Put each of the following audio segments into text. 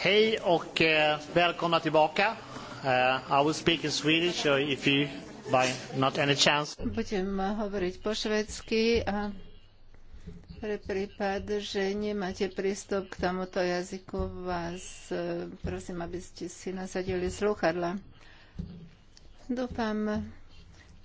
Hej och eh, välkomna tillbaka. Uh, I will speak in Swedish so if you by not any chance. Budem hovoriť po švedsky a pre prípad, že nemáte prístup k tomuto jazyku, vás e, prosím, aby ste si nasadili sluchadla. Dúfam,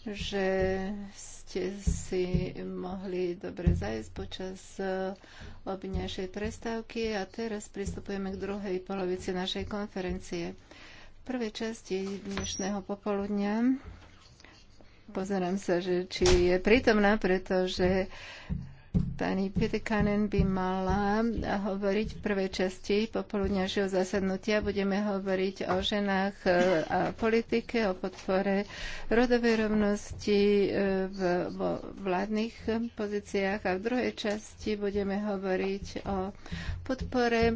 že ste si mohli dobre zajsť počas e, obňašej prestávky a teraz pristupujeme k druhej polovici našej konferencie. V prvej časti dnešného popoludňa pozerám sa, že či je prítomná, pretože Pani Pitekanen by mala hovoriť v prvej časti popoludňažieho zasadnutia. Budeme hovoriť o ženách e, a politike, o podpore rodovej rovnosti e, v, vo vládnych pozíciách a v druhej časti budeme hovoriť o podpore e,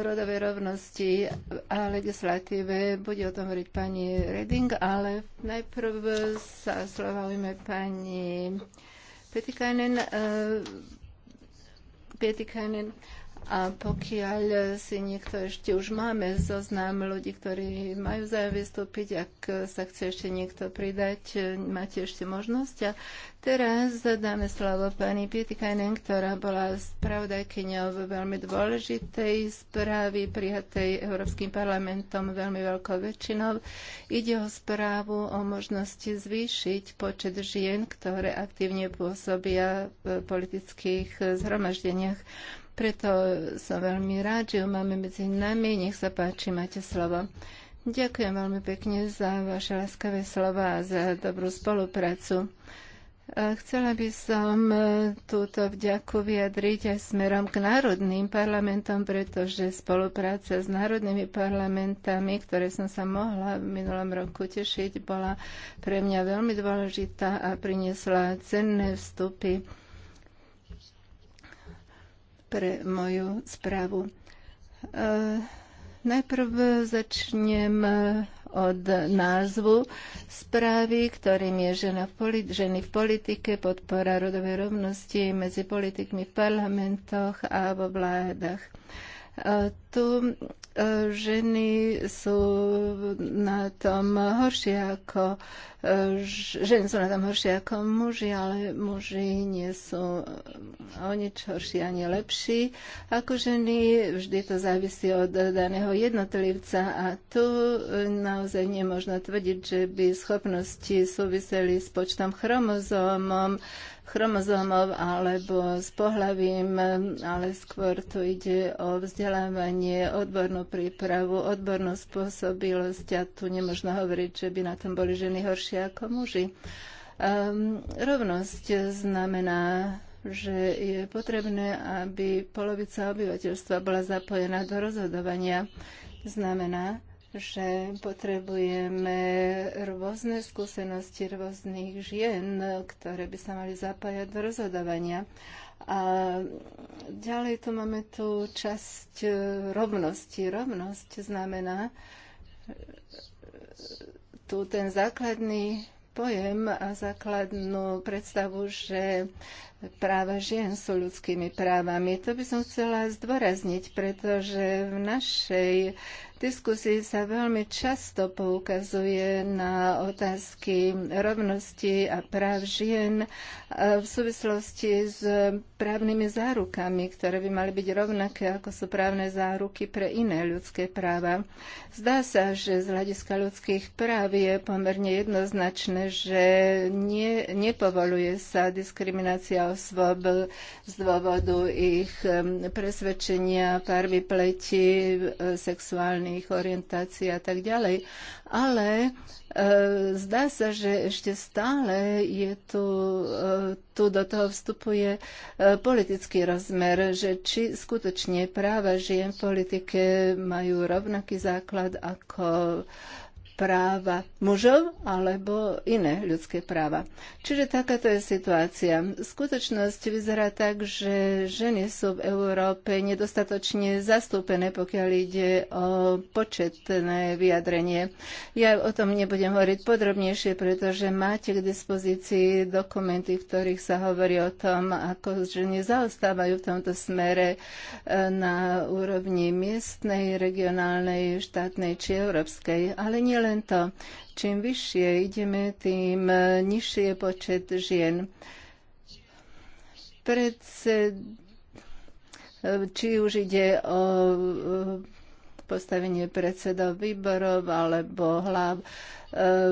rodovej rovnosti a legislatíve. Bude o tom hovoriť pani Reding, ale najprv sa slova ujme pani Pietikainen, äh, Pietikainen a pokiaľ si niekto ešte už máme zoznam ľudí, ktorí majú záujem vystúpiť, ak sa chce ešte niekto pridať, máte ešte možnosť. A teraz dáme slovo pani Pietikajnen, ktorá bola spravodajkyňou veľmi dôležitej správy prijatej Európskym parlamentom veľmi veľkou väčšinou. Ide o správu o možnosti zvýšiť počet žien, ktoré aktívne pôsobia v politických zhromaždeniach preto som veľmi rád, že ju máme medzi nami. Nech sa páči, máte slovo. Ďakujem veľmi pekne za vaše láskavé slova a za dobrú spoluprácu. Chcela by som e, túto vďaku vyjadriť aj smerom k národným parlamentom, pretože spolupráca s národnými parlamentami, ktoré som sa mohla v minulom roku tešiť, bola pre mňa veľmi dôležitá a priniesla cenné vstupy pre moju správu. E, najprv začnem e, od názvu správy, ktorým je žena v ženy v politike, podpora rodovej rovnosti medzi politikmi v parlamentoch a vo vládach. E, tu ženy sú na tom horšie ako ženy sú na tom horšie ako muži, ale muži nie sú o nič horší ani lepší ako ženy. Vždy to závisí od daného jednotlivca a tu naozaj nemôžno tvrdiť, že by schopnosti súviseli s počtom chromozómom, chromozómov alebo s pohľavím, ale skôr tu ide o vzdelávanie, odbornú prípravu, odbornú spôsobilosť a tu nemožno hovoriť, že by na tom boli ženy horšie ako muži. Um, rovnosť znamená že je potrebné, aby polovica obyvateľstva bola zapojená do rozhodovania. Znamená, že potrebujeme rôzne skúsenosti rôznych žien, ktoré by sa mali zapájať do rozhodovania. A ďalej tu máme tu časť rovnosti. Rovnosť znamená tu ten základný pojem a základnú predstavu, že práva žien sú ľudskými právami. To by som chcela zdôrazniť, pretože v našej diskusii sa veľmi často poukazuje na otázky rovnosti a práv žien e, v súvislosti s právnymi zárukami, ktoré by mali byť rovnaké ako sú právne záruky pre iné ľudské práva. Zdá sa, že z hľadiska ľudských práv je pomerne jednoznačné, že nie, nepovoluje sa diskriminácia osôb z dôvodu ich e, presvedčenia, farby pleti, e, sexuálnych sexuálnych orientácií a tak ďalej. Ale e, zdá sa, že ešte stále je tu, e, tu do toho vstupuje e, politický rozmer, že či skutočne práva žien v politike majú rovnaký základ ako práva mužov alebo iné ľudské práva. Čiže takáto je situácia. Skutočnosť vyzerá tak, že ženy sú v Európe nedostatočne zastúpené, pokiaľ ide o početné vyjadrenie. Ja o tom nebudem hovoriť podrobnejšie, pretože máte k dispozícii dokumenty, v ktorých sa hovorí o tom, ako ženy zaostávajú v tomto smere e, na úrovni miestnej, regionálnej, štátnej či európskej. Ale nielen Čím vyššie ideme, tým e, nižší je počet žien. Predsed... E, či už ide o e, postavenie predsedov výborov alebo hlav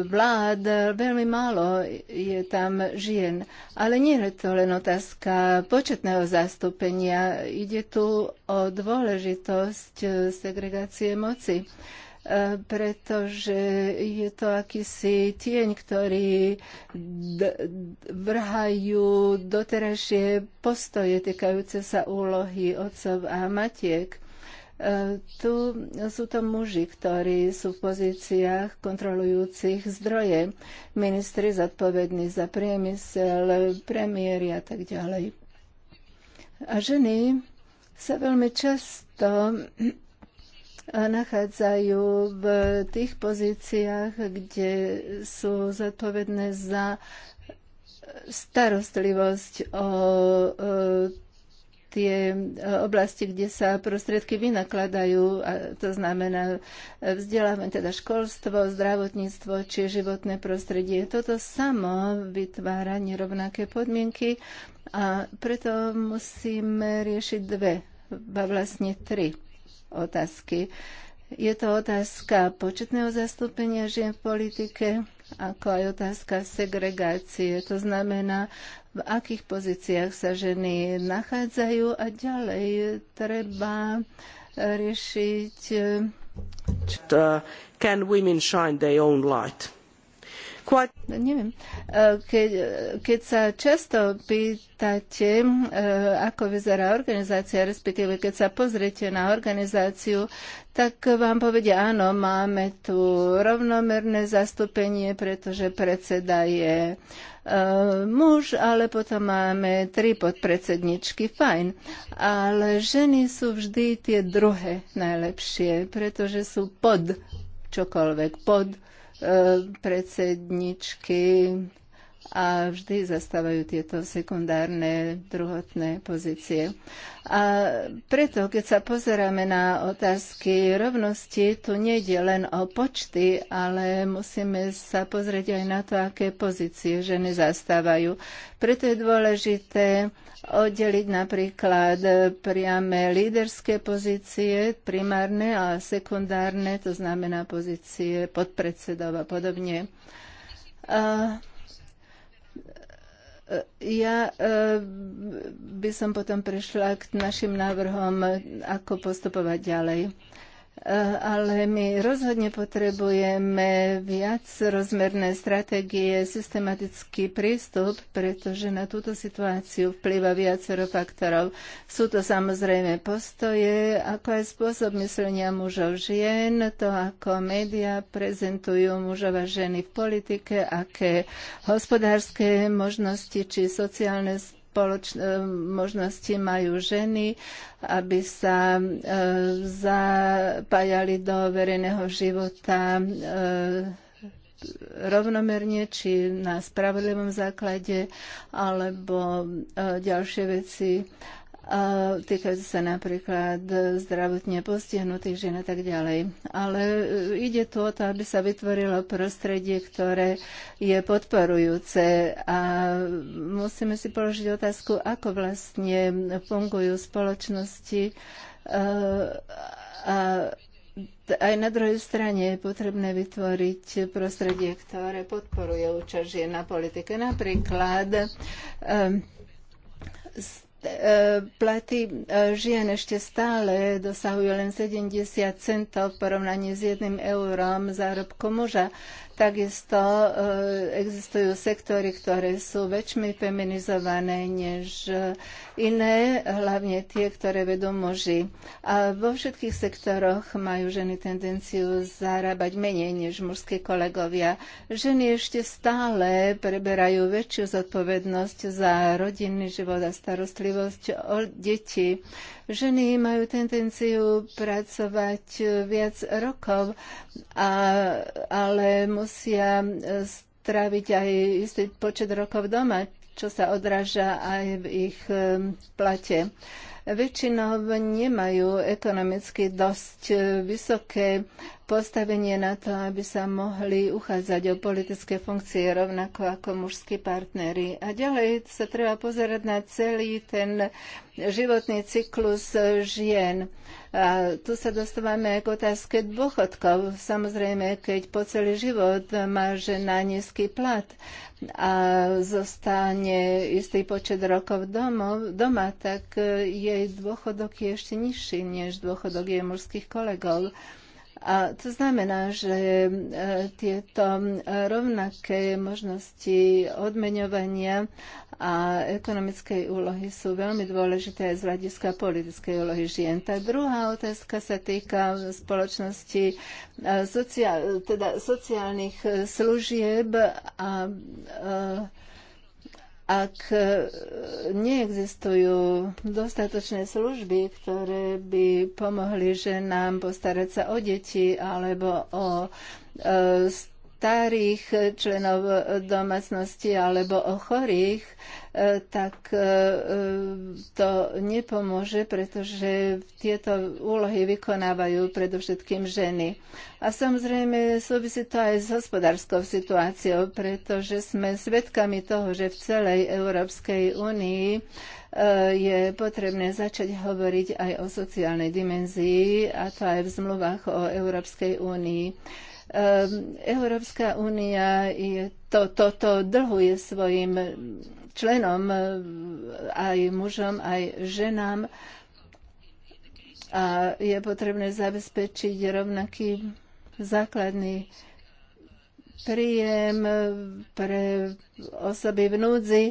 vlád, veľmi málo je tam žien. Ale nie je to len otázka početného zastúpenia, ide tu o dôležitosť segregácie moci pretože je to akýsi tieň, ktorý vrhajú doterajšie postoje týkajúce sa úlohy otcov a matiek. E, tu sú to muži, ktorí sú v pozíciách kontrolujúcich zdroje, ministri zodpovední za priemysel, premiéry a tak ďalej. A ženy sa veľmi často nachádzajú v tých pozíciách, kde sú zodpovedné za starostlivosť o tie oblasti, kde sa prostriedky vynakladajú, a to znamená vzdelávanie, teda školstvo, zdravotníctvo či životné prostredie. Toto samo vytvára nerovnaké podmienky a preto musíme riešiť dve, ba vlastne tri otázky. Je to otázka početného zastúpenia žien v politike, ako aj otázka segregácie. To znamená, v akých pozíciách sa ženy nachádzajú a ďalej treba riešiť. Uh, can women shine their own light? quite... Neviem. E, ke, keď sa často pýtate, e, ako vyzerá organizácia, respektíve keď sa pozriete na organizáciu, tak vám povedia, áno, máme tu rovnomerné zastúpenie, pretože predseda je e, muž, ale potom máme tri podpredsedničky, fajn. Ale ženy sú vždy tie druhé najlepšie, pretože sú pod čokoľvek, pod E, predsedničky a vždy zastávajú tieto sekundárne, druhotné pozície. A preto, keď sa pozeráme na otázky rovnosti, tu nejde len o počty, ale musíme sa pozrieť aj na to, aké pozície ženy zastávajú. Preto je dôležité oddeliť napríklad priame líderské pozície, primárne a sekundárne, to znamená pozície podpredsedov a podobne. Ja e, by som potom prešla k našim návrhom, ako postupovať ďalej ale my rozhodne potrebujeme viac rozmerné stratégie, systematický prístup, pretože na túto situáciu vplýva viacero faktorov. Sú to samozrejme postoje, ako aj spôsob myslenia mužov žien, to ako média prezentujú mužov a ženy v politike, aké hospodárske možnosti či sociálne spoloč- e, možnosti majú ženy, aby sa e, zapájali do verejného života e, rovnomerne, či na spravodlivom základe, alebo ďalšie veci, týkajú sa napríklad zdravotne postihnutých žien a tak ďalej. Ale e, ide tu o to, aby sa vytvorilo prostredie, ktoré je podporujúce a musíme si položiť otázku, ako vlastne fungujú spoločnosti e, a aj na druhej strane je potrebné vytvoriť prostredie, ktoré podporuje účasť žien na politike. Napríklad e, E, platy e, žien ešte stále dosahujú len 70 centov v porovnaní s jedným eurom zárobku muža. Takisto eh, existujú sektory, ktoré sú väčšmi feminizované než eh, iné, hlavne tie, ktoré vedú muži. A vo všetkých sektoroch majú ženy tendenciu zarábať menej než mužské kolegovia. Ženy ešte stále preberajú väčšiu zodpovednosť za rodinný život a starostlivosť o deti. Ženy majú tendenciu pracovať eh, viac rokov, a, ale musí musia e, stráviť aj istý počet rokov doma, čo sa odráža aj v ich e, plate. Väčšinou nemajú ekonomicky dosť e, vysoké postavenie na to, aby sa mohli uchádzať o politické funkcie rovnako ako mužskí partnery. A ďalej sa treba pozerať na celý ten životný cyklus žien. A tu sa dostávame k otázke dôchodkov. Samozrejme, keď po celý život má žena nízky plat a zostane istý počet rokov domov, doma, tak jej dôchodok je ešte nižší než dôchodok jej mužských kolegov. A to znamená, že e, tieto e, rovnaké možnosti odmeňovania a ekonomickej úlohy sú veľmi dôležité aj z hľadiska politickej úlohy žien. Tá druhá otázka sa týka spoločnosti e, sociál, teda sociálnych služieb a, a ak e, neexistujú dostatočné služby, ktoré by pomohli ženám postarať sa o deti alebo o e, starých členov domácnosti alebo o chorých, E, tak e, e, to nepomôže, pretože tieto úlohy vykonávajú predovšetkým ženy. A samozrejme súvisí to aj s hospodárskou situáciou, pretože sme svedkami toho, že v celej Európskej únii je potrebné začať hovoriť aj o sociálnej dimenzii, a to aj v zmluvách o Európskej únii. Európska únia je to, toto to dlhuje svojim členom, e, aj mužom, aj ženám. A je potrebné zabezpečiť rovnaký základný príjem e, pre osoby v núdzi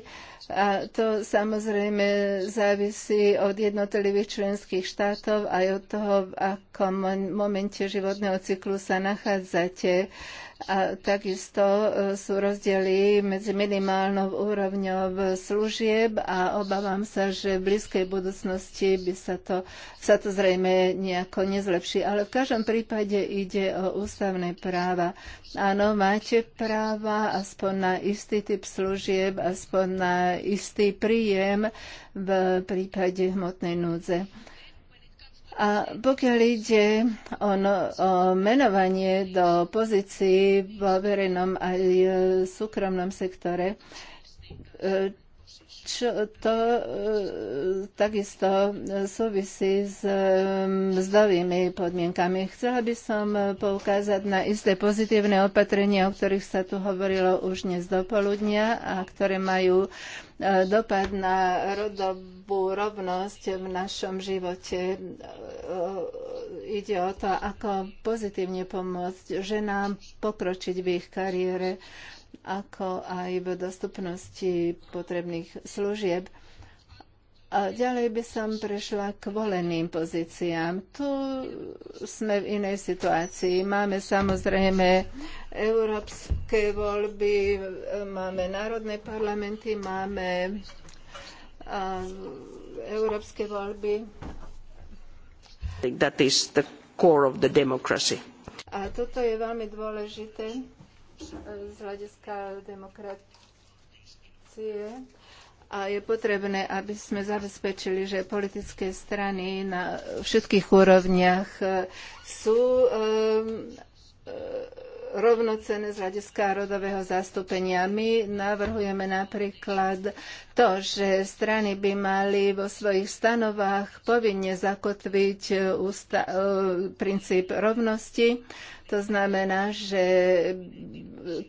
a to samozrejme závisí od jednotlivých členských štátov aj od toho, v akom momente životného cyklu sa nachádzate. Uh, a takisto e, sú rozdiely medzi minimálnou úrovňou služieb a obávam sa, že v blízkej budúcnosti by sa to, sa to zrejme nejako nezlepší. Ale v každom prípade ide o ústavné práva. Áno, máte práva aspoň na istý typ služieb, aspoň na istý príjem v prípade hmotnej núdze. A pokiaľ ide o, no, o menovanie do pozícií vo verejnom aj e, súkromnom sektore, e, čo to e, takisto súvisí s e, mzdovými podmienkami. Chcela by som poukázať na isté pozitívne opatrenia, o ktorých sa tu hovorilo už dnes do poludnia a ktoré majú e, dopad na rodovú rovnosť v našom živote. E, e, ide o to, ako pozitívne pomôcť ženám pokročiť v ich kariére ako aj v dostupnosti potrebných služieb. A ďalej by som prešla k voleným pozíciám. Tu sme v inej situácii. Máme samozrejme európske voľby, máme národné parlamenty, máme európske voľby. That is the core of the democracy. A toto je veľmi dôležité z hľadiska demokracie a je potrebné, aby sme zabezpečili, že politické strany na všetkých úrovniach eh, sú eh, rovnocené z hľadiska rodového zastúpenia. My navrhujeme napríklad to, že strany by mali vo svojich stanovách povinne zakotviť e, ústa, e, princíp rovnosti. To znamená, že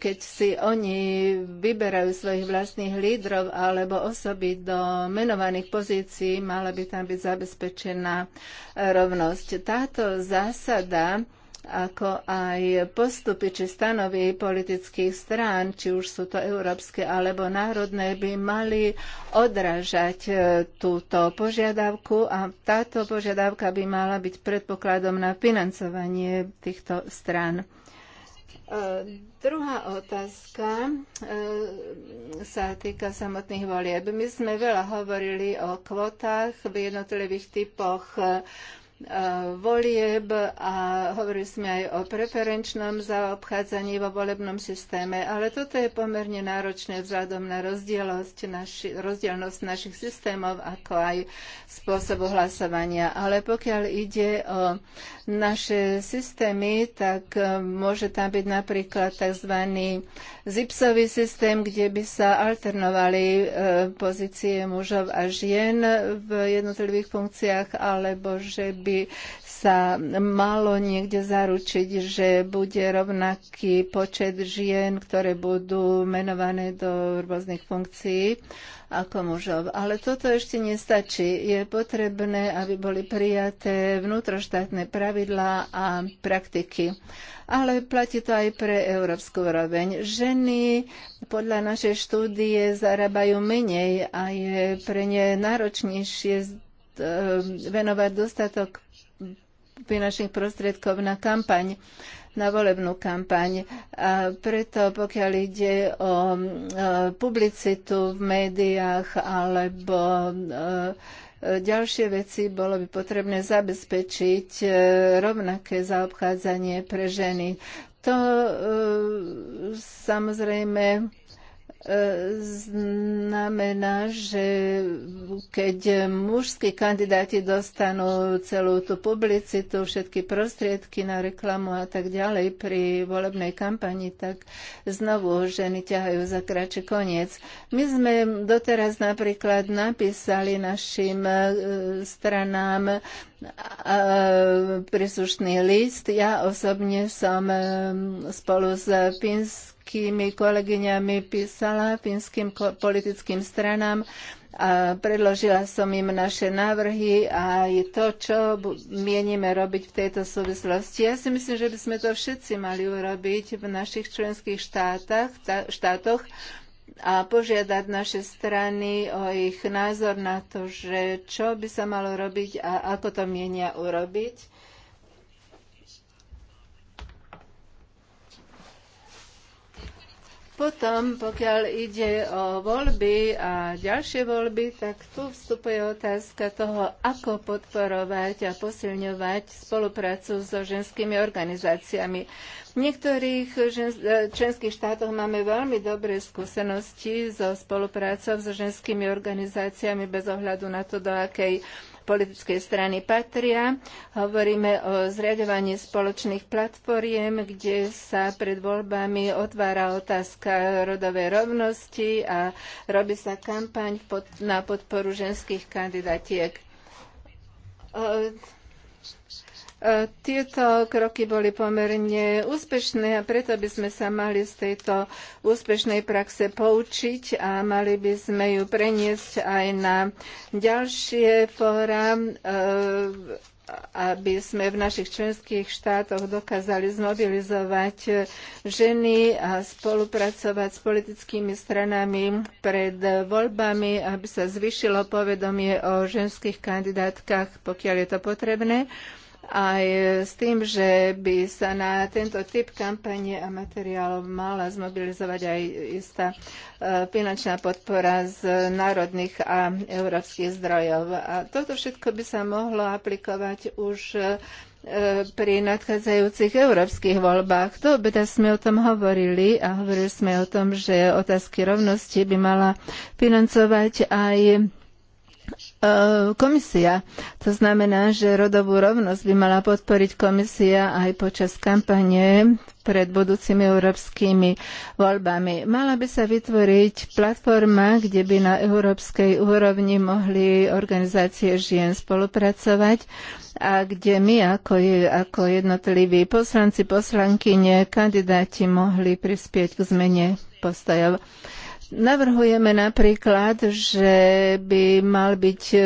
keď si oni vyberajú svojich vlastných lídrov alebo osoby do menovaných pozícií, mala by tam byť zabezpečená rovnosť. Táto zásada ako aj postupy či stanovy politických strán, či už sú to európske alebo národné, by mali odrážať e, túto požiadavku a táto požiadavka by mala byť predpokladom na financovanie týchto strán. E, druhá otázka e, sa týka samotných volieb. My sme veľa hovorili o kvotách v jednotlivých typoch volieb a hovorili sme aj o preferenčnom zaobchádzaní vo volebnom systéme, ale toto je pomerne náročné vzhľadom na naši, rozdielnosť našich systémov, ako aj spôsobu hlasovania. Ale pokiaľ ide o naše systémy, tak e, môže tam byť napríklad tzv. zipsový systém, kde by sa alternovali e, pozície mužov a žien v jednotlivých funkciách, alebo že by by sa malo niekde zaručiť, že bude rovnaký počet žien, ktoré budú menované do rôznych funkcií ako mužov. Ale toto ešte nestačí. Je potrebné, aby boli prijaté vnútroštátne pravidlá a praktiky. Ale platí to aj pre európsku roveň. Ženy podľa našej štúdie zarábajú menej a je pre ne náročnejšie Eh, venovať dostatok finančných prostriedkov na kampaň, na volebnú kampaň. A preto pokiaľ ide o eh, publicitu v médiách alebo eh, ďalšie veci bolo by potrebné zabezpečiť rovnaké zaobchádzanie pre ženy. To samozrejme znamená, že keď mužskí kandidáti dostanú celú tú publicitu, všetky prostriedky na reklamu a tak ďalej pri volebnej kampani, tak znovu ženy ťahajú za kračí koniec. My sme doteraz napríklad napísali našim e, stranám E, príslušný list. Ja osobne som e, spolu s finskými kolegyňami písala finským politickým stranám a predložila som im naše návrhy a je to, čo mienime robiť v tejto súvislosti. Ja si myslím, že by sme to všetci mali urobiť v našich členských štátach, štátoch, a požiadať naše strany o ich názor na to, že čo by sa malo robiť a ako to mienia urobiť Potom, pokiaľ ide o voľby a ďalšie voľby, tak tu vstupuje otázka toho, ako podporovať a posilňovať spoluprácu so ženskými organizáciami. V niektorých členských štátoch máme veľmi dobré skúsenosti so spoluprácou so ženskými organizáciami bez ohľadu na to, do akej politické strany patria. Hovoríme o zriadovaní spoločných platformiem, kde sa pred voľbami otvára otázka rodovej rovnosti a robí sa kampaň na podporu ženských kandidatiek E, tieto kroky boli pomerne úspešné a preto by sme sa mali z tejto úspešnej praxe poučiť a mali by sme ju preniesť aj na ďalšie fóra e, aby sme v našich členských štátoch dokázali zmobilizovať ženy a spolupracovať s politickými stranami pred voľbami, aby sa zvyšilo povedomie o ženských kandidátkach, pokiaľ je to potrebné aj s tým, že by sa na tento typ kampane a materiálov mala zmobilizovať aj istá e, finančná podpora z národných a európskych zdrojov. A toto všetko by sa mohlo aplikovať už e, pri nadchádzajúcich európskych voľbách. To obeda sme o tom hovorili a hovorili sme o tom, že otázky rovnosti by mala financovať aj E, komisia. To znamená, že rodovú rovnosť by mala podporiť komisia aj počas kampane pred budúcimi európskymi voľbami. Mala by sa vytvoriť platforma, kde by na európskej úrovni mohli organizácie žien spolupracovať a kde my ako, ako jednotliví poslanci, poslankyne, kandidáti mohli prispieť k zmene postojov. Navrhujeme napríklad, že by mal byť e,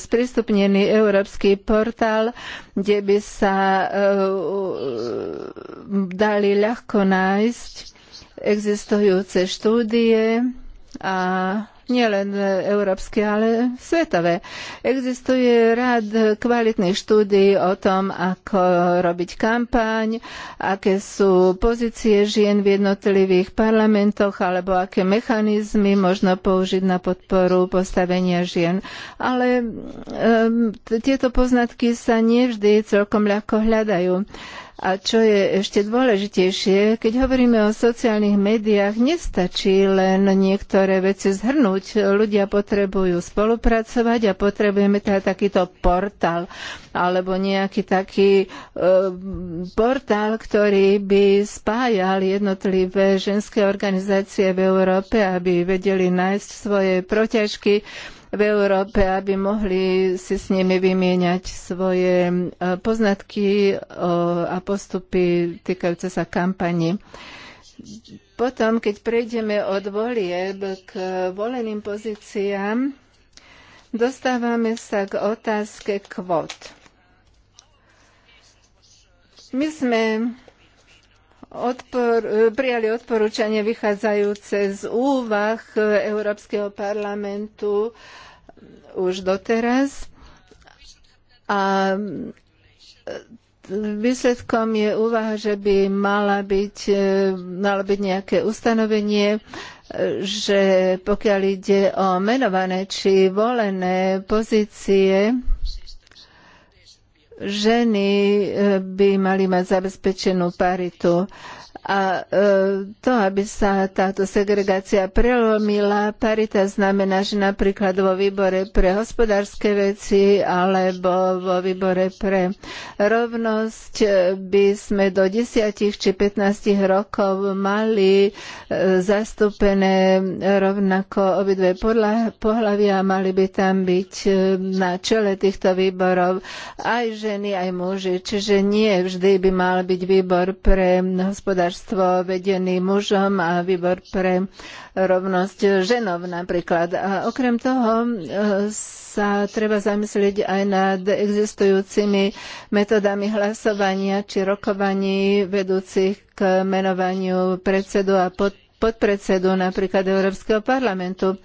sprístupnený európsky portál, kde by sa e, dali ľahko nájsť existujúce štúdie a nielen európske, ale svetové. Existuje rád kvalitných štúdí o tom, ako robiť kampaň, aké sú pozície žien v jednotlivých parlamentoch, alebo aké mechanizmy možno použiť na podporu postavenia žien. Ale um, tieto poznatky sa nevždy celkom ľahko hľadajú. Uh, a čo je ešte dôležitejšie, keď hovoríme o sociálnych médiách, nestačí len niektoré veci zhrnúť. Ľudia potrebujú spolupracovať a potrebujeme teda takýto portál alebo nejaký taký e, portál, ktorý by spájal jednotlivé ženské organizácie v Európe, aby vedeli nájsť svoje proťažky v Európe, aby mohli si s nimi vymieňať svoje e, poznatky e, a postupy týkajúce sa kampani. Potom, keď prejdeme od volieb k voleným pozíciám, dostávame sa k otázke kvót. My sme odpor, e, prijali odporúčanie vychádzajúce z úvah e, Európskeho parlamentu už doteraz. A e, výsledkom je úvaha, že by mala byť, malo byť nejaké ustanovenie, že pokiaľ ide o menované či volené pozície, ženy eh, by mali mať zabezpečenú paritu. A e, to, aby sa táto segregácia prelomila, parita znamená, že napríklad vo výbore pre hospodárske veci alebo vo výbore pre rovnosť e, by sme do 10 či 15 rokov mali e, zastúpené rovnako obidve pohľavia a mali by tam byť na čele týchto výborov aj ženy, aj muži. Čiže nie vždy by mal byť výbor pre hospodárske hospodárstvo vedený mužom a výbor pre rovnosť ženov napríklad. A okrem toho e, sa treba zamyslieť aj nad existujúcimi metodami hlasovania či rokovaní vedúcich k menovaniu predsedu a pod podpredsedu napríklad Európskeho parlamentu.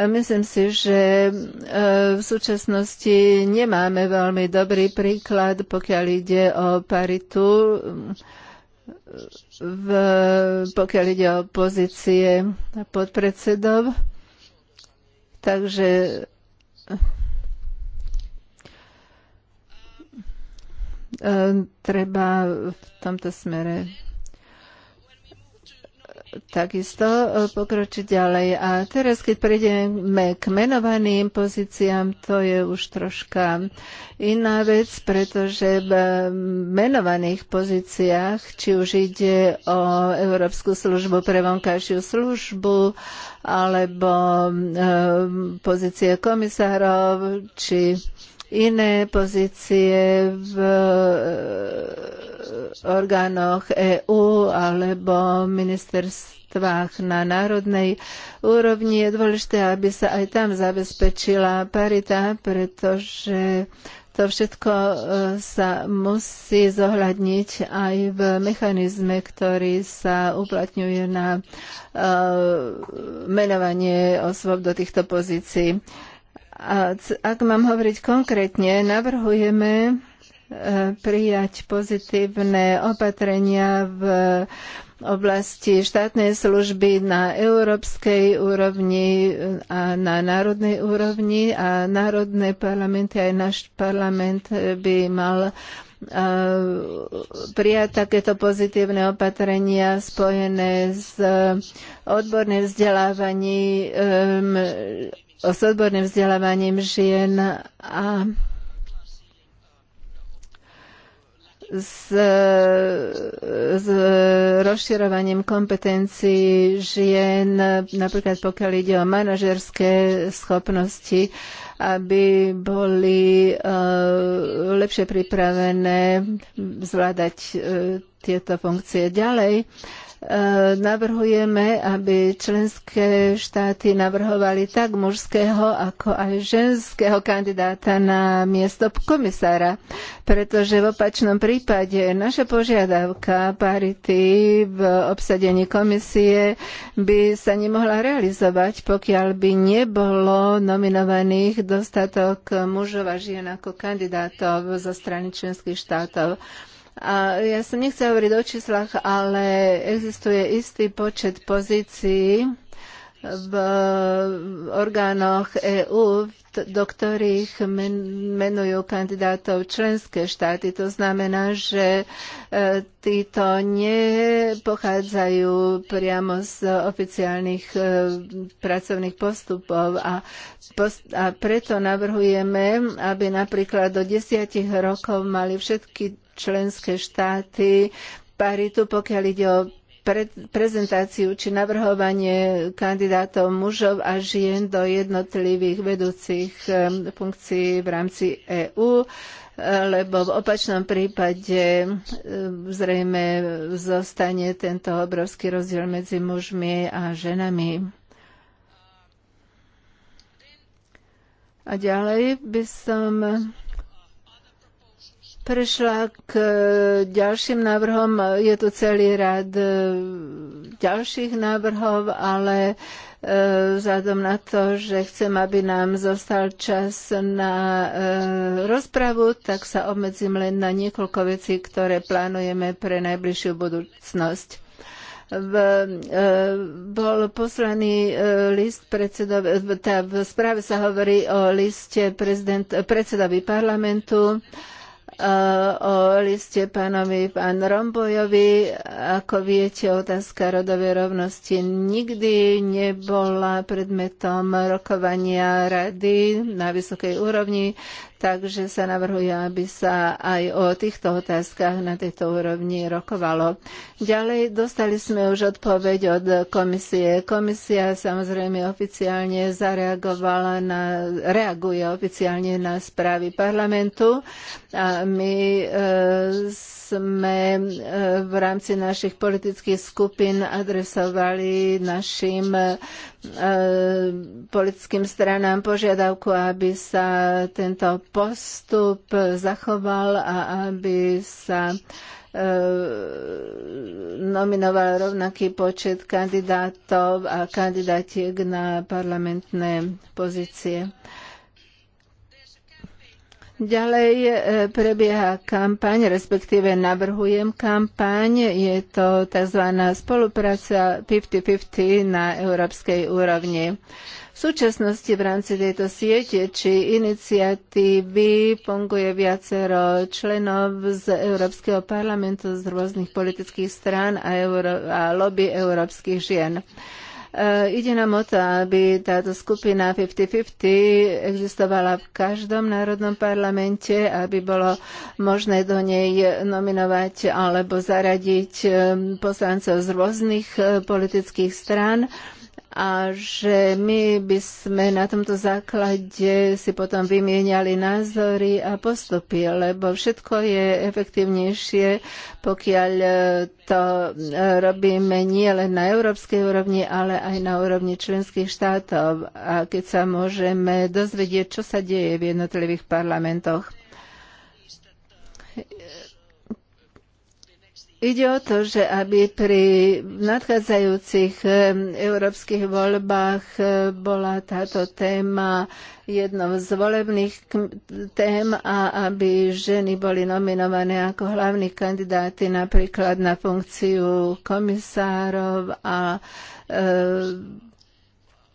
Myslím si, že e, v súčasnosti nemáme veľmi dobrý príklad, pokiaľ ide o paritu v, pokiaľ ide o pozície podpredsedov. Takže eh, treba v tomto smere takisto e, pokročiť ďalej. A teraz, keď prejdeme k menovaným pozíciám, to je už troška iná vec, pretože v menovaných pozíciách, či už ide o Európsku službu pre vonkajšiu službu, alebo e, pozície komisárov, či iné pozície v orgánoch EÚ alebo ministerstvách na národnej úrovni. Je dôležité, aby sa aj tam zabezpečila parita, pretože to všetko e, sa musí zohľadniť aj v mechanizme, ktorý sa uplatňuje na e, menovanie osôb do týchto pozícií. A ak mám hovoriť konkrétne, navrhujeme prijať pozitívne opatrenia v oblasti štátnej služby na európskej úrovni a na národnej úrovni a národné parlamenty, aj náš parlament by mal e, prijať takéto pozitívne opatrenia spojené s odborným vzdelávaním, e, s odborným vzdelávaním žien a s, s rozširovaním kompetencií žien, napríklad pokiaľ ide o manažerské schopnosti, aby boli uh, lepšie pripravené zvládať uh, tieto funkcie ďalej. Uh, E, navrhujeme, aby členské štáty navrhovali tak mužského, ako aj ženského kandidáta na miesto komisára, pretože v opačnom prípade naša požiadavka parity v obsadení komisie by sa nemohla realizovať, pokiaľ by nebolo nominovaných dostatok mužov a žien ako kandidátov zo strany členských štátov. A ja som nechcem hovoriť o číslach, ale existuje istý počet pozícií v orgánoch EÚ, do ktorých menujú kandidátov členské štáty. To znamená, že e, títo nepochádzajú priamo z oficiálnych e, pracovných postupov a, a preto navrhujeme, aby napríklad do desiatich rokov mali všetky členské štáty paritu, pokiaľ ide o pre, prezentáciu či navrhovanie kandidátov mužov a žien do jednotlivých vedúcich funkcií v rámci EÚ lebo v opačnom prípade zrejme zostane tento obrovský rozdiel medzi mužmi a ženami. A ďalej by som prešla k e, ďalším návrhom. Je tu celý rad e, ďalších návrhov, ale e, vzhľadom na to, že chcem, aby nám zostal čas na rozpravu, tak sa obmedzím len na niekoľko vecí, ktoré plánujeme pre najbližšiu budúcnosť. V, e, bol poslaný e, list predsedovi, v, tá, v správe sa hovorí o liste prezident, predsedovi parlamentu, e, Eh, o liste pánovi pán Rombojovi. Ako viete, otázka rodovej rovnosti nikdy nebola predmetom rokovania rady na vysokej úrovni takže sa navrhuje, aby sa aj o týchto otázkach na tejto úrovni rokovalo. Ďalej dostali sme už odpoveď od komisie. Komisia samozrejme oficiálne zareagovala na, reaguje oficiálne na správy parlamentu a my e, sme e, v rámci našich politických skupín adresovali našim e, politickým stranám požiadavku, aby sa tento postup zachoval a aby sa e, nominoval rovnaký počet kandidátov a kandidatiek na parlamentné pozície. Ďalej e, prebieha kampaň, respektíve navrhujem kampaň. Je to tzv. spolupráca 50-50 na európskej úrovni. V súčasnosti v rámci tejto siete či iniciatívy funguje viacero členov z Európskeho parlamentu, z rôznych politických strán a, euro, a lobby európskych žien. E, ide nám o to, aby táto skupina 50-50 existovala v každom národnom parlamente, aby bolo možné do nej nominovať alebo zaradiť e, poslancov z rôznych e, politických strán a že my by sme na tomto základe si potom vymieniali názory a postupy, lebo všetko je efektívnejšie, pokiaľ e, to e, robíme nie len na európskej úrovni, ale aj na úrovni členských štátov a keď sa môžeme dozvedieť, čo sa deje v jednotlivých parlamentoch. Ide o to, že aby pri nadchádzajúcich eh, európskych voľbách eh, bola táto téma jednou z volebných tém a aby ženy boli nominované ako hlavní kandidáty napríklad na funkciu komisárov a e,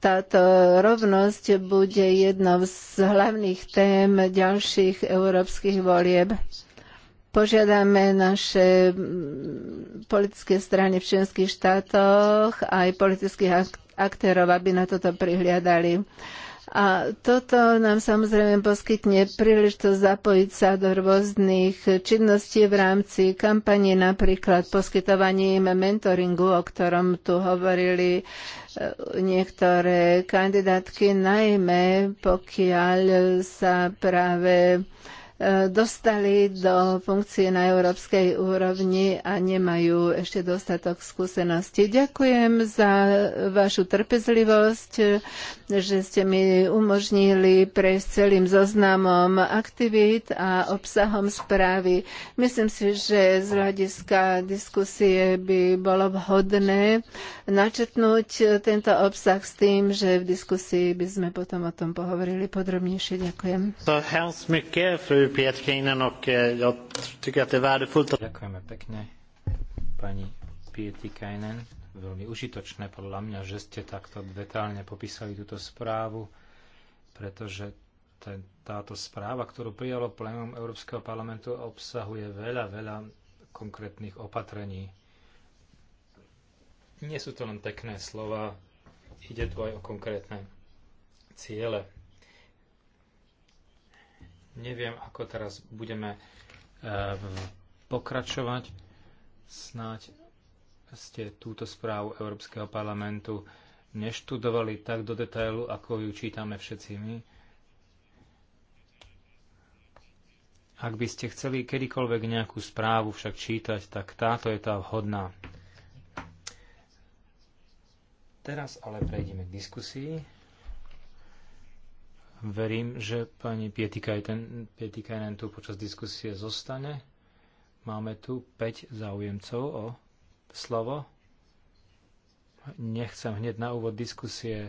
táto rovnosť bude jednou z hlavných tém ďalších európskych volieb. Požiadame naše mm, politické strany v členských štátoch aj politických aktérov, aby na toto prihliadali. A toto nám samozrejme poskytne príležitosť zapojiť sa do rôznych činností v rámci kampane, napríklad poskytovaním mentoringu, o ktorom tu hovorili e, niektoré kandidátky, najmä pokiaľ sa práve dostali do funkcie na európskej úrovni a nemajú ešte dostatok skúseností. Ďakujem za vašu trpezlivosť, že ste mi umožnili prejsť celým zoznamom aktivít a obsahom správy. Myslím si, že z hľadiska diskusie by bolo vhodné načetnúť tento obsah s tým, že v diskusii by sme potom o tom pohovorili podrobnejšie. Ďakujem. So No, Ďakujeme pekne, pani Pietikainen. Veľmi užitočné podľa mňa, že ste takto detálne popísali túto správu, pretože ten, táto správa, ktorú prijalo plénum Európskeho parlamentu, obsahuje veľa, veľa konkrétnych opatrení. Nie sú to len pekné slova, ide tu aj o konkrétne ciele Neviem, ako teraz budeme ehm, pokračovať. Snáď ste túto správu Európskeho parlamentu neštudovali tak do detailu, ako ju čítame všetci my. Ak by ste chceli kedykoľvek nejakú správu však čítať, tak táto je tá vhodná. Teraz ale prejdeme k diskusii. Verím, že pani Pietikajten, Pietikajnen tu počas diskusie zostane. Máme tu 5 záujemcov o slovo. Nechcem hneď na úvod diskusie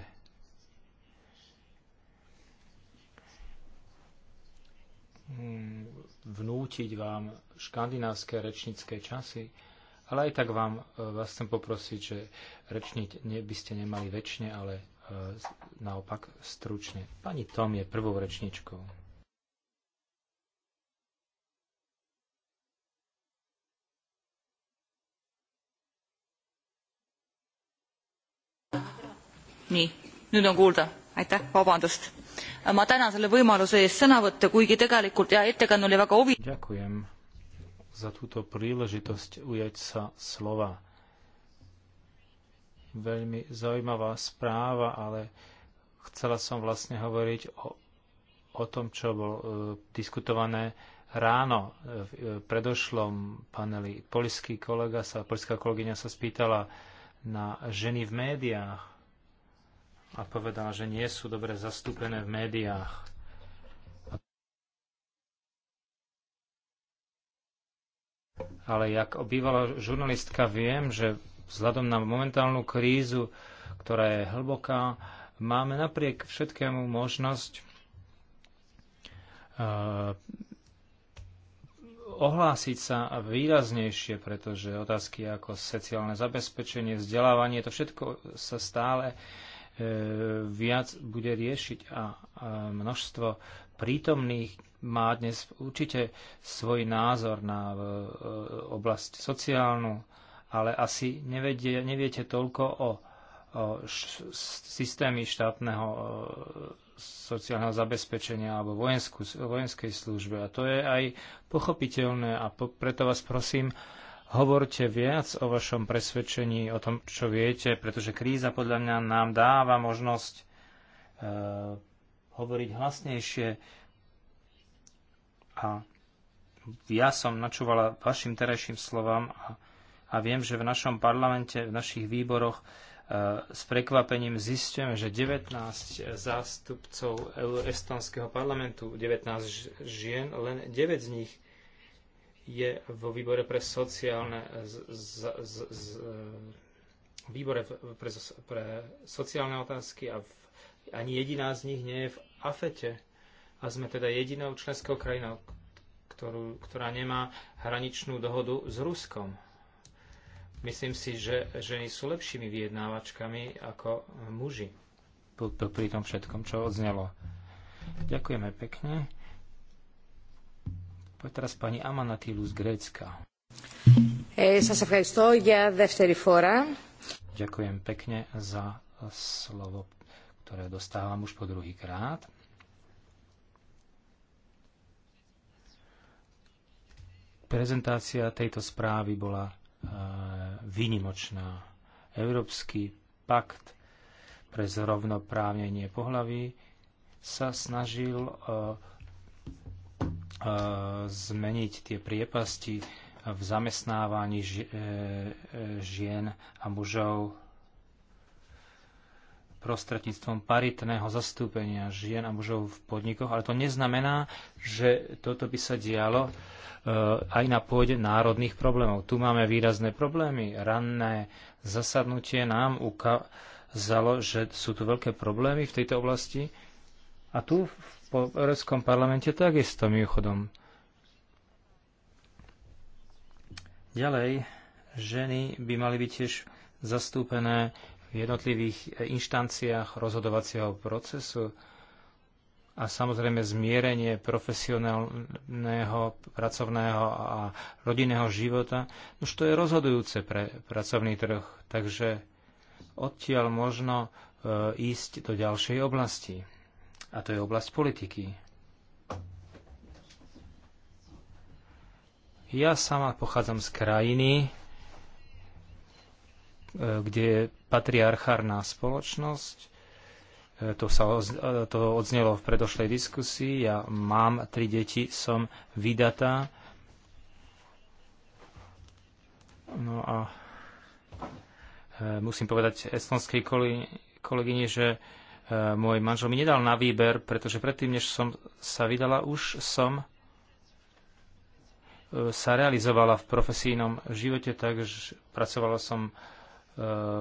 vnútiť vám škandinávské rečnícke časy, ale aj tak vám e, vás chcem poprosiť, že rečniť by ste nemali väčšine, ale e, naopak stručne. Pani Tom je prvou rečničkou. nii nüüd on kuulda aitäh vabandust ma tänan selle võimaluse eest sõna võtta kuigi tegelikult ja ettekanne oli väga huvi- Ďakujem za túto príležitosť ujať sa slova. Veľmi zaujímavá správa, ale Chcela som vlastne hovoriť o, o tom, čo bolo e, diskutované ráno e, v e, predošlom paneli. Polský kolega sa, polská kolegyňa sa spýtala na ženy v médiách a povedala, že nie sú dobre zastúpené v médiách. ale jak obývala žurnalistka viem, že vzhľadom na momentálnu krízu, ktorá je hlboká, máme napriek všetkému možnosť eh, ohlásiť sa výraznejšie, pretože otázky ako sociálne zabezpečenie, vzdelávanie, to všetko sa stále eh, viac bude riešiť a množstvo prítomných má dnes určite svoj názor na eh, oblasť sociálnu, ale asi nevedie, neviete toľko o systémy štátneho sociálneho zabezpečenia alebo vojenskú, vojenskej službe. A to je aj pochopiteľné a po, preto vás prosím, hovorte viac o vašom presvedčení, o tom, čo viete, pretože kríza podľa mňa nám dáva možnosť e, hovoriť hlasnejšie. A ja som načúvala vašim terajším slovám a, a viem, že v našom parlamente, v našich výboroch s prekvapením zistíme, že 19 zástupcov estonského parlamentu, 19 žien, len 9 z nich je vo výbore pre sociálne z, z, z, z, výbore pre, pre sociálne otázky a v, ani jediná z nich nie je v AFETE. A sme teda jedinou členskou krajinou, ktorú, ktorá nemá hraničnú dohodu s Ruskom. Myslím si, že ženy sú lepšími vyjednávačkami ako muži. Pri tom všetkom, čo odznelo. Ďakujeme pekne. Poď teraz pani Amanatilu z Grécka. E, Ďakujem pekne za slovo, ktoré dostávam už po druhý krát. Prezentácia tejto správy bola e, vynimočná. Európsky pakt pre zrovnoprávnenie pohlaví sa snažil uh, uh, zmeniť tie priepasti v zamestnávaní e, žien a mužov prostredníctvom paritného zastúpenia žien a mužov v podnikoch, ale to neznamená, že toto by sa dialo e, aj na pôde národných problémov. Tu máme výrazné problémy. Ranné zasadnutie nám ukázalo, že sú tu veľké problémy v tejto oblasti. A tu v Európskom parlamente takisto mimochodom. Ďalej, ženy by mali byť tiež zastúpené v jednotlivých inštanciách rozhodovacieho procesu a samozrejme zmierenie profesionálneho, pracovného a rodinného života, už to je rozhodujúce pre pracovný trh. Takže odtiaľ možno e, ísť do ďalšej oblasti. A to je oblasť politiky. Ja sama pochádzam z krajiny, E, kde je patriarchárna spoločnosť. E, to, sa, e, to odznelo v predošlej diskusii. Ja mám tri deti, som vydatá. No a musím povedať estonskej kolegyni, že môj manžel mi nedal na výber, pretože predtým, než som sa vydala, už som sa realizovala v profesijnom živote, takže pracovala som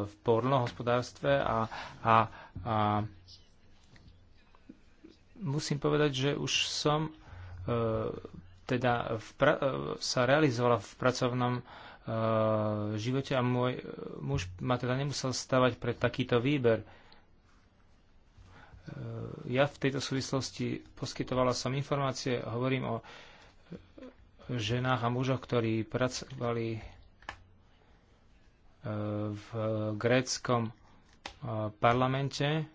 v pornohospodárstve a, a, a musím povedať, že už som e, teda v pra- e, sa realizovala v pracovnom e, živote a môj muž ma teda nemusel stavať pre takýto výber. ja v tejto súvislosti poskytovala som informácie, hovorím o ženách a mužoch, ktorí pracovali v gréckom e, parlamente.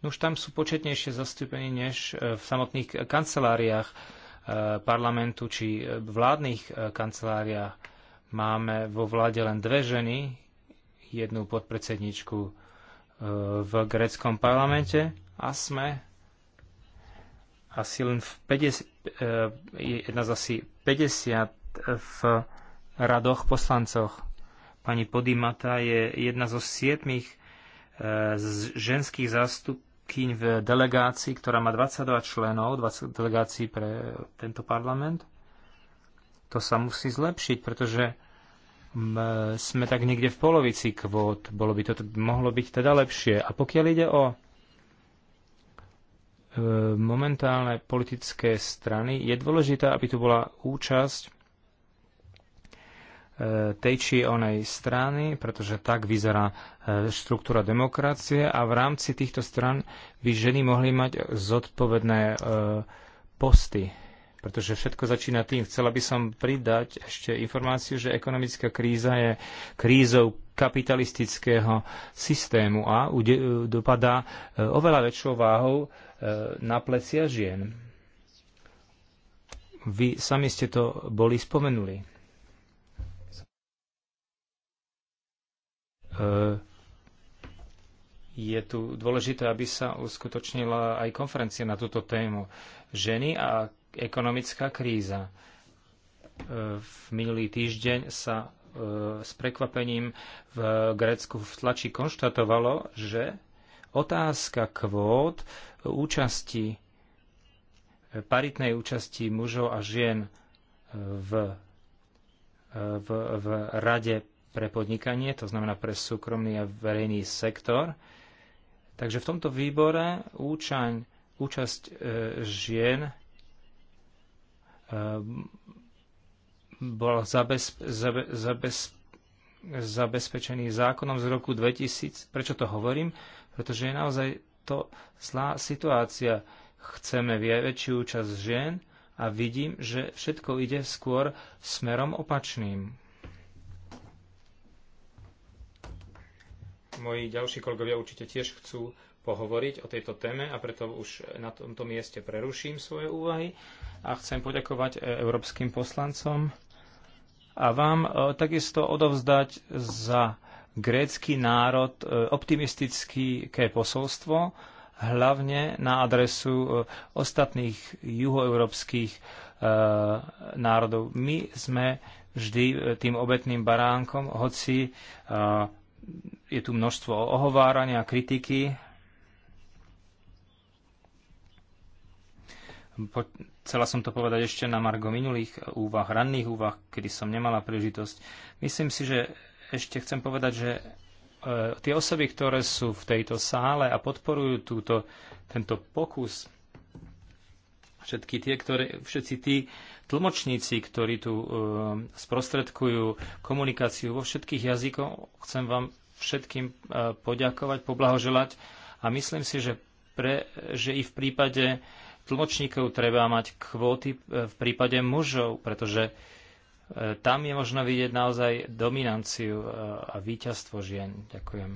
No už tam sú početnejšie zastúpení než e, v samotných kanceláriách e, parlamentu či vládnych kanceláriách. Máme vo vláde len dve ženy, jednu podpredsedničku v gréckom parlamente a sme asi len v 50, jedna z asi 50 v radoch poslancoch. Pani Podimata je jedna zo siedmých eh, ženských zástupkyň v delegácii, ktorá má 22 členov, 20 delegácií pre tento parlament. To sa musí zlepšiť, pretože mm, eh, sme tak niekde v polovici kvót. Bolo by to, mohlo byť teda lepšie. A pokiaľ ide o eh, momentálne politické strany, je dôležité, aby tu bola účasť E, tej či onej strany, pretože tak vyzerá e, štruktúra demokracie a v rámci týchto stran by ženy mohli mať zodpovedné e, posty. Pretože všetko začína tým. Chcela by som pridať ešte informáciu, že ekonomická kríza je krízou kapitalistického systému a dopadá oveľa väčšou váhou na plecia žien. Vy sami ste to boli spomenuli E, je tu dôležité, aby sa uskutočnila aj konferencia na túto tému. Ženy a ekonomická kríza. E, v minulý týždeň sa e, s prekvapením v Grécku v tlači konštatovalo, že otázka kvót účasti, paritnej účasti mužov a žien v, v, v rade pre podnikanie, to znamená pre súkromný a verejný sektor. Takže v tomto výbore účaň, účasť e, žien e, bol zabez, zabe, zabez, zabezpečený zákonom z roku 2000. Prečo to hovorím? Pretože je naozaj to zlá situácia. Chceme väčšiu účasť žien a vidím, že všetko ide skôr smerom opačným. Moji ďalší kolegovia určite tiež chcú pohovoriť o tejto téme a preto už na tomto mieste preruším svoje úvahy a chcem poďakovať e, európskym poslancom a vám e, takisto odovzdať za grécky národ e, optimistické posolstvo, hlavne na adresu ostatných juhoeurópskych národov. My sme vždy tým obetným baránkom, hoci je tu množstvo ohovárania a kritiky. Po, chcela som to povedať ešte na margo minulých úvah, ranných úvah, kedy som nemala príležitosť. Myslím si, že ešte chcem povedať, že e, tie osoby, ktoré sú v tejto sále a podporujú túto, tento pokus všetky tie, ktoré, všetci tí tlmočníci, ktorí tu e, sprostredkujú komunikáciu vo všetkých jazykoch, chcem vám všetkým e, poďakovať, poblahoželať a myslím si, že, pre, že i v prípade tlmočníkov treba mať kvóty e, v prípade mužov, pretože e, tam je možno vidieť naozaj dominanciu e, a víťazstvo žien. Ďakujem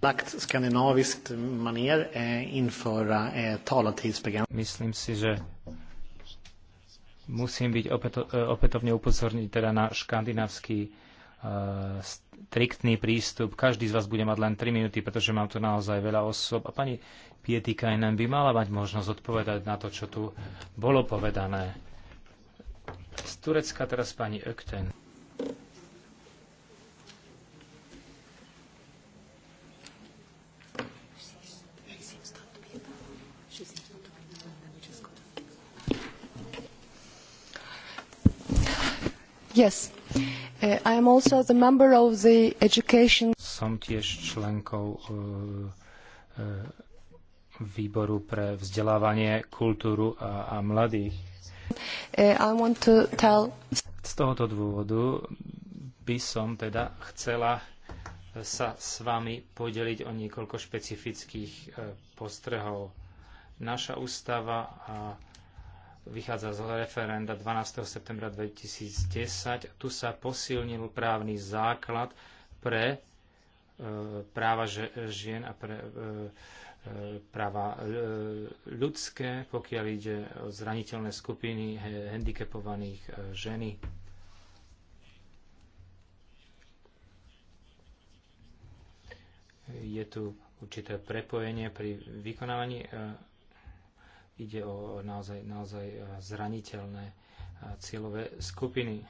lagt skandinaviskt manér eh, införa eh, talartidsbegränsning. Myslím si, že musím byť opäto, eh, opätovne upozorniť teda na škandinávsky uh, striktný prístup. Každý z vás bude mať len 3 minúty, pretože mám tu naozaj veľa osob. A pani Pietikainen by mala mať možnosť odpovedať na to, čo tu bolo povedané. Z Turecka teraz pani Ökten. Yes. Uh, I am also the member of the education... Som tiež členkou uh, uh, výboru pre vzdelávanie, kultúru a, a mladých. Uh, I want to tell... Z tohoto dôvodu by som teda chcela sa s vami podeliť o niekoľko špecifických uh, postrehov. Naša ústava a vychádza z referenda 12. septembra 2010. Tu sa posilnil právny základ pre e, práva žien a pre e, e práva e, ľudské, pokiaľ ide o zraniteľné skupiny handicapovaných e, ženy. Je tu určité prepojenie pri vykonávaní Ide o naozaj, naozaj e, zraniteľné e, cieľové skupiny.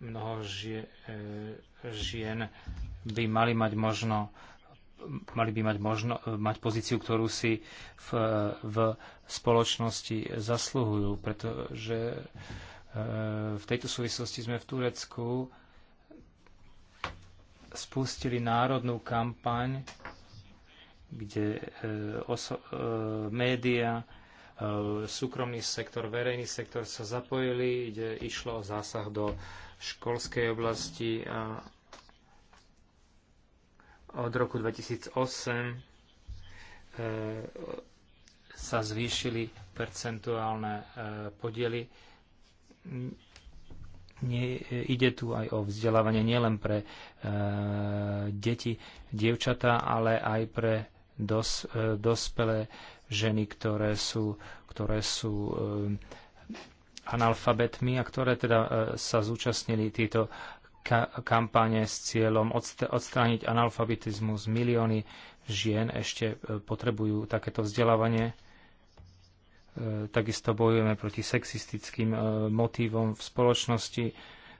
Mnoho žie, e, žien by mali mať možno mali by mať, možno, mať pozíciu, ktorú si v, v spoločnosti zasluhujú, pretože v tejto súvislosti sme v Turecku spustili národnú kampaň kde e, oso- e, média, e, súkromný sektor, verejný sektor sa zapojili, kde išlo o zásah do školskej oblasti a od roku 2008 sa zvýšili percentuálne podiely. Nie, ide tu aj o vzdelávanie nielen pre e, deti, dievčatá, ale aj pre dos, e, dospelé ženy, ktoré sú, ktoré sú e, analfabetmi a ktoré teda e, sa zúčastnili tieto kampáne s cieľom odstrániť analfabetizmus. Milióny žien ešte potrebujú takéto vzdelávanie. Takisto bojujeme proti sexistickým motívom v spoločnosti,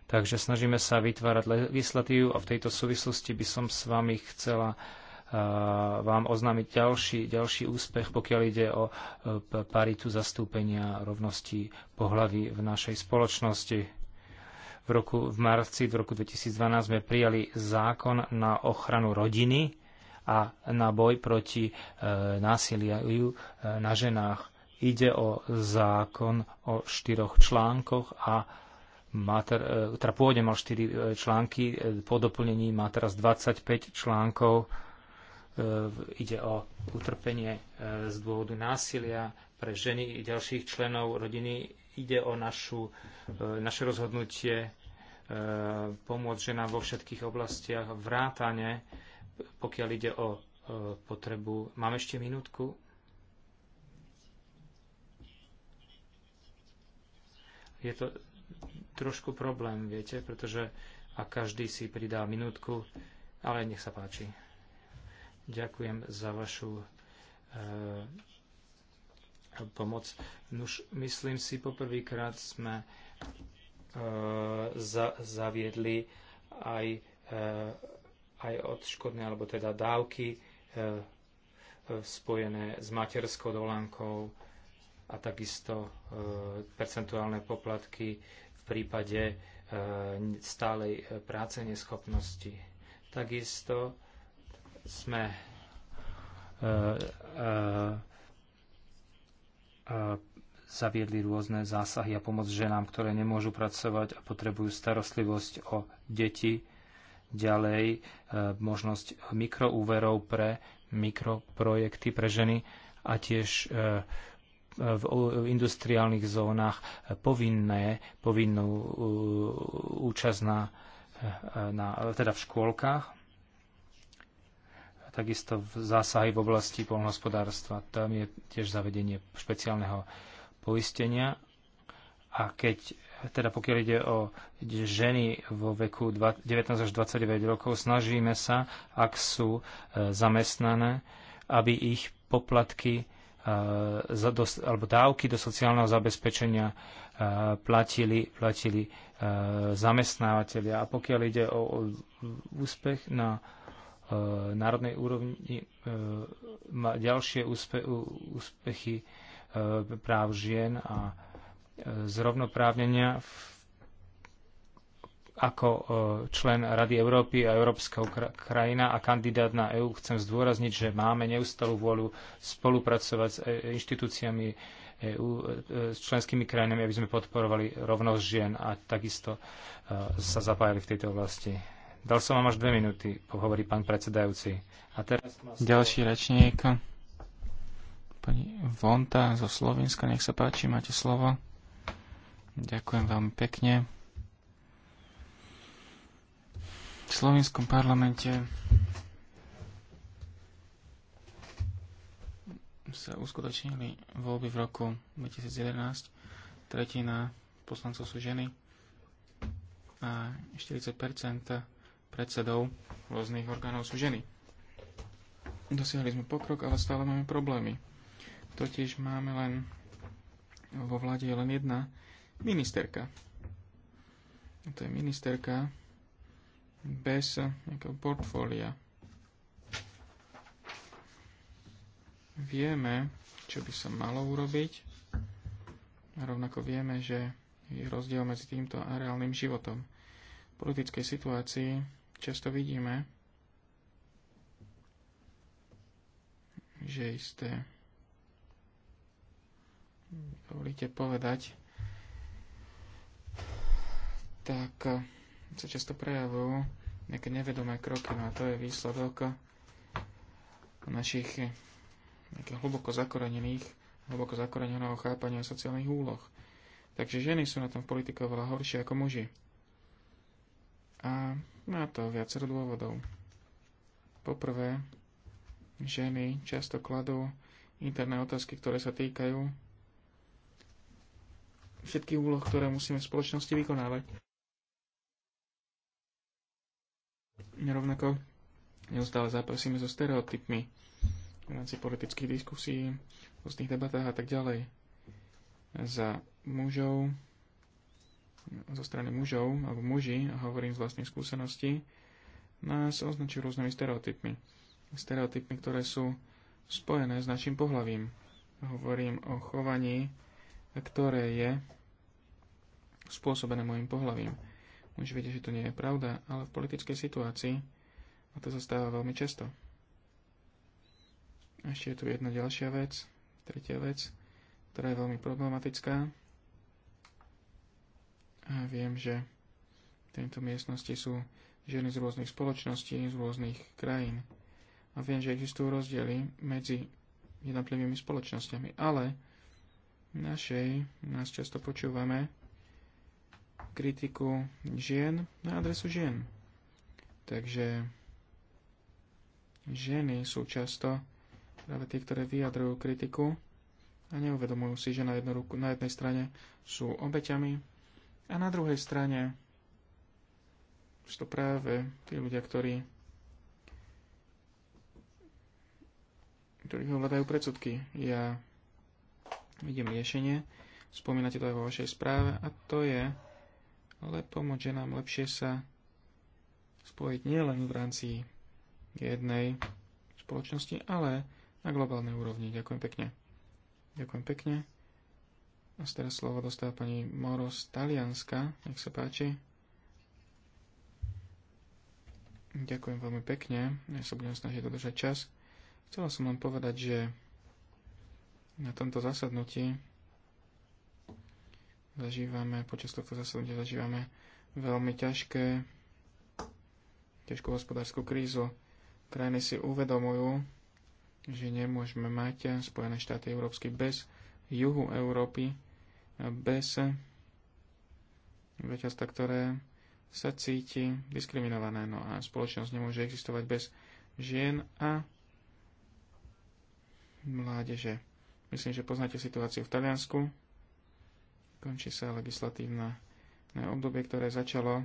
takže snažíme sa vytvárať legislatívu a v tejto súvislosti by som s vami chcela vám oznámiť ďalší, ďalší úspech, pokiaľ ide o e, paritu zastúpenia rovnosti pohlavy v našej spoločnosti. V, roku, v marci v roku 2012 sme prijali zákon na ochranu rodiny a na boj proti e, násiliu e, na ženách. Ide o zákon o štyroch článkoch a mater, e, teda pôvodne mal štyri e, články, po doplnení má teraz 25 článkov E, ide o utrpenie e, z dôvodu násilia pre ženy i ďalších členov rodiny. Ide o našu, e, naše rozhodnutie pomôcť ženám vo všetkých oblastiach vrátane, pokiaľ ide o potrebu. Mám ešte minútku? Je to trošku problém, viete, pretože a každý si pridá minútku, ale nech sa páči. Ďakujem za vašu e, pomoc. Nuž, myslím si, poprvýkrát sme e, za, zaviedli aj, e, aj odškodné, alebo teda dávky e, spojené s materskou dolánkou a takisto e, percentuálne poplatky v prípade e, stálej e, práce neschopnosti. Takisto sme e, e, e, zaviedli rôzne zásahy a pomoc ženám, ktoré nemôžu pracovať a potrebujú starostlivosť o deti. Ďalej možnosť mikroúverov pre mikroprojekty pre ženy a tiež v industriálnych zónach povinné, povinnú účasť na, na, teda v škôlkach takisto v zásahy v oblasti polnohospodárstva. Tam je tiež zavedenie špeciálneho poistenia. A keď, teda pokiaľ ide o ženy vo veku 19 až 29 rokov, snažíme sa, ak sú e, zamestnané, aby ich poplatky e, alebo dávky do sociálneho zabezpečenia e, platili, platili zamestnávateľia. A pokiaľ ide o úspech na Eh, národnej úrovni eh, má ďalšie úspe, úspechy eh, práv žien a zrovnoprávnenia v, ako člen Rady Európy a európska krajina a kandidát na EÚ chcem zdôrazniť, že máme neustalú vôľu spolupracovať s inštitúciami EÚ, s členskými krajinami, aby sme podporovali rovnosť žien a takisto sa zapájali v tejto oblasti. Dal som vám až dve minúty, hovorí pán predsedajúci. A teraz Ďalší rečník, pani Vonta zo Slovenska, nech sa páči, máte slovo. Ďakujem veľmi pekne. V slovenskom parlamente sa uskutočnili voľby v roku 2011. Tretina poslancov sú ženy a 40 predsedov rôznych orgánov sú ženy. Dosiahli sme pokrok, ale stále máme problémy. Totiž máme len vo vláde je len jedna ministerka. A To je ministerka bez nejakého portfólia. Vieme, čo by sa malo urobiť. A rovnako vieme, že je rozdiel medzi týmto a reálnym životom. V politickej situácii často vidíme, že isté dovolíte povedať, tak sa často prejavujú nejaké nevedomé kroky, no a to je výsledok našich nejakých hlboko zakorenených, hlboko zakoreneného chápania sociálnych úloh. Takže ženy sú na tom v politike oveľa horšie ako muži. A má to viacero dôvodov. Poprvé, ženy často kladú interné otázky, ktoré sa týkajú všetkých úloh, ktoré musíme v spoločnosti vykonávať. Nerovnako neustále zápasíme so stereotypmi v rámci politických diskusí, rôznych debatách a tak ďalej. Za mužov zo strany mužov, alebo muži, hovorím z vlastnej skúsenosti, nás označujú rôznymi stereotypmi. Stereotypmi, ktoré sú spojené s našim pohlavím. Hovorím o chovaní, ktoré je spôsobené môjim pohlavím. Už viete, že to nie je pravda, ale v politickej situácii a to sa veľmi často. Ešte je tu jedna ďalšia vec, tretia vec, ktorá je veľmi problematická viem, že v tejto miestnosti sú ženy z rôznych spoločností, z rôznych krajín. A viem, že existujú rozdiely medzi jednotlivými spoločnosťami, ale v našej nás často počúvame kritiku žien na adresu žien. Takže ženy sú často práve tie, ktoré vyjadrujú kritiku a neuvedomujú si, že na, jednu ruku, na jednej strane sú obeťami a na druhej strane sú to práve tí ľudia, ktorí ktorí ovládajú predsudky. Ja vidím riešenie, spomínate to aj vo vašej správe, a to je ale pomôcť ženám lepšie sa spojiť nielen v rámci jednej spoločnosti, ale na globálnej úrovni. Ďakujem pekne. Ďakujem pekne. A Teraz slovo dostáva pani Moros Talianska. Nech sa páči. Ďakujem veľmi pekne. Ja sa budem snažiť dodržať čas. Chcela som len povedať, že na tomto zasadnutí zažívame, počas tohto zasadnutia zažívame veľmi ťažké, ťažkú hospodárskú krízu. Krajiny si uvedomujú, že nemôžeme mať Spojené štáty európsky bez juhu Európy, BS obyvateľstva, ktoré sa cíti diskriminované. No a spoločnosť nemôže existovať bez žien a mládeže. Myslím, že poznáte situáciu v Taliansku. Končí sa legislatívne obdobie, ktoré začalo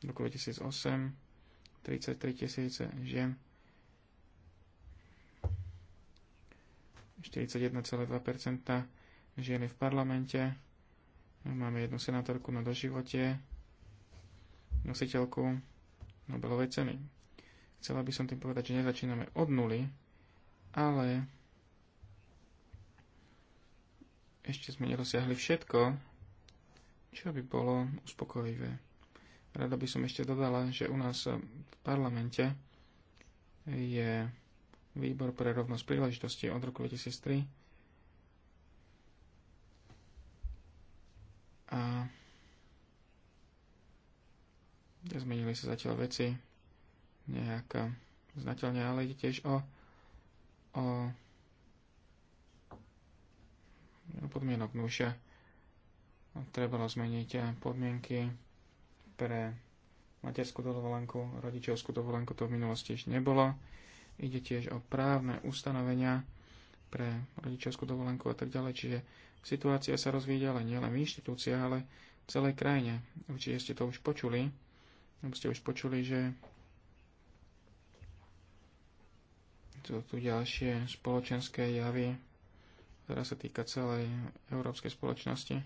v roku 2008. 33 tisíc žien. 41,2 žieny v parlamente. Máme jednu senátorku na doživote, nositeľku Nobelovej ceny. Chcela by som tým povedať, že nezačíname od nuly, ale ešte sme nedosiahli všetko, čo by bolo uspokojivé. Rada by som ešte dodala, že u nás v parlamente je výbor pre rovnosť príležitosti od roku 2003 A zmenili sa zatiaľ veci nejak znateľne, ale ide tiež o, o podmienok núša. Trebalo zmeniť podmienky pre materskú dovolenku, rodičovskú dovolenku to v minulosti ešte nebolo. Ide tiež o právne ustanovenia, pre rodičovskú dovolenku a tak ďalej. Čiže situácia sa rozvíja ale nielen v inštitúciách, ale v celej krajine. Určite ste to už počuli, lebo ste už počuli, že sú tu ďalšie spoločenské javy, ktorá sa týka celej európskej spoločnosti,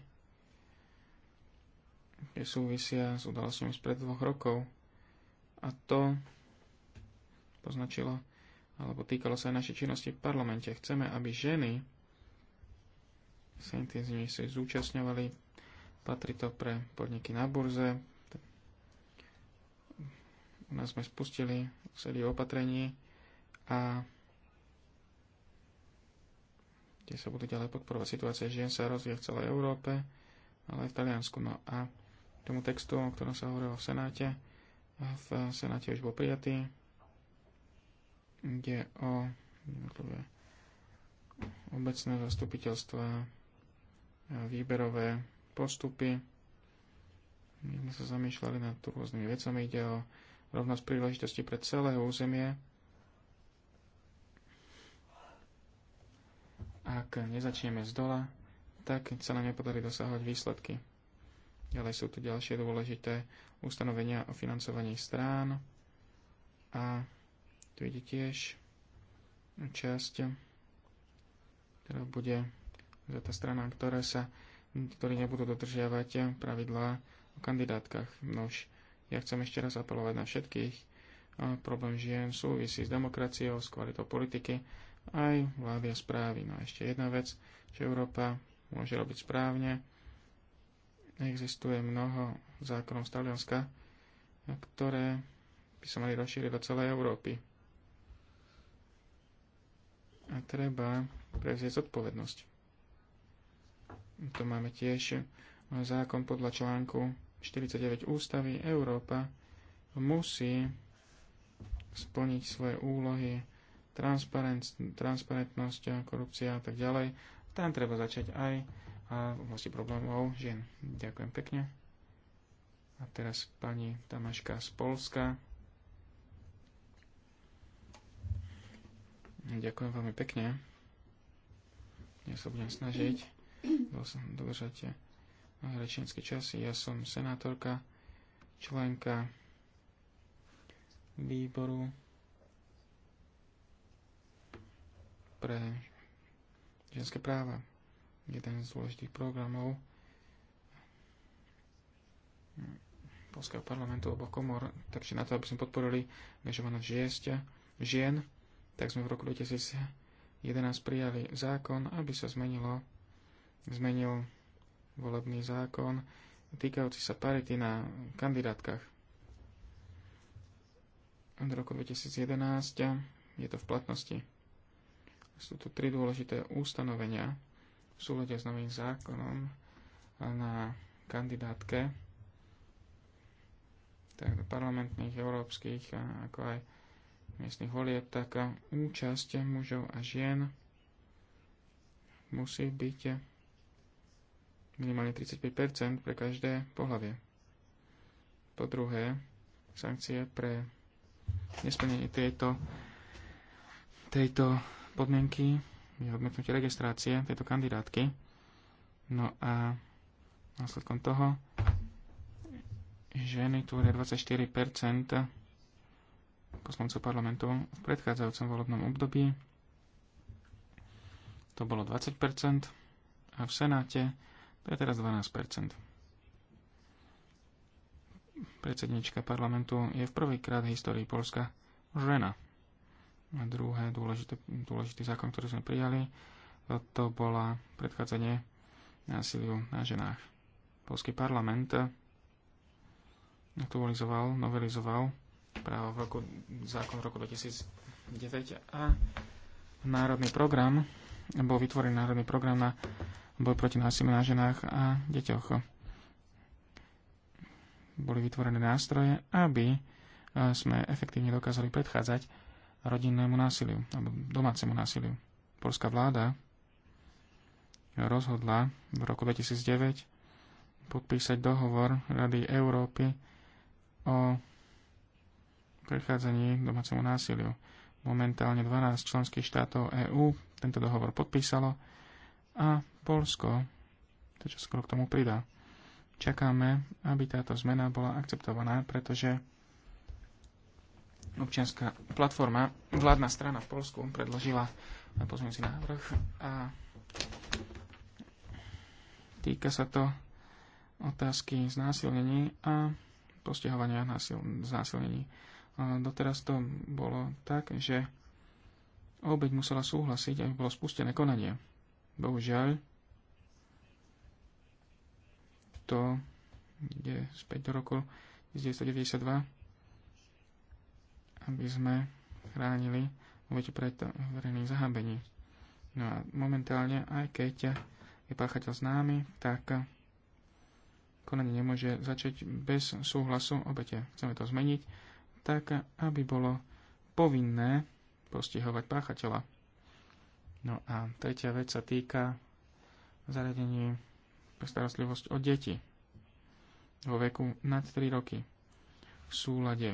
kde súvisia s udalosťami spred dvoch rokov. A to poznačilo alebo týkalo sa aj našej činnosti v parlamente. Chceme, aby ženy sa si zúčastňovali. Patrí to pre podniky na burze. U nás sme spustili sériu opatrení a kde sa budú ďalej podporovať situácia žien sa rozvíja v celej Európe, ale aj v Taliansku. No a tomu textu, o ktorom sa hovorilo v Senáte, v Senáte už bol prijatý, ide o obecné zastupiteľstva, výberové postupy. My sme sa zamýšľali nad rôznymi vecami. Ide o rovnosť príležitosti pre celé územie. Ak nezačneme z dola, tak sa nám nepodarí dosahovať výsledky. Ďalej sú tu ďalšie dôležité ustanovenia o financovaní strán a tu ide tiež časť, ktorá bude za tá strana, ktoré sa, ktorí nebudú dodržiavať pravidlá o kandidátkach. Nož, ja chcem ešte raz apelovať na všetkých. A problém žien súvisí s demokraciou, s kvalitou politiky, aj vlády a správy. No a ešte jedna vec, že Európa môže robiť správne. Existuje mnoho zákonov z Talianska, ktoré by sa mali rozšíriť do celej Európy a treba prevziať zodpovednosť. To máme tiež zákon podľa článku 49 ústavy. Európa musí splniť svoje úlohy, transparent, transparentnosť, korupcia a tak ďalej. Tam treba začať aj a vlastne problémov žien. Ďakujem pekne. A teraz pani Tamaška z Polska. Ďakujem veľmi pekne. Ja sa budem snažiť dodržať rečenské časy. Ja som senátorka, členka výboru pre ženské práva. Jeden z dôležitých programov Polského parlamentu alebo komor. Takže teda na to, aby sme podporili angažovanosť žien, tak sme v roku 2011 prijali zákon, aby sa zmenilo, zmenil volebný zákon týkajúci sa parity na kandidátkach. Od roku 2011 je to v platnosti. Sú tu tri dôležité ustanovenia v súlade s novým zákonom na kandidátke tak parlamentných, európskych, ako aj miestnych volieb, tak účasť mužov a žien musí byť minimálne 35 pre každé pohlavie. Po druhé, sankcie pre nesplnenie tejto, tejto podmienky je odmietnutie registrácie tejto kandidátky. No a následkom toho ženy tvoria 24 poslancov parlamentu v predchádzajúcom volebnom období. To bolo 20 a v Senáte to je teraz 12 Predsednička parlamentu je v prvýkrát v histórii Polska žena. A druhé dôležité, dôležitý zákon, ktorý sme prijali, to bola predchádzanie násiliu na ženách. Polský parlament aktualizoval, novelizoval právo v roku, zákon v roku 2009 a národný program, bol vytvorený národný program na boj proti násiliu na ženách a deťoch. Boli vytvorené nástroje, aby e, sme efektívne dokázali predchádzať rodinnému násiliu alebo domácemu násiliu. Polská vláda rozhodla v roku 2009 podpísať dohovor Rady Európy o k domácemu násiliu. Momentálne 12 členských štátov EÚ tento dohovor podpísalo a Polsko to čo skoro k tomu pridá. Čakáme, aby táto zmena bola akceptovaná, pretože občianská platforma, vládna strana v Polsku predložila pozmeňujúci návrh a týka sa to otázky znásilnení a postihovania znásilnení doteraz to bolo tak, že obeď musela súhlasiť, aby bolo spustené konanie. Bohužiaľ, to ide späť do roku 1992, aby sme chránili obete pred verejným zahábením. No a momentálne, aj keď je páchateľ známy, tak konanie nemôže začať bez súhlasu obete. Chceme to zmeniť tak aby bolo povinné postihovať páchateľa. No a tretia vec sa týka zariadení pre starostlivosť o deti vo veku nad 3 roky v súlade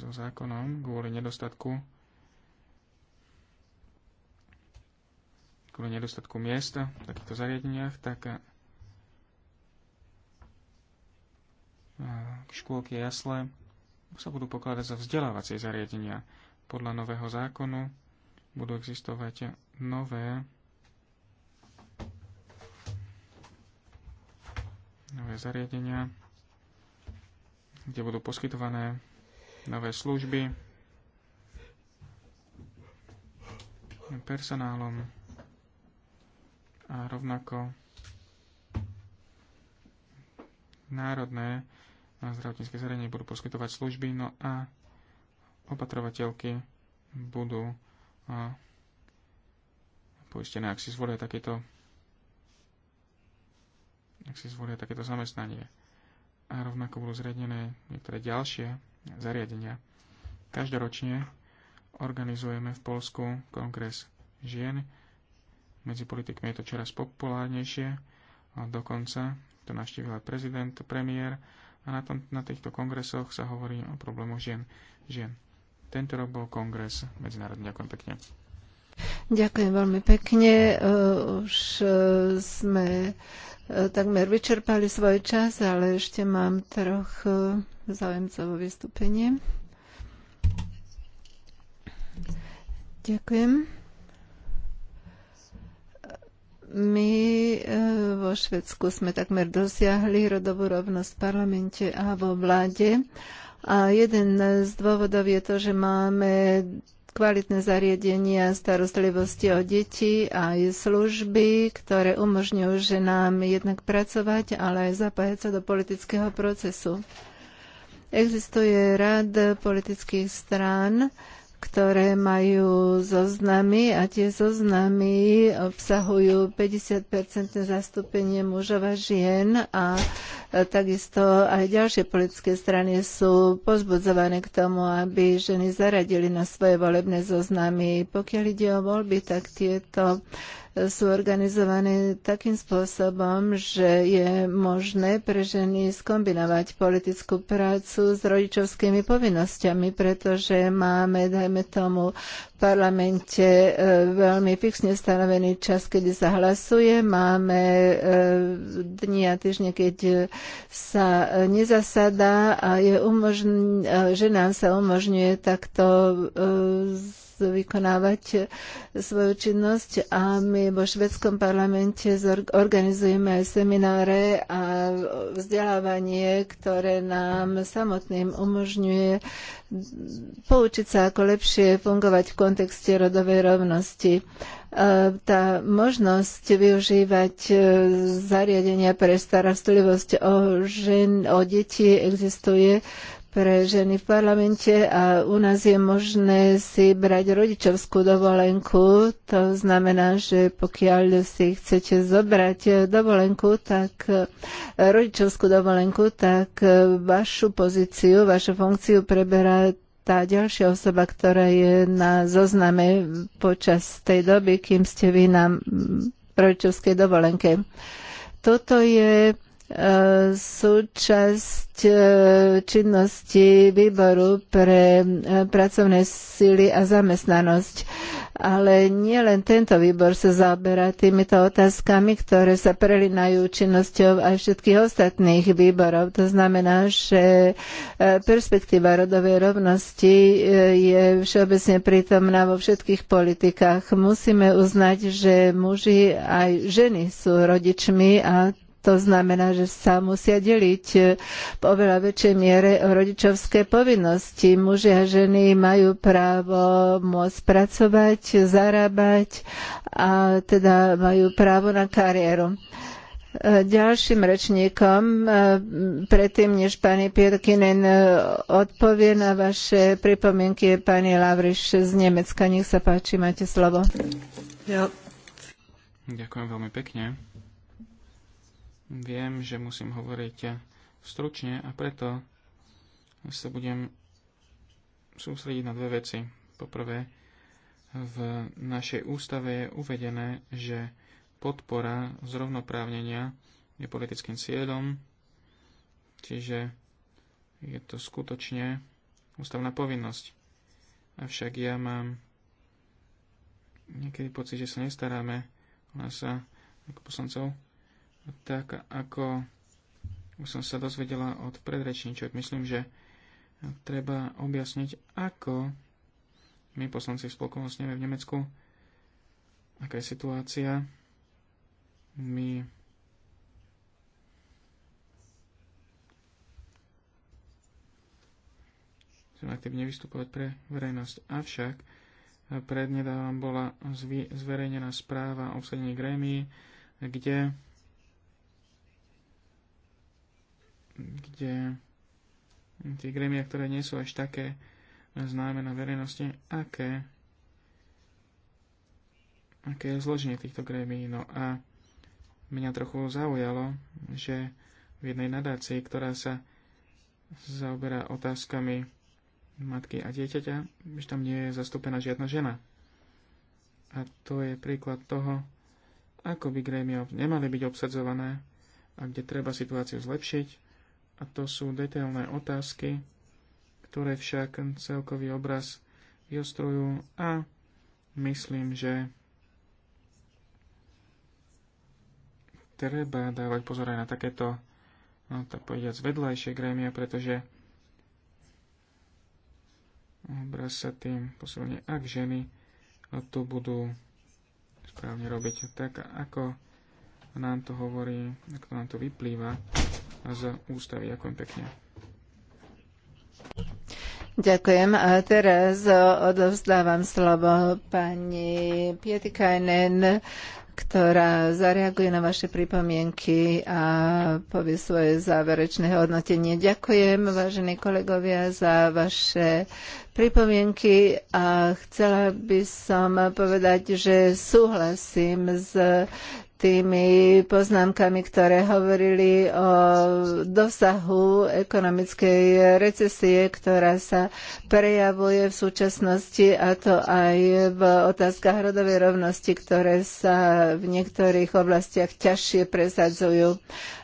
so zákonom kvôli nedostatku kvôli nedostatku miesta v takýchto zariadeniach, tak eh, škôlky jasle sa budú pokladať za vzdelávacie zariadenia. Podľa nového zákonu budú existovať nové nové zariadenia, kde budú poskytované nové služby personálom a rovnako národné zdravotnícke zariadenie budú poskytovať služby, no a opatrovateľky budú poistené, ak si zvolia takéto ak si zvolia takéto zamestnanie. A rovnako budú zriadené niektoré ďalšie zariadenia. Každoročne organizujeme v Polsku kongres žien. Medzi politikmi je to čoraz populárnejšie. A dokonca to navštívil aj prezident, premiér a na, tom, na týchto kongresoch sa hovorí o problémoch žien. žien. Tento rok bol kongres medzinárodný. Ďakujem pekne. Ďakujem veľmi pekne. E, už e, sme e, takmer vyčerpali svoj čas, ale ešte mám troch záujemcov o vystúpenie. Ďakujem. My e, vo Švedsku sme takmer dosiahli rodovú rovnosť v parlamente a vo vláde. A jeden z dôvodov je to, že máme kvalitné zariadenia starostlivosti o deti a aj služby, ktoré umožňujú ženám jednak pracovať, ale aj zapájať sa do politického procesu. Existuje rad politických strán, ktoré majú zoznamy a tie zoznamy obsahujú 50-percentné zastúpenie mužov a žien a E, takisto aj ďalšie politické strany sú pozbudzované k tomu, aby ženy zaradili na svoje volebné zoznamy. Pokiaľ ide o voľby, tak tieto e, sú organizované takým spôsobom, že je možné pre ženy skombinovať politickú prácu s rodičovskými povinnosťami, pretože máme, dajme tomu, parlamente e, veľmi fixne stanovený čas, kedy sa hlasuje. Máme e, dni a týždne, keď sa nezasadá a je umožn- e, že nám sa umožňuje takto vykonávať eh, svoju činnosť a my vo švedskom parlamente organizujeme aj semináre a vzdelávanie, ktoré nám samotným umožňuje poučiť sa, ako lepšie fungovať v kontexte rodovej rovnosti tá možnosť využívať eh, zariadenia pre starostlivosť o, žen, o deti existuje pre ženy v parlamente a u nás je možné si brať rodičovskú dovolenku. To znamená, že pokiaľ si chcete zobrať dovolenku, tak rodičovskú dovolenku, tak vašu pozíciu, vašu funkciu preberá tá ďalšia osoba, ktorá je na zozname počas tej doby, kým ste vy na rodičovskej dovolenke. Toto je E, súčasť e, činnosti výboru pre e, pracovné síly a zamestnanosť. Ale nielen tento výbor sa zaoberá týmito otázkami, ktoré sa prelinajú činnosťou aj všetkých ostatných výborov. To znamená, že perspektíva rodovej rovnosti je všeobecne prítomná vo všetkých politikách. Musíme uznať, že muži aj ženy sú rodičmi a to znamená, že sa musia deliť e, v oveľa väčšej miere o rodičovské povinnosti. Muži a ženy majú právo môcť pracovať, zarábať a teda majú právo na kariéru. E, ďalším rečníkom, e, predtým než pani Pirkinen odpovie na vaše pripomienky, je pani Lavriš z Nemecka. Nech sa páči, máte slovo. Ja. Ďakujem veľmi pekne. Viem, že musím hovoriť stručne a preto sa budem sústrediť na dve veci. Poprvé, v našej ústave je uvedené, že podpora zrovnoprávnenia je politickým cieľom, čiže je to skutočne ústavná povinnosť. Avšak ja mám niekedy pocit, že sa nestaráme o nás ako poslancov tak ako už som sa dozvedela od predrečníčok, myslím, že treba objasniť, ako my poslanci v spolkovom sneme v Nemecku, aká je situácia. My chceme aktívne vystupovať pre verejnosť. Avšak prednedávam bola zverejnená správa o obsadení grémii, kde kde tie gremia, ktoré nie sú až také známe na verejnosti, aké, aké je zloženie týchto gremií. No a mňa trochu zaujalo, že v jednej nadácii, ktorá sa zaoberá otázkami matky a dieťaťa, že tam nie je zastúpená žiadna žena. A to je príklad toho, ako by grémia nemali byť obsadzované a kde treba situáciu zlepšiť a to sú detailné otázky, ktoré však celkový obraz vyostrujú a myslím, že treba dávať pozor aj na takéto, no tak povediať, vedľajšie grémia, pretože obraz sa tým posilne, ak ženy to budú správne robiť tak, ako nám to hovorí, ako nám to vyplýva z ústavy. Ďakujem pekne. Ďakujem. A teraz odovzdávam slovo pani Pietikajnen, ktorá zareaguje na vaše pripomienky a povie svoje záverečné hodnotenie. Ďakujem, vážení kolegovia, za vaše pripomienky a chcela by som povedať, že súhlasím s tými poznámkami, ktoré hovorili o dosahu ekonomickej recesie, ktorá sa prejavuje v súčasnosti a to aj v otázkach rodovej rovnosti, ktoré sa v niektorých oblastiach ťažšie presadzujú.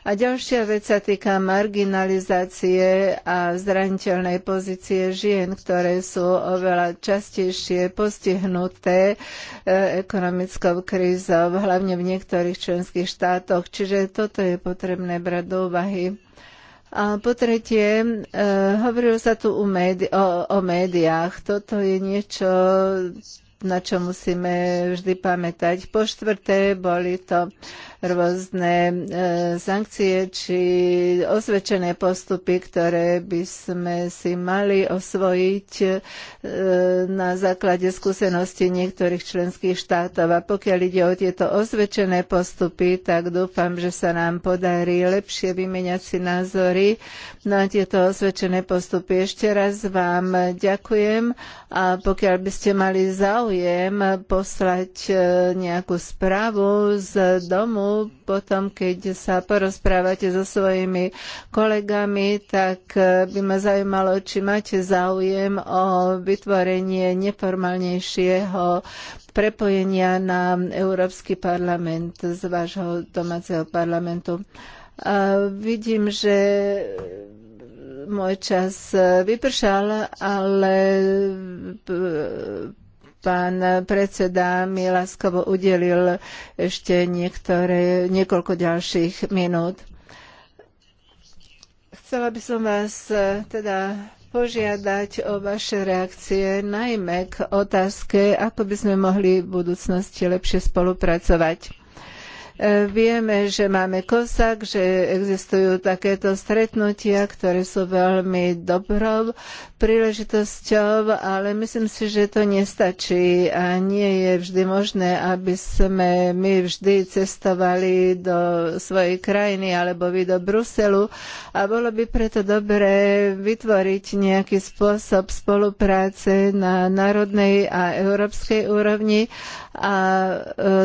A ďalšia vec sa týka marginalizácie a zraniteľnej pozície žien, ktoré sú oveľa častejšie postihnuté eh, ekonomickou krízou, hlavne v niektorých bývalých členských štátoch. Čiže toto je potrebné brať do úvahy. A po tretie, e, hovorilo sa tu o, médi- o, o médiách. Toto je niečo, na čo musíme vždy pamätať. Po štvrté, boli to rôzne e, sankcie či osvedčené postupy, ktoré by sme si mali osvojiť e, na základe skúsenosti niektorých členských štátov. A pokiaľ ide o tieto osvedčené postupy, tak dúfam, že sa nám podarí lepšie vymeniať si názory na tieto osvedčené postupy. Ešte raz vám ďakujem a pokiaľ by ste mali záujem poslať e, nejakú správu z domu, tému. Potom, keď sa porozprávate so svojimi kolegami, tak eh, by ma zaujímalo, či máte záujem o vytvorenie neformálnejšieho prepojenia na Európsky parlament z vášho domáceho parlamentu. A vidím, že môj čas eh, vypršal, ale eh, pán predseda mi láskovo udelil ešte niektoré, niekoľko ďalších minút. Chcela by som vás e, teda požiadať o vaše reakcie najmä k otázke, ako by sme mohli v budúcnosti lepšie spolupracovať. E, vieme, že máme kosak, že existujú takéto stretnutia, ktoré sú veľmi dobrou príležitosťou, ale myslím si, že to nestačí a nie je vždy možné, aby sme my vždy cestovali do svojej krajiny alebo vy do Bruselu a bolo by preto dobré vytvoriť nejaký spôsob spolupráce na národnej a európskej úrovni a e,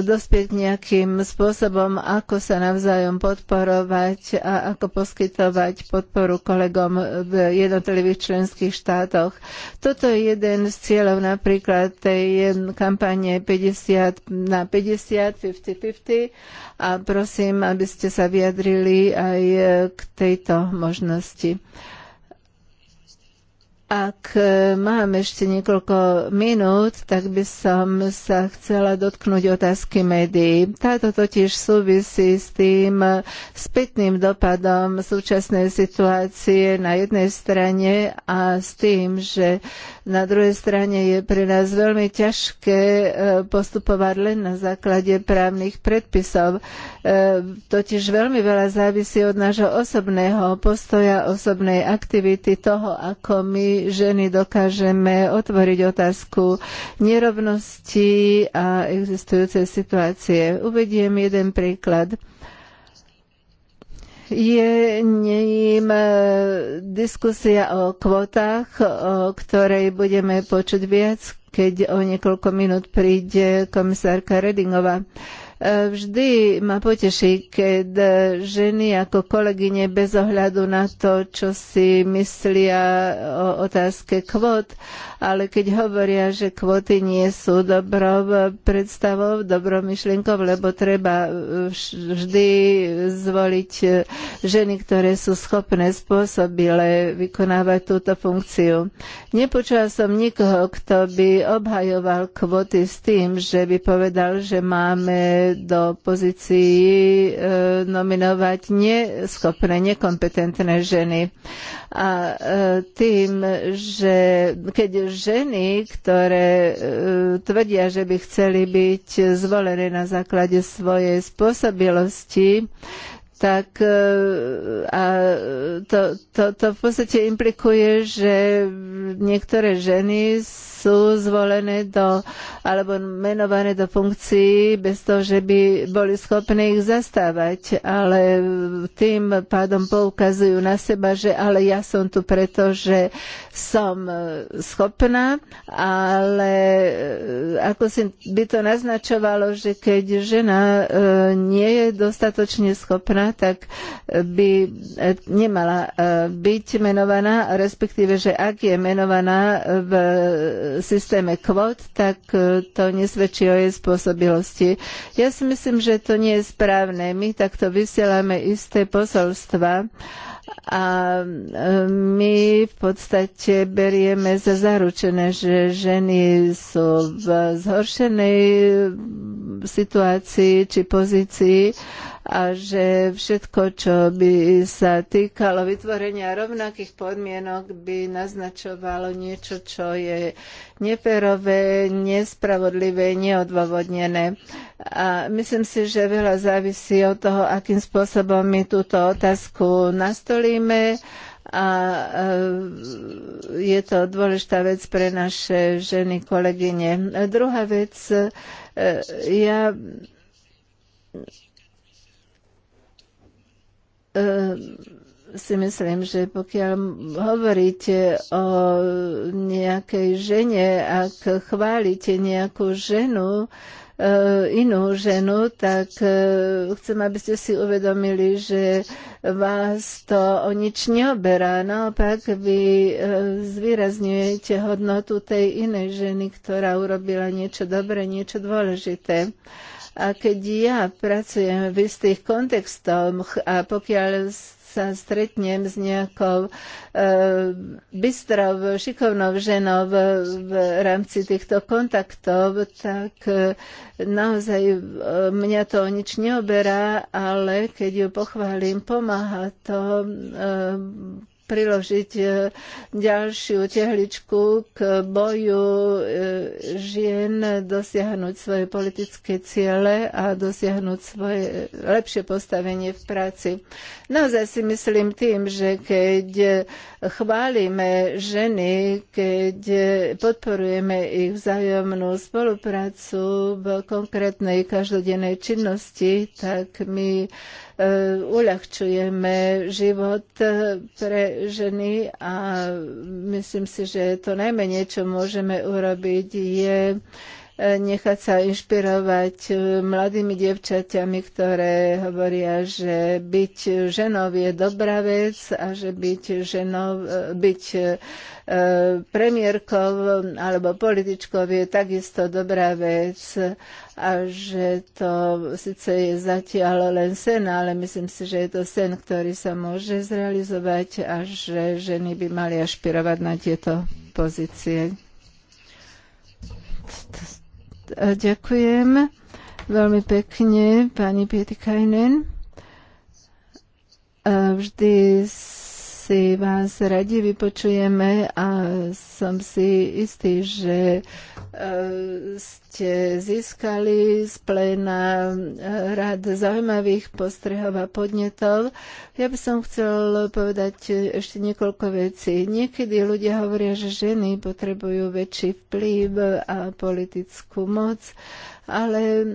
dospieť nejakým spôsobom spôsobom, ako sa navzájom podporovať a ako poskytovať podporu kolegom v jednotlivých členských štátoch. Toto je jeden z cieľov napríklad tej kampane 50 na 50, 50-50 a prosím, aby ste sa vyjadrili aj k tejto možnosti. Ak e, mám ešte niekoľko minút, tak by som sa chcela dotknúť otázky médií. Táto totiž súvisí s tým e, spätným dopadom súčasnej situácie na jednej strane a s tým, že na druhej strane je pre nás veľmi ťažké e, postupovať len na základe právnych predpisov. E, totiž veľmi veľa závisí od nášho osobného postoja, osobnej aktivity, toho, ako my ženy dokážeme otvoriť otázku nerovnosti a existujúcej situácie. Uvediem jeden príklad je ním e, diskusia o kvotách, o ktorej budeme počuť viac, keď o niekoľko minút príde komisárka Redingová. E, vždy ma poteší, keď e, ženy ako kolegyne bez ohľadu na to, čo si myslia o otázke kvót, ale keď hovoria, že kvóty nie sú dobrou predstavou, dobrou myšlienkou, lebo treba e, vždy zvoliť e, ženy, ktoré sú schopné spôsobile vykonávať túto funkciu. Nepočula som nikoho, kto by obhajoval kvóty s tým, že by povedal, že máme do pozícií e, nominovať neschopné, nekompetentné ženy. A tým, že keď ženy, ktoré e, tvrdia, že by chceli byť zvolené na základe svojej spôsobilosti, tak e, a to, to, to v podstate implikuje, že niektoré ženy sú zvolené do, alebo menované do funkcií bez toho, že by boli schopní ich zastávať. Ale tým pádom poukazujú na seba, že ale ja som tu preto, že som schopná, ale eh, ako si by to naznačovalo, že keď žena eh, nie je dostatočne schopná, tak by eh, nemala byť menovaná, respektíve, že ak je menovaná v systéme kvót, tak e, to nesvedčí o jej spôsobilosti. Ja si myslím, že to nie je správne. My takto vysielame isté posolstva a e, my v podstate berieme za zaručené, že ženy sú v zhoršenej e, situácii či pozícii a že všetko, čo by sa týkalo vytvorenia rovnakých podmienok, by naznačovalo niečo, čo je neperové, nespravodlivé, neodôvodnené. A myslím si, že veľa závisí od toho, akým spôsobom my túto otázku nastolíme a e, je to dôležitá vec pre naše ženy kolegyne. Druhá vec, e, ja si myslím, že pokiaľ hovoríte o nejakej žene, ak chválite nejakú ženu, eh, inú ženu, tak eh, chcem, aby ste si uvedomili, že vás to o nič neoberá. Naopak vy eh, zvýrazňujete hodnotu tej inej ženy, ktorá urobila niečo dobré, niečo dôležité. A keď ja pracujem v istých kontextoch a pokiaľ sa stretnem s nejakou e, bystrou, šikovnou ženou v, v rámci týchto kontaktov, tak e, naozaj e, mňa to nič neoberá, ale keď ju pochválim, pomáha to e, priložiť e, ďalšiu tehličku k boju e, žien dosiahnuť svoje politické ciele a dosiahnuť svoje lepšie postavenie v práci. Naozaj si myslím tým, že keď chválime ženy, keď podporujeme ich vzájomnú spoluprácu v konkrétnej každodennej činnosti, tak my Eh, uľahčujeme život eh, pre ženy a myslím si, že to najmenej, čo môžeme urobiť, je nechať sa inšpirovať e, mladými dievčaťami, ktoré hovoria, že byť ženou je dobrá vec a že byť ženou, e, byť e, premiérkou alebo političkou je takisto dobrá vec a že to síce je zatiaľ len sen, ale myslím si, že je to sen, ktorý sa môže zrealizovať a že ženy by mali ašpirovať na tieto pozície Ďakujem veľmi pekne, pani Pietikajnen. Vždy si vás radi vypočujeme a som si istý, že ste získali z pléna eh, rád zaujímavých postrehov a podnetov. Ja by som chcel povedať ešte niekoľko vecí. Niekedy ľudia hovoria, že ženy potrebujú väčší vplyv a politickú moc, ale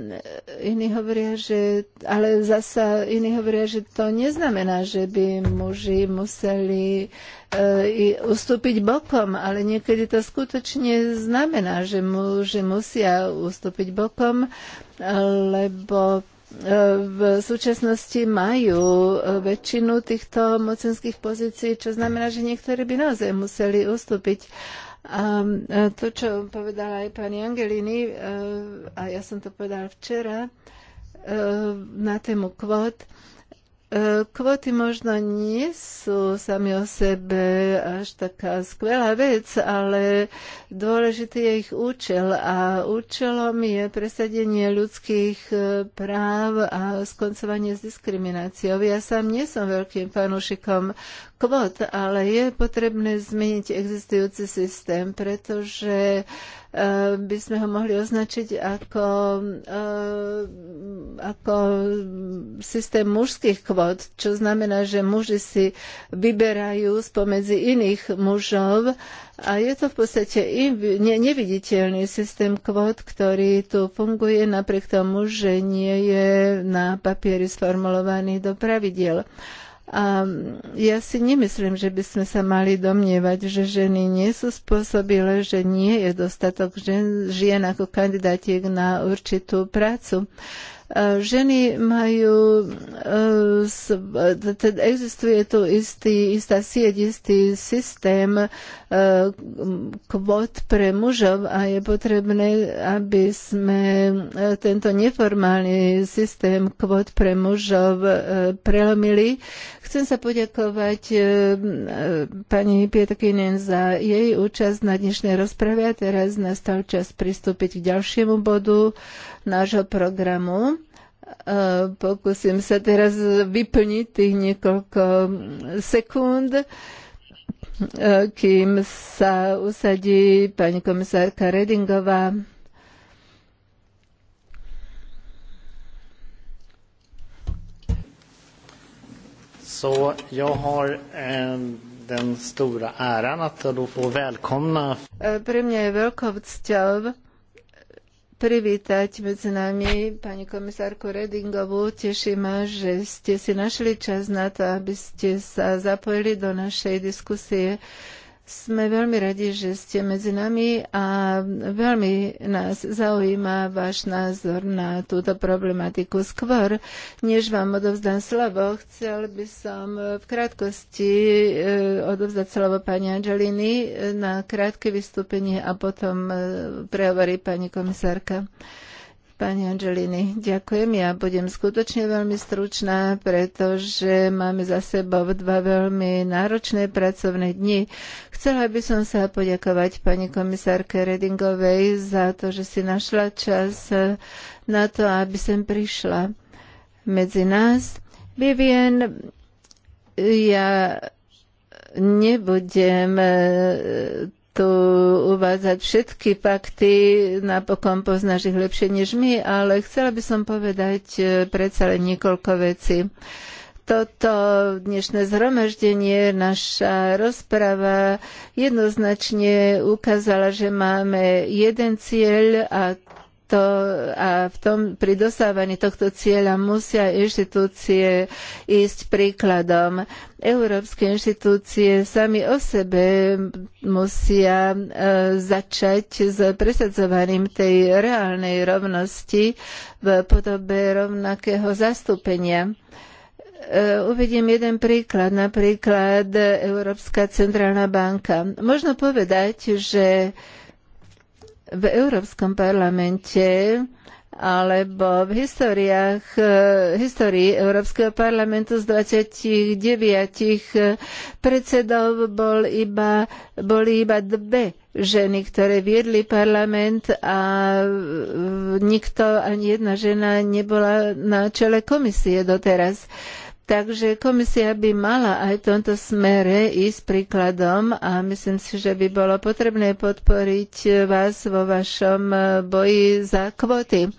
iní hovoria, že, ale zasa iní hovoria, že to neznamená, že by muži museli E, ustúpiť bokom, ale niekedy to skutočne znamená, že, mu, že musia ustúpiť bokom, lebo e, v súčasnosti majú väčšinu týchto mocenských pozícií, čo znamená, že niektorí by naozaj museli ustúpiť. A e, to, čo povedala aj pani Angelini, a ja som to povedala včera, na tému kvót, E, kvóty možno nie sú sami o sebe až taká skvelá vec, ale dôležitý je ich účel a účelom je presadenie ľudských e, práv a skoncovanie s diskrimináciou. Ja sám nie som veľkým fanúšikom kvót, ale je potrebné zmeniť existujúci systém, pretože eh, by sme ho mohli označiť ako, eh, ako systém mužských kvót, čo znamená, že muži si vyberajú spomedzi iných mužov a je to v podstate neviditeľný systém kvót, ktorý tu funguje napriek tomu, že nie je na papieri sformulovaný do pravidiel. A ja si nemyslím, že by sme sa mali domnievať, že ženy nie sú spôsobile, že nie je dostatok žien, žien ako kandidátiek na určitú prácu. Uh, E, ženy majú, e, e, existuje tu istý, istá sieť, istý systém kvót pre mužov a je potrebné, aby sme tento neformálny systém kvót pre mužov prelomili. Chcem sa poďakovať pani Pietkinen za jej účasť na dnešnej rozprave a teraz nastal čas pristúpiť k ďalšiemu bodu nášho programu. Pokúsim sa teraz vyplniť tých niekoľko sekúnd, e, kým sa usadí pani komisárka Redingová. Så jag har eh, den stora äran att då få välkomna... E, Pre mňa je veľkou cťou, privítať medzi nami pani komisárku Redingovú. Teší ma, že ste si našli čas na to, aby ste sa zapojili do našej diskusie. Sme veľmi radi, že ste medzi nami a veľmi nás zaujíma váš názor na túto problematiku. Skôr, než vám odovzdám slovo, chcel by som v krátkosti eh, odovzdať slovo pani Angelini na krátke vystúpenie a potom eh, prehovorí pani komisárka. Pani Angelini, ďakujem. Ja budem skutočne veľmi stručná, pretože máme za sebou dva veľmi náročné pracovné dni. Chcela by som sa poďakovať pani komisárke Redingovej za to, že si našla čas na to, aby sem prišla medzi nás. Vivien, ja nebudem tu uvádzať všetky fakty, napokon poznáš ich lepšie než my, ale chcela by som povedať e, predsa len niekoľko vecí. Toto dnešné zhromaždenie, naša rozprava jednoznačne ukázala, že máme jeden cieľ a to, a v tom, pri dosávaní tohto cieľa musia inštitúcie ísť príkladom. Európske inštitúcie sami o sebe musia e, začať s presadzovaním tej reálnej rovnosti v podobe rovnakého zastúpenia. E, Uvediem jeden príklad, napríklad Európska centrálna banka. Možno povedať, že v Európskom parlamente alebo v históriách, eh, histórii Európskeho parlamentu z 29 predsedov bol iba, boli iba dve ženy, ktoré viedli parlament a eh, nikto, ani jedna žena nebola na čele komisie doteraz. Uh, Takže komisia by mala aj v tomto smere ísť príkladom a myslím si, že by bolo potrebné podporiť vás vo vašom e, boji za kvóty.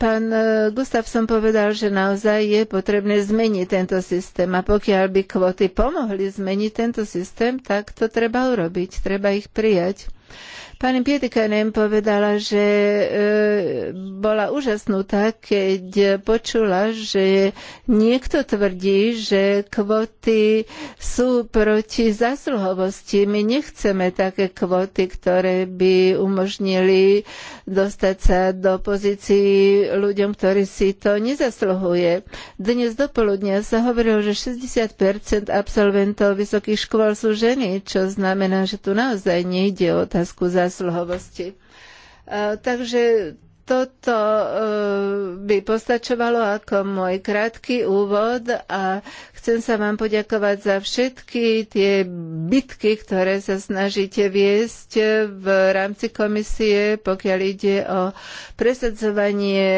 Pán e, som povedal, že naozaj je potrebné zmeniť tento systém a pokiaľ by kvóty pomohli zmeniť tento systém, tak to treba urobiť, treba ich prijať. Pani Pietikanen povedala, že e, bola úžasnutá, keď počula, že niekto tvrdí, že kvoty sú proti zásluhovosti. My nechceme také kvoty, ktoré by umožnili dostať sa do pozícií ľuďom, ktorí si to nezasluhuje. Dnes dopoludnia sa hovorilo, že 60 absolventov vysokých škôl sú ženy, čo znamená, že tu naozaj nejde o otázku zasluhovosti zásluhovosti. E, takže toto e, by postačovalo ako môj krátky úvod a chcem sa vám poďakovať za všetky tie bitky, ktoré sa snažíte viesť v rámci komisie, pokiaľ ide o presadzovanie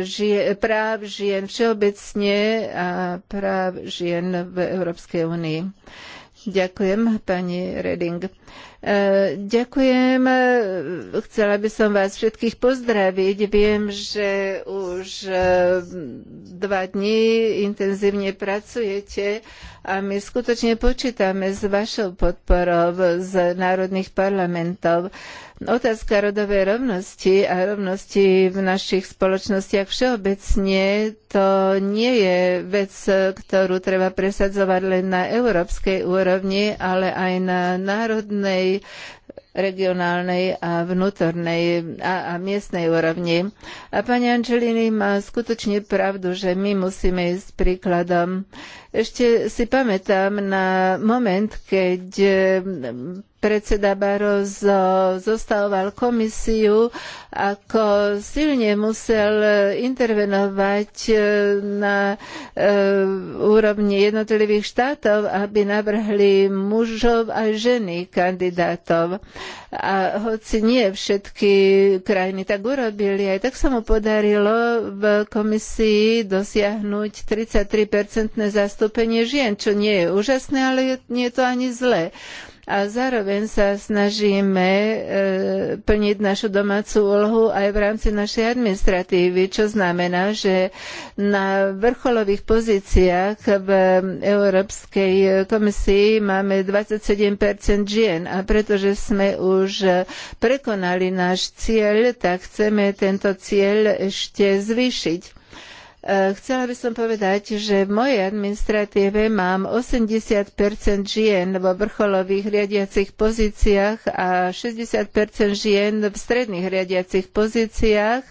e, práv žien všeobecne a práv žien v Európskej únii. Ďakujem, pani Reding. E, ďakujem. Chcela by som vás všetkých pozdraviť. Viem, že už e, dva dní intenzívne pracujete a my skutočne počítame s vašou podporou z národných parlamentov. Otázka rodovej rovnosti a rovnosti v našich spoločnostiach všeobecne to nie je vec, ktorú treba presadzovať len na európskej úrovni, ale aj na národnej, regionálnej a vnútornej a, a miestnej úrovni. A pani Angelini má skutočne pravdu, že my musíme ísť príkladom. Ešte si pamätám na moment, keď eh, predseda Barroso zostavoval komisiu, ako silne musel intervenovať eh, na eh, úrovni jednotlivých štátov, aby navrhli mužov a ženy kandidátov. A hoci nie všetky krajiny tak urobili, aj tak sa mu podarilo v komisii dosiahnuť 33-percentné zastúpenie zastúpenie žien, čo nie je úžasné, ale nie je to ani zlé a zároveň sa snažíme e, plniť našu domácu úlohu aj v rámci našej administratívy, čo znamená, že na vrcholových pozíciách v Európskej komisii máme 27 žien a pretože sme už prekonali náš cieľ, tak chceme tento cieľ ešte zvýšiť Eh, chcela by som povedať, že v mojej administratíve mám 80 žien vo vrcholových riadiacich pozíciách a 60 žien v stredných riadiacich pozíciách,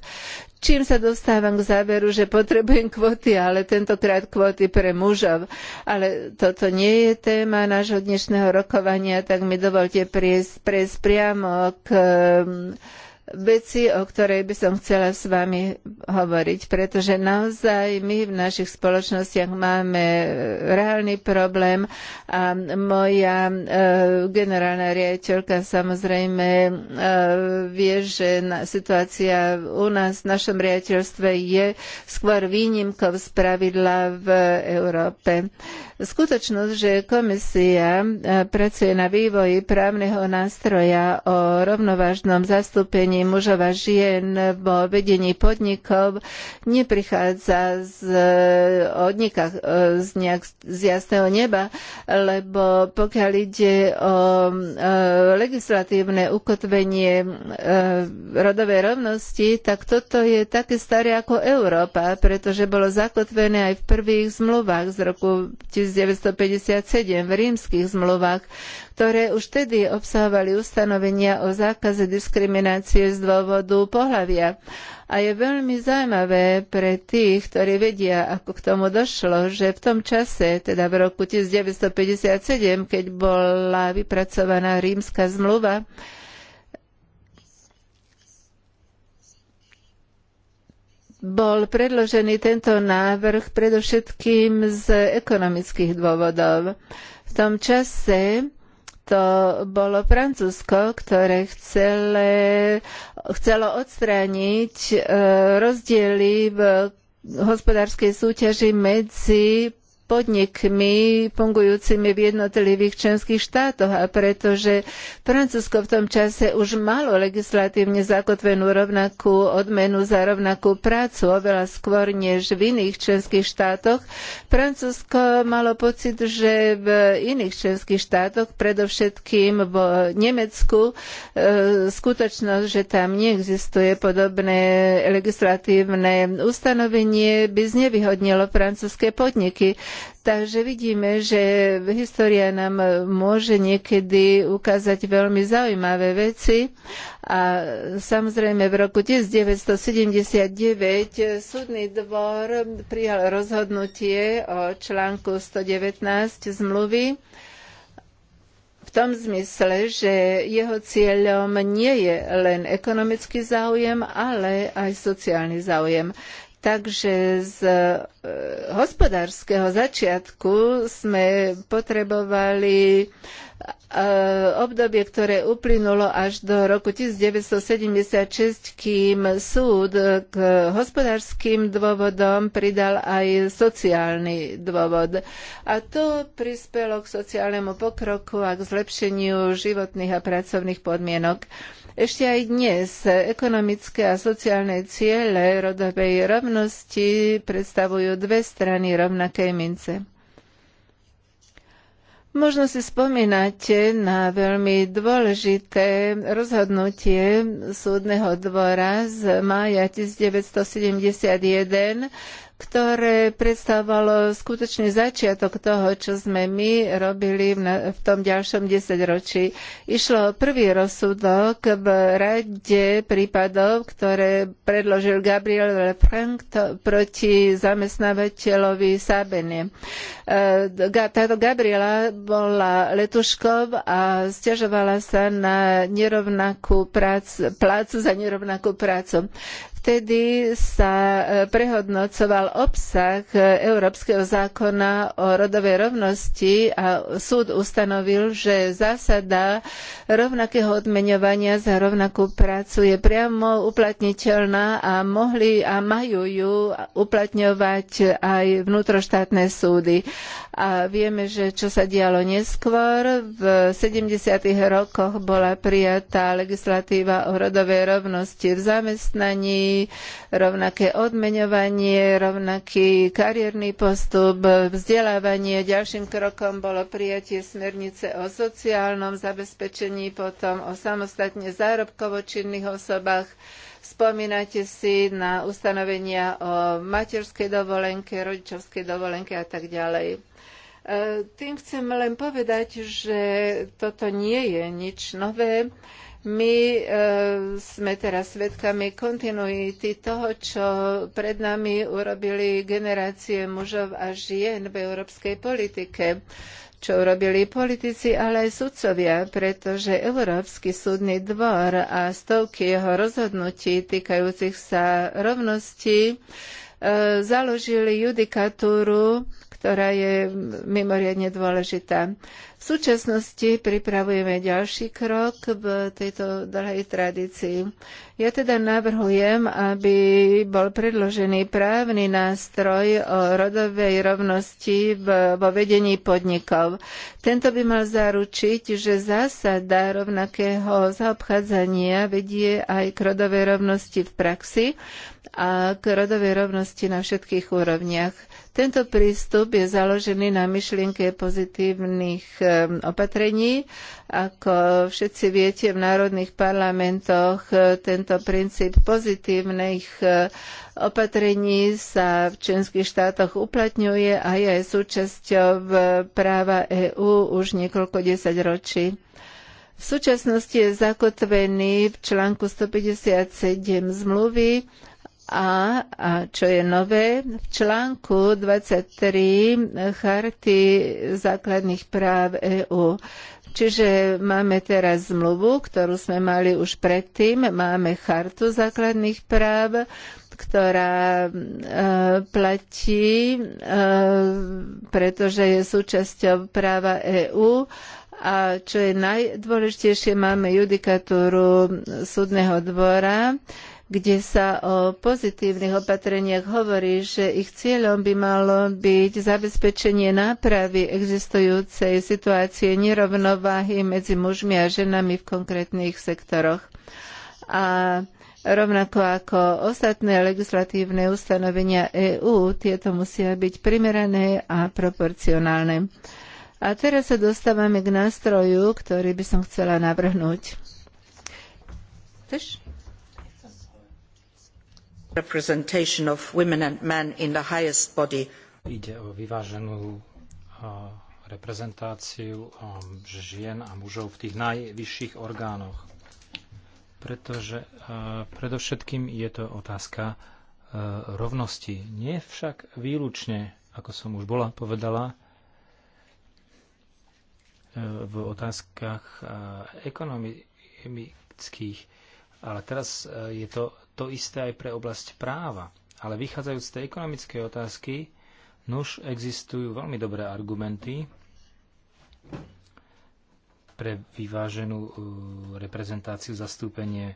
čím sa dostávam k záveru, že potrebujem kvóty, ale tentokrát kvóty pre mužov. Ale toto nie je téma nášho dnešného rokovania, tak mi dovolte prejsť, prejsť priamo k veci, o ktorej by som chcela s vami hovoriť, pretože naozaj my v našich spoločnostiach máme reálny problém a moja e, generálna riaditeľka samozrejme e, vie, že na, situácia u nás v našom riaditeľstve je skôr výnimkou z pravidla v Európe. Skutočnosť, že komisia e, pracuje na vývoji právneho nástroja o rovnovážnom zastúpení zastúpení mužov a žien vo vedení podnikov neprichádza z, eh, odnika, eh, z, nejak, z jasného neba, lebo pokiaľ ide o eh, legislatívne ukotvenie rodovej rovnosti, tak toto je také staré ako Európa, pretože bolo zakotvené aj v prvých zmluvách z roku 1957 v rímskych zmluvách, ktoré už vtedy obsahovali ustanovenia o zákaze diskriminácie z dôvodu pohlavia. A je veľmi zaujímavé pre tých, ktorí vedia, ako k tomu došlo, že v tom čase, teda v roku 1957, keď bola vypracovaná rímska zmluva, bol predložený tento návrh predovšetkým z ekonomických dôvodov. V tom čase to bolo Francúzsko, ktoré chcele, chcelo odstrániť eh, rozdiely v hospodárskej súťaži medzi podnikmi fungujúcimi v jednotlivých členských štátoch a pretože Francúzsko v tom čase už malo legislatívne zakotvenú rovnakú odmenu za rovnakú prácu oveľa skôr než v iných členských štátoch, Francúzsko malo pocit, že v iných členských štátoch, predovšetkým v Nemecku, e, skutočnosť, že tam neexistuje podobné legislatívne ustanovenie, by znevýhodnilo francúzske podniky. Takže vidíme, že história nám môže niekedy ukázať veľmi zaujímavé veci a samozrejme v roku 1979 súdny dvor prijal rozhodnutie o článku 119 zmluvy v tom zmysle, že jeho cieľom nie je len ekonomický záujem, ale aj sociálny záujem. Takže z e, hospodárskeho začiatku sme potrebovali e, obdobie, ktoré uplynulo až do roku 1976, kým súd k hospodárským dôvodom pridal aj sociálny dôvod. A to prispelo k sociálnemu pokroku a k zlepšeniu životných a pracovných podmienok. Ešte aj dnes ekonomické a sociálne ciele rodovej rovnosti predstavujú dve strany rovnakej mince. Možno si spomínate na veľmi dôležité rozhodnutie súdneho dvora z mája 1971 ktoré predstavovalo skutočný začiatok toho, čo sme my robili v tom ďalšom desaťročí. Išlo o prvý rozsudok v rade prípadov, ktoré predložil Gabriel Lefranc proti zamestnávateľovi Sabene. Táto Gabriela bola letuškou a stiažovala sa na nerovnakú prácu, plácu za nerovnakú prácu. Vtedy sa e, prehodnocoval obsah e, Európskeho zákona o rodovej rovnosti a súd ustanovil, že zásada rovnakého odmeňovania za rovnakú prácu je priamo uplatniteľná a mohli a majú ju uplatňovať aj vnútroštátne súdy. A vieme, že čo sa dialo neskôr, v 70. rokoch bola prijatá legislatíva o rodovej rovnosti v zamestnaní, rovnaké odmeňovanie, rovnaký kariérny postup, vzdelávanie. Ďalším krokom bolo prijatie smernice o sociálnom zabezpečení, potom o samostatne zárobkovo činných osobách. Spomínate si na ustanovenia o materskej dovolenke, rodičovskej dovolenke a tak ďalej. E, tým chcem len povedať, že toto nie je nič nové. My e, sme teraz svedkami kontinuity toho, čo pred nami urobili generácie mužov a žien v európskej politike čo urobili politici, ale aj sudcovia, pretože Európsky súdny dvor a stovky jeho rozhodnutí týkajúcich sa rovnosti e, založili judikatúru, ktorá je mimoriadne dôležitá. V súčasnosti pripravujeme ďalší krok v tejto dlhej tradícii. Ja teda navrhujem, aby bol predložený právny nástroj o rodovej rovnosti vo vedení podnikov. Tento by mal zaručiť, že zásada rovnakého zaobchádzania vedie aj k rodovej rovnosti v praxi a k rodovej rovnosti na všetkých úrovniach. Tento prístup je založený na myšlienke pozitívnych opatrení. Ako všetci viete, v národných parlamentoch e, tento princíp pozitívnych e, opatrení sa v členských štátoch uplatňuje a je aj súčasťou e, práva EÚ už niekoľko desaťročí. V súčasnosti je zakotvený v článku 157 zmluvy a, a čo je nové, v článku 23 Charty základných práv EÚ. Čiže máme teraz zmluvu, ktorú sme mali už predtým, máme Chartu základných práv, ktorá e, platí, e, pretože je súčasťou práva EÚ a čo je najdôležitejšie, máme judikatúru súdneho dvora, e, kde sa o pozitívnych opatreniach hovorí, že ich cieľom by malo byť zabezpečenie nápravy existujúcej situácie nerovnováhy medzi mužmi a ženami v konkrétnych sektoroch. A Rovnako ako ostatné legislatívne ustanovenia EÚ, tieto musia byť primerané a proporcionálne. A teraz sa dostávame k nástroju, ktorý by som chcela navrhnúť. Chceš? Ide o vyváženú reprezentáciu žien a mužov v tých najvyšších orgánoch. Pretože predovšetkým je to otázka rovnosti. Nie však výlučne, ako som už bola povedala, v otázkach ekonomických, ale teraz je to to isté aj pre oblasť práva. Ale vychádzajúc z tej ekonomickej otázky, nuž existujú veľmi dobré argumenty pre vyváženú e, reprezentáciu, zastúpenie e,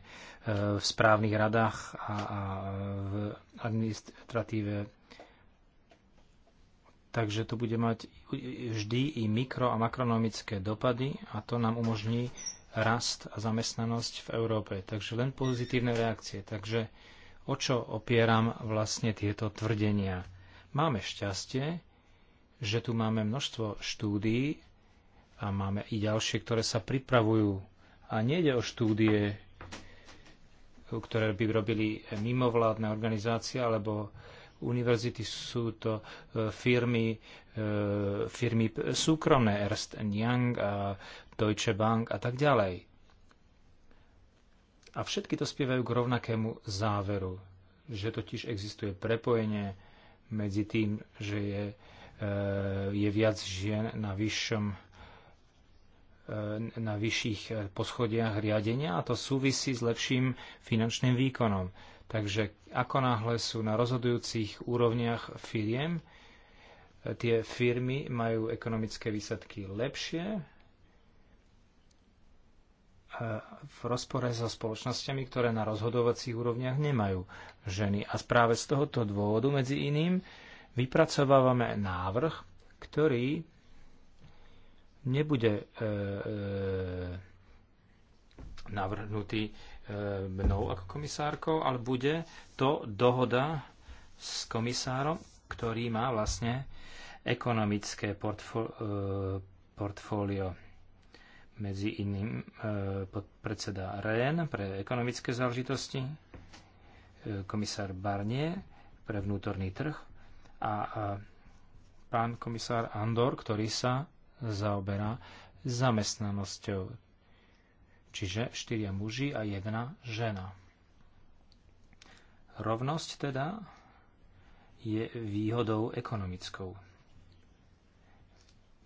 v správnych radách a, v administratíve. Takže to bude mať vždy i mikro a makronomické dopady a to nám umožní rast a zamestnanosť v Európe. Takže len pozitívne reakcie. Takže o čo opieram vlastne tieto tvrdenia? Máme šťastie, že tu máme množstvo štúdií a máme i ďalšie, ktoré sa pripravujú. A nejde o štúdie, ktoré by robili mimovládne organizácie alebo univerzity, sú to e, firmy, e, firmy súkromné, Ernst Young a Deutsche Bank a tak ďalej. A všetky to spievajú k rovnakému záveru, že totiž existuje prepojenie medzi tým, že je, e, je viac žien na vyššom e, na vyšších e, poschodiach riadenia a to súvisí s lepším finančným výkonom. Takže ako náhle sú na rozhodujúcich úrovniach firiem, tie firmy majú ekonomické výsledky lepšie, v rozpore so spoločnosťami, ktoré na rozhodovacích úrovniach nemajú ženy. A práve z tohoto dôvodu, medzi iným, vypracovávame návrh, ktorý nebude e, e navrhnutý e, mnou ako komisárkou, ale bude to dohoda s komisárom, ktorý má vlastne ekonomické e, portfólio. e, medzi iným e, podpredseda REN pre ekonomické záležitosti, e, komisár Barnier pre vnútorný trh a e, pán komisár Andor, ktorý sa zaoberá zamestnanosťou. Čiže štyria muži a jedna žena. Rovnosť teda je výhodou ekonomickou.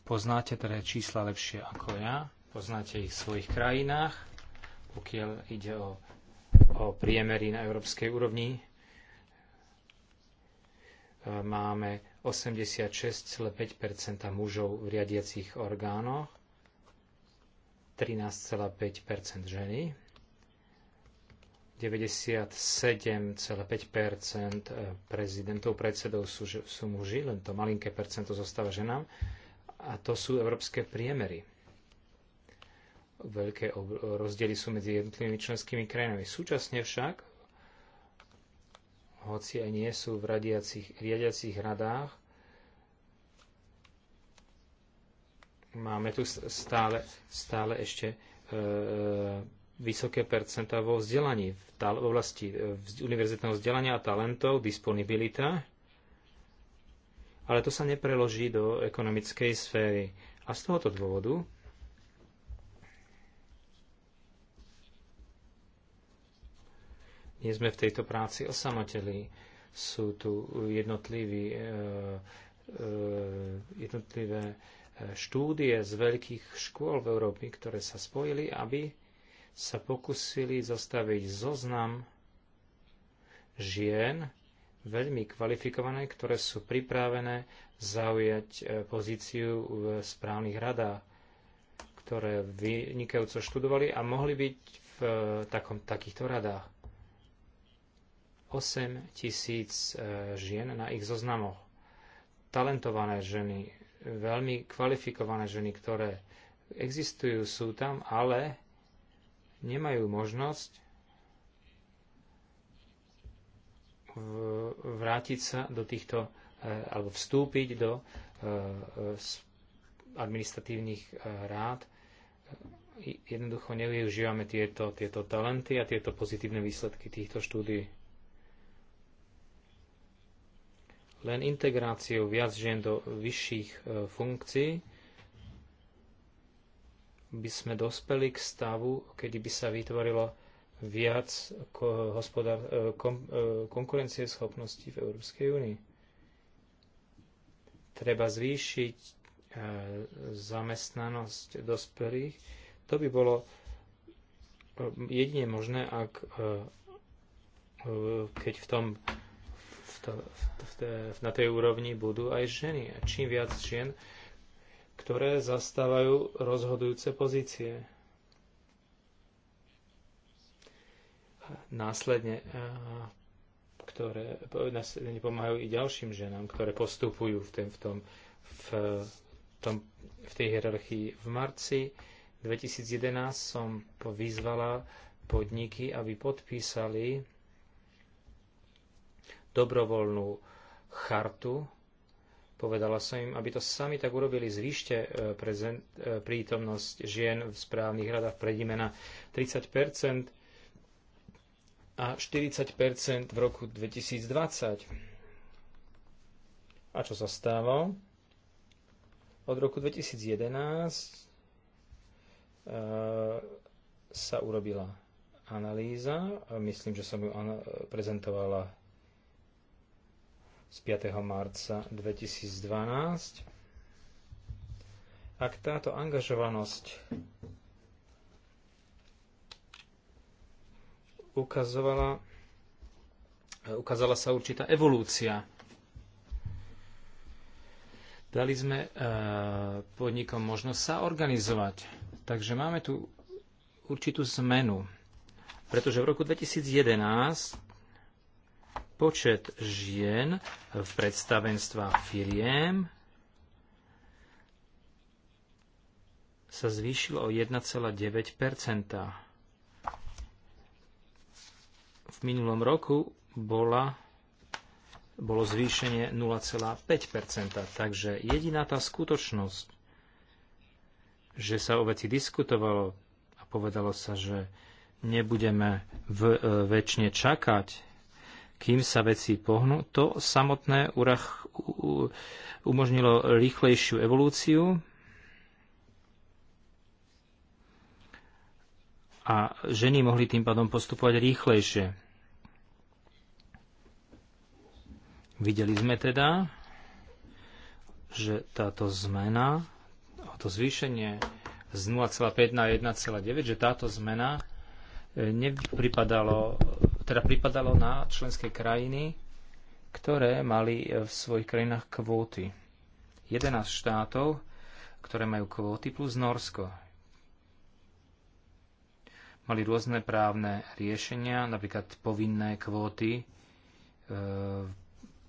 Poznáte teda čísla lepšie ako ja poznáte ich v svojich krajinách, pokiaľ ide o, o priemery na európskej úrovni. E, máme 86,5 mužov v riadiacich orgánoch, 13,5 ženy, 97,5 e, prezidentov, predsedov sú, sú muži, len to malinké percento zostáva ženám. A to sú európske priemery veľké rozdiely sú medzi jednotlivými členskými krajinami. Súčasne však, hoci aj nie sú v radiacich, riadiacich radách, máme tu stále, stále ešte e, e, vysoké percentá vo vzdelaní, v, tal- oblasti e, univerzitného vzdelania a talentov, disponibilita, ale to sa nepreloží do ekonomickej sféry. A z tohoto dôvodu nie sme v tejto práci osamoteli. Sú tu jednotliví, e, e, jednotlivé e, štúdie z veľkých škôl v Európe, ktoré sa spojili, aby sa pokusili zostaviť zoznam žien, veľmi kvalifikované, ktoré sú pripravené zaujať pozíciu v správnych radách, ktoré vynikajúco študovali a mohli byť v takom, takýchto radách. 8 tisíc e, žien na ich zoznamoch. Talentované ženy, veľmi kvalifikované ženy, ktoré existujú, sú tam, ale nemajú možnosť vrátiť sa do týchto, e, alebo vstúpiť do e, administratívnych rád. Jednoducho nevyužívame tieto, tieto talenty a tieto pozitívne výsledky týchto štúdií. Len integráciou viac žien do vyšších e, funkcií by sme dospeli k stavu, kedy by sa vytvorilo viac hospodár, e, kom, e, konkurencieschopnosti v Európskej únii. Treba zvýšiť zamestnanosť dospelých. To by bolo jedine možné, ak keď v tom to, v te, na tej úrovni budú aj ženy. A čím viac žien, ktoré zastávajú rozhodujúce pozície. Následne, ktoré následne pomáhajú i ďalším ženám, ktoré postupujú v, tém, v, tom, v, tom, v tej hierarchii. V marci 2011 som vyzvala podniky, aby podpísali dobrovoľnú chartu. Povedala som im, aby to sami tak urobili, zvýšte e, prezent, e, prítomnosť žien v správnych radách, predimena na 30 a 40 v roku 2020. A čo sa stalo? Od roku 2011 e, sa urobila analýza, myslím, že som ju prezentovala z 5. marca 2012. Ak táto angažovanosť ukazovala, ukázala sa určitá evolúcia. Dali sme e, podnikom možnosť sa organizovať. Takže máme tu určitú zmenu. Pretože v roku 2011 počet žien v predstavenstvách firiem sa zvýšil o 1,9 V minulom roku bola, bolo zvýšenie 0,5 Takže jediná tá skutočnosť, že sa o veci diskutovalo a povedalo sa, že nebudeme v, e, väčšine čakať kým sa veci pohnú. To samotné urach umožnilo rýchlejšiu evolúciu a ženy mohli tým pádom postupovať rýchlejšie. Videli sme teda, že táto zmena, to zvýšenie z 0,5 na 1,9, že táto zmena eh, nepripadalo teda pripadalo na členské krajiny, ktoré mali e, v svojich krajinách kvóty. 11 štátov, ktoré majú kvóty, plus Norsko. Mali rôzne právne riešenia, napríklad povinné kvóty e,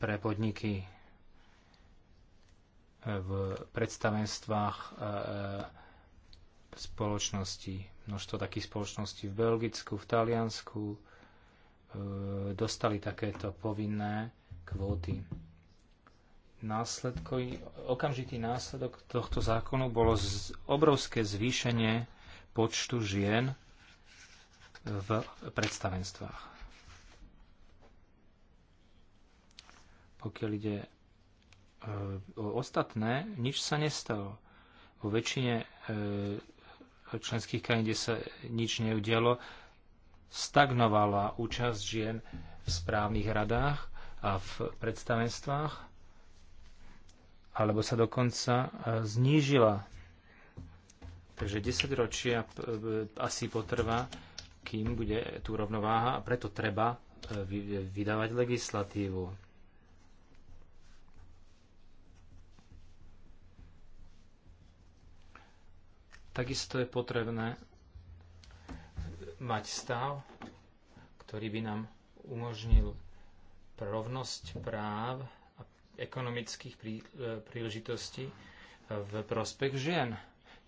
pre podniky e, v predstavenstvách e, e, spoločnosti. Množstvo takých spoločností v Belgicku, v Taliansku, E, dostali takéto povinné kvóty. Následko, okamžitý následok tohto zákonu bolo z, obrovské zvýšenie počtu žien v predstavenstvách. Pokiaľ ide e, o ostatné, nič sa nestalo. Vo väčšine e, členských krajín, kde sa nič neudialo, stagnovala účasť žien v správnych radách a v predstavenstvách, alebo sa dokonca e, znížila. Takže 10 ročia e, asi potrvá, kým bude tu rovnováha a preto treba e, vydávať legislatívu. Takisto je potrebné mať stav, ktorý by nám umožnil rovnosť práv a ekonomických prí, e, príležitostí v prospech žien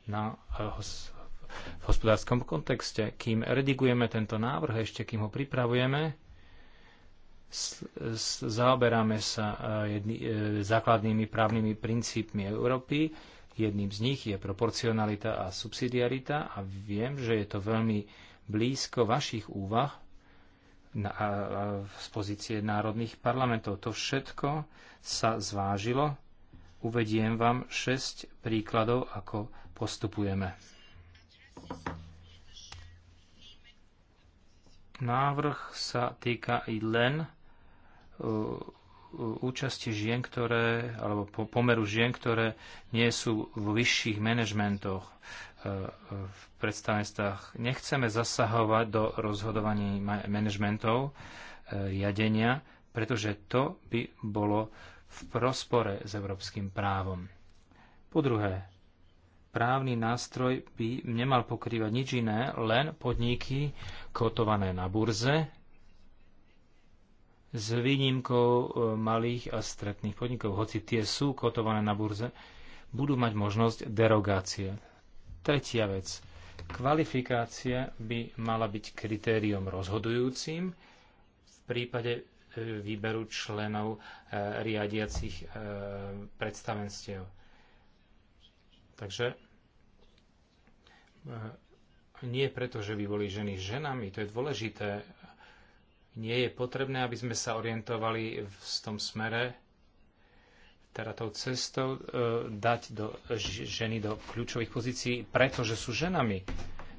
na, e, v hospodárskom kontexte. Kým redigujeme tento návrh, ešte kým ho pripravujeme, zaoberáme sa e, jedný, základnými právnymi princípmi Európy. Jedným z nich je proporcionalita a subsidiarita a viem, že je to veľmi blízko vašich úvah na, a, a z pozície národných parlamentov. To všetko sa zvážilo. Uvediem vám 6 príkladov, ako postupujeme. Návrh sa týka i len e, e, účasti žien, ktoré, alebo pomeru žien, ktoré nie sú v vyšších manažmentoch v predstavenstvách. Nechceme zasahovať do rozhodovaní manažmentov, e, riadenia, pretože to by bolo v prospore s európskym právom. Po druhé, právny nástroj by nemal pokrývať nič iné, len podniky kotované na burze s výnimkou e, malých a stretných podnikov, hoci tie sú kotované na burze, budú mať možnosť derogácie. Tretia vec. Kvalifikácia by mala byť kritériom rozhodujúcim v prípade e, výberu členov e, riadiacich e, predstavenstiev. Takže nie preto, že by boli ženy ženami, to je dôležité. Nie je potrebné, aby sme sa orientovali v tom smere, teda tou cestou e, dať do, ženy do kľúčových pozícií, pretože sú ženami.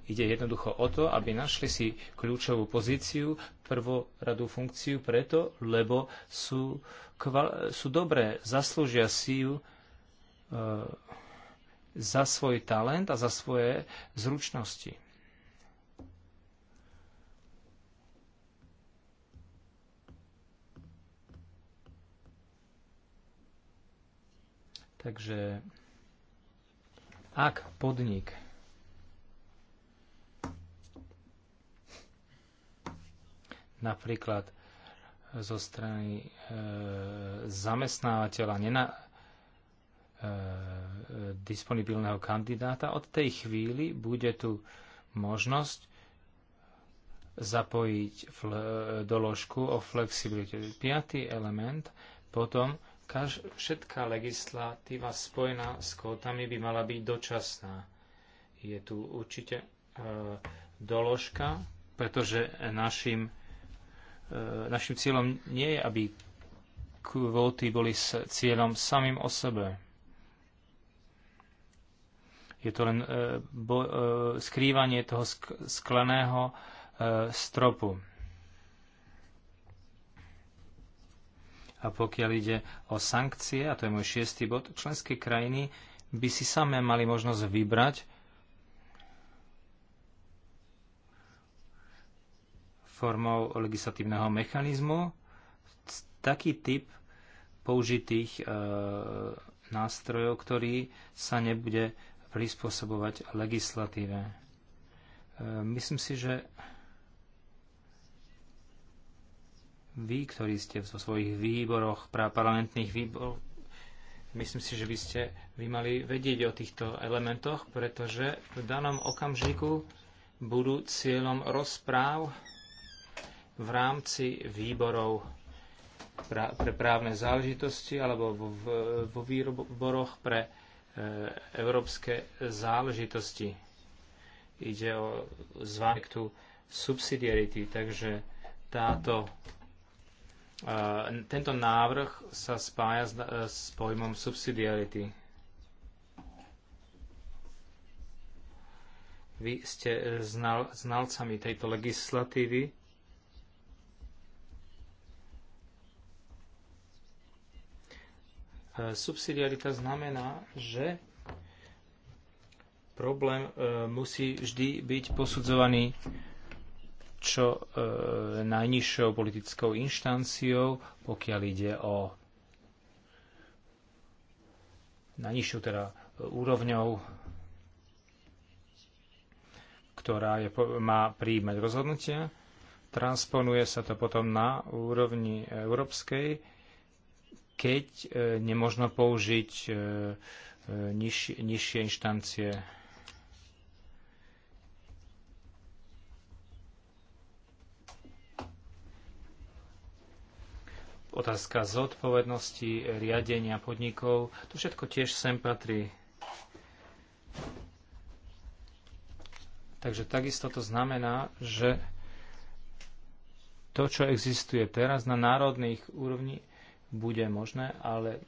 Ide jednoducho o to, aby našli si kľúčovú pozíciu, prvoradú funkciu preto, lebo sú, kval, sú dobré, zaslúžia si ju e, za svoj talent a za svoje zručnosti. Takže ak podnik napríklad zo strany e, zamestnávateľa nena, e, disponibilného kandidáta, od tej chvíli bude tu možnosť zapojiť fl- e, doložku o flexibilite. Piatý element potom Kaž, všetká legislatíva spojená s kvótami by mala byť dočasná. Je tu určite e, doložka, pretože našim, e, našim cieľom nie je, aby kvóty boli s cieľom samým o sebe. Je to len e, bo, e, skrývanie toho sk- skleného e, stropu. A pokiaľ ide o sankcie, a to je môj šiestý bod, členské krajiny by si samé mali možnosť vybrať formou legislatívneho mechanizmu taký typ použitých e, nástrojov, ktorý sa nebude prispôsobovať legislatíve. E, myslím si, že Vy, ktorí ste vo svojich výboroch, parlamentných výboroch, myslím si, že by ste vy mali vedieť o týchto elementoch, pretože v danom okamžiku budú cieľom rozpráv v rámci výborov pre právne záležitosti alebo vo výboroch pre e, európske záležitosti. Ide o zvanektu subsidiarity, takže táto tento návrh sa spája s, s pojmom subsidiarity. Vy ste e, znal, znalcami tejto legislatívy. E, subsidiarita znamená, že problém e, musí vždy byť posudzovaný čo e, najnižšou politickou inštanciou, pokiaľ ide o najnižšou teda e, úrovňou, ktorá je, má príjmať rozhodnutia. Transponuje sa to potom na úrovni európskej, keď e, nemožno použiť e, e niž, nižšie inštancie otázka zodpovednosti, riadenia podnikov, to všetko tiež sem patrí. Takže takisto to znamená, že to, čo existuje teraz na národných úrovni, bude možné, ale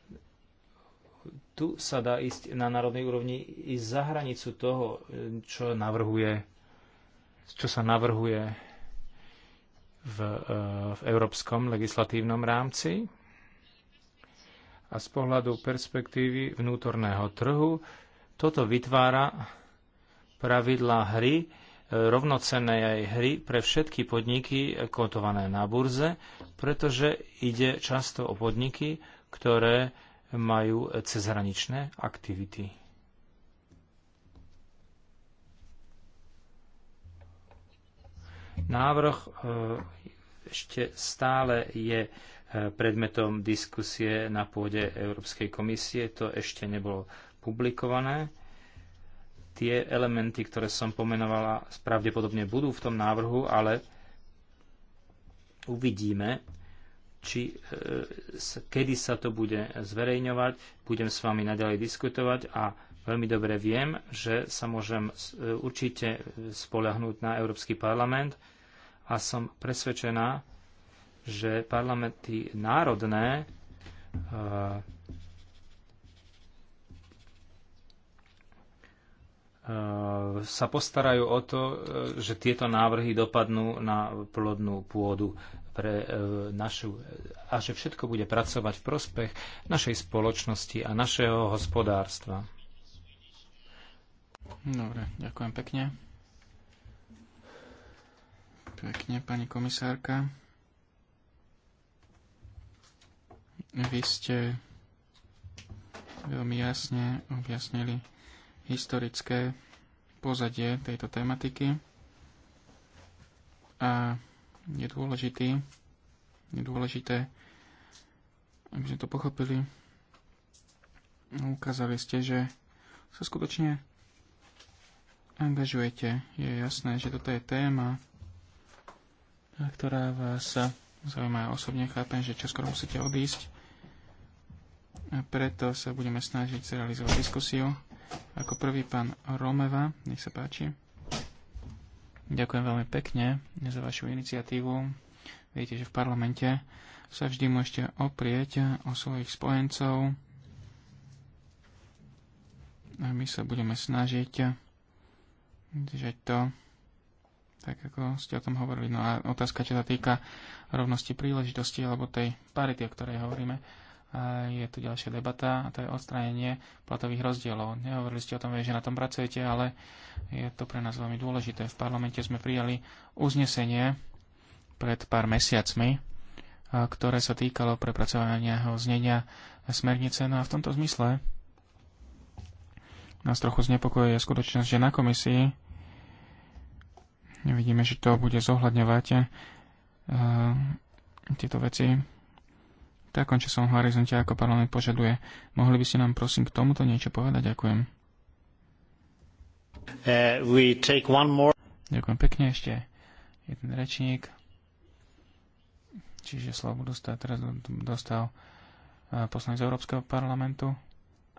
tu sa dá ísť na národnej úrovni i za hranicu toho, čo navrhuje, čo sa navrhuje v, e, v európskom legislatívnom rámci. A z pohľadu perspektívy vnútorného trhu toto vytvára pravidlá hry, e, aj hry pre všetky podniky kotované na burze, pretože ide často o podniky, ktoré majú cezhraničné aktivity. Návrh e, ešte stále je e, predmetom diskusie na pôde Európskej komisie. To ešte nebolo publikované. Tie elementy, ktoré som pomenovala, pravdepodobne budú v tom návrhu, ale uvidíme, či, e, kedy sa to bude zverejňovať. Budem s vami naďalej diskutovať a veľmi dobre viem, že sa môžem určite spolahnúť na Európsky parlament, a som presvedčená, že parlamenty národné eh, eh, sa postarajú o to, eh, že tieto návrhy dopadnú na plodnú pôdu pre našu a že všetko bude pracovať v prospech našej spoločnosti a našeho hospodárstva. Dobre, ďakujem pekne pekne, pani komisárka. Vy ste veľmi jasne objasnili historické pozadie tejto tematiky a je dôležitý, je dôležité, aby sme to pochopili. Ukázali ste, že sa skutočne angažujete. Je jasné, že toto je téma, ktorá vás zaujíma. Osobne chápem, že čoskoro musíte odísť. A preto sa budeme snažiť zrealizovať diskusiu. Ako prvý pán Romeva, nech sa páči. Ďakujem veľmi pekne za vašu iniciatívu. Viete, že v parlamente sa vždy môžete oprieť o svojich spojencov. A my sa budeme snažiť držať to, tak ako ste o tom hovorili. No a otázka, čo sa týka rovnosti príležitosti alebo tej parity, o ktorej hovoríme, a je tu ďalšia debata a to je odstránenie platových rozdielov. Nehovorili ste o tom, že na tom pracujete, ale je to pre nás veľmi dôležité. V parlamente sme prijali uznesenie pred pár mesiacmi, ktoré sa týkalo prepracovania znenia smernice. No a v tomto zmysle nás trochu znepokojuje skutočnosť, že na komisii Vidíme, že to bude zohľadňovať uh, tieto veci v takom časovom horizonte, ako parlament požaduje. Mohli by ste nám prosím k tomuto niečo povedať? Ďakujem. Uh, we take one more. Ďakujem pekne ešte. Jeden rečník. Čiže slovo dostal, teraz dostal eh, poslanec Európskeho parlamentu.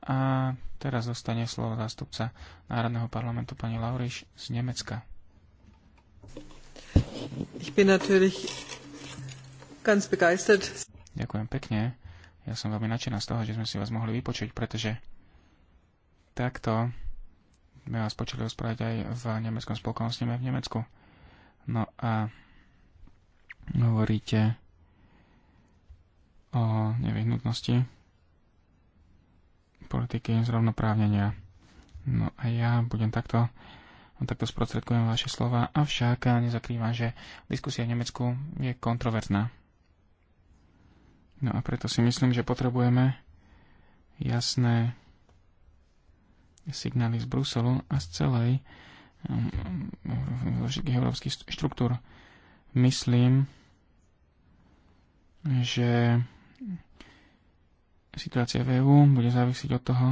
A teraz dostane slovo zástupca Národného parlamentu pani Lauriš z Nemecka. Ďakujem pekne. Ja som veľmi nadšená z toho, že sme si vás mohli vypočuť, pretože takto sme vás počuli rozprávať aj v Nemeckom spolkovom sneme v Nemecku. No a hovoríte o nevyhnutnosti politiky zrovnoprávnenia. No a ja budem takto takto sprostredkujem vaše slova, avšak nezakrývam, že diskusia v Nemecku je kontroverzná. No a preto si myslím, že potrebujeme jasné signály z Bruselu a z celej mm, všetkých európskych štruktúr. Myslím, že situácia v EÚ bude závisiť od toho,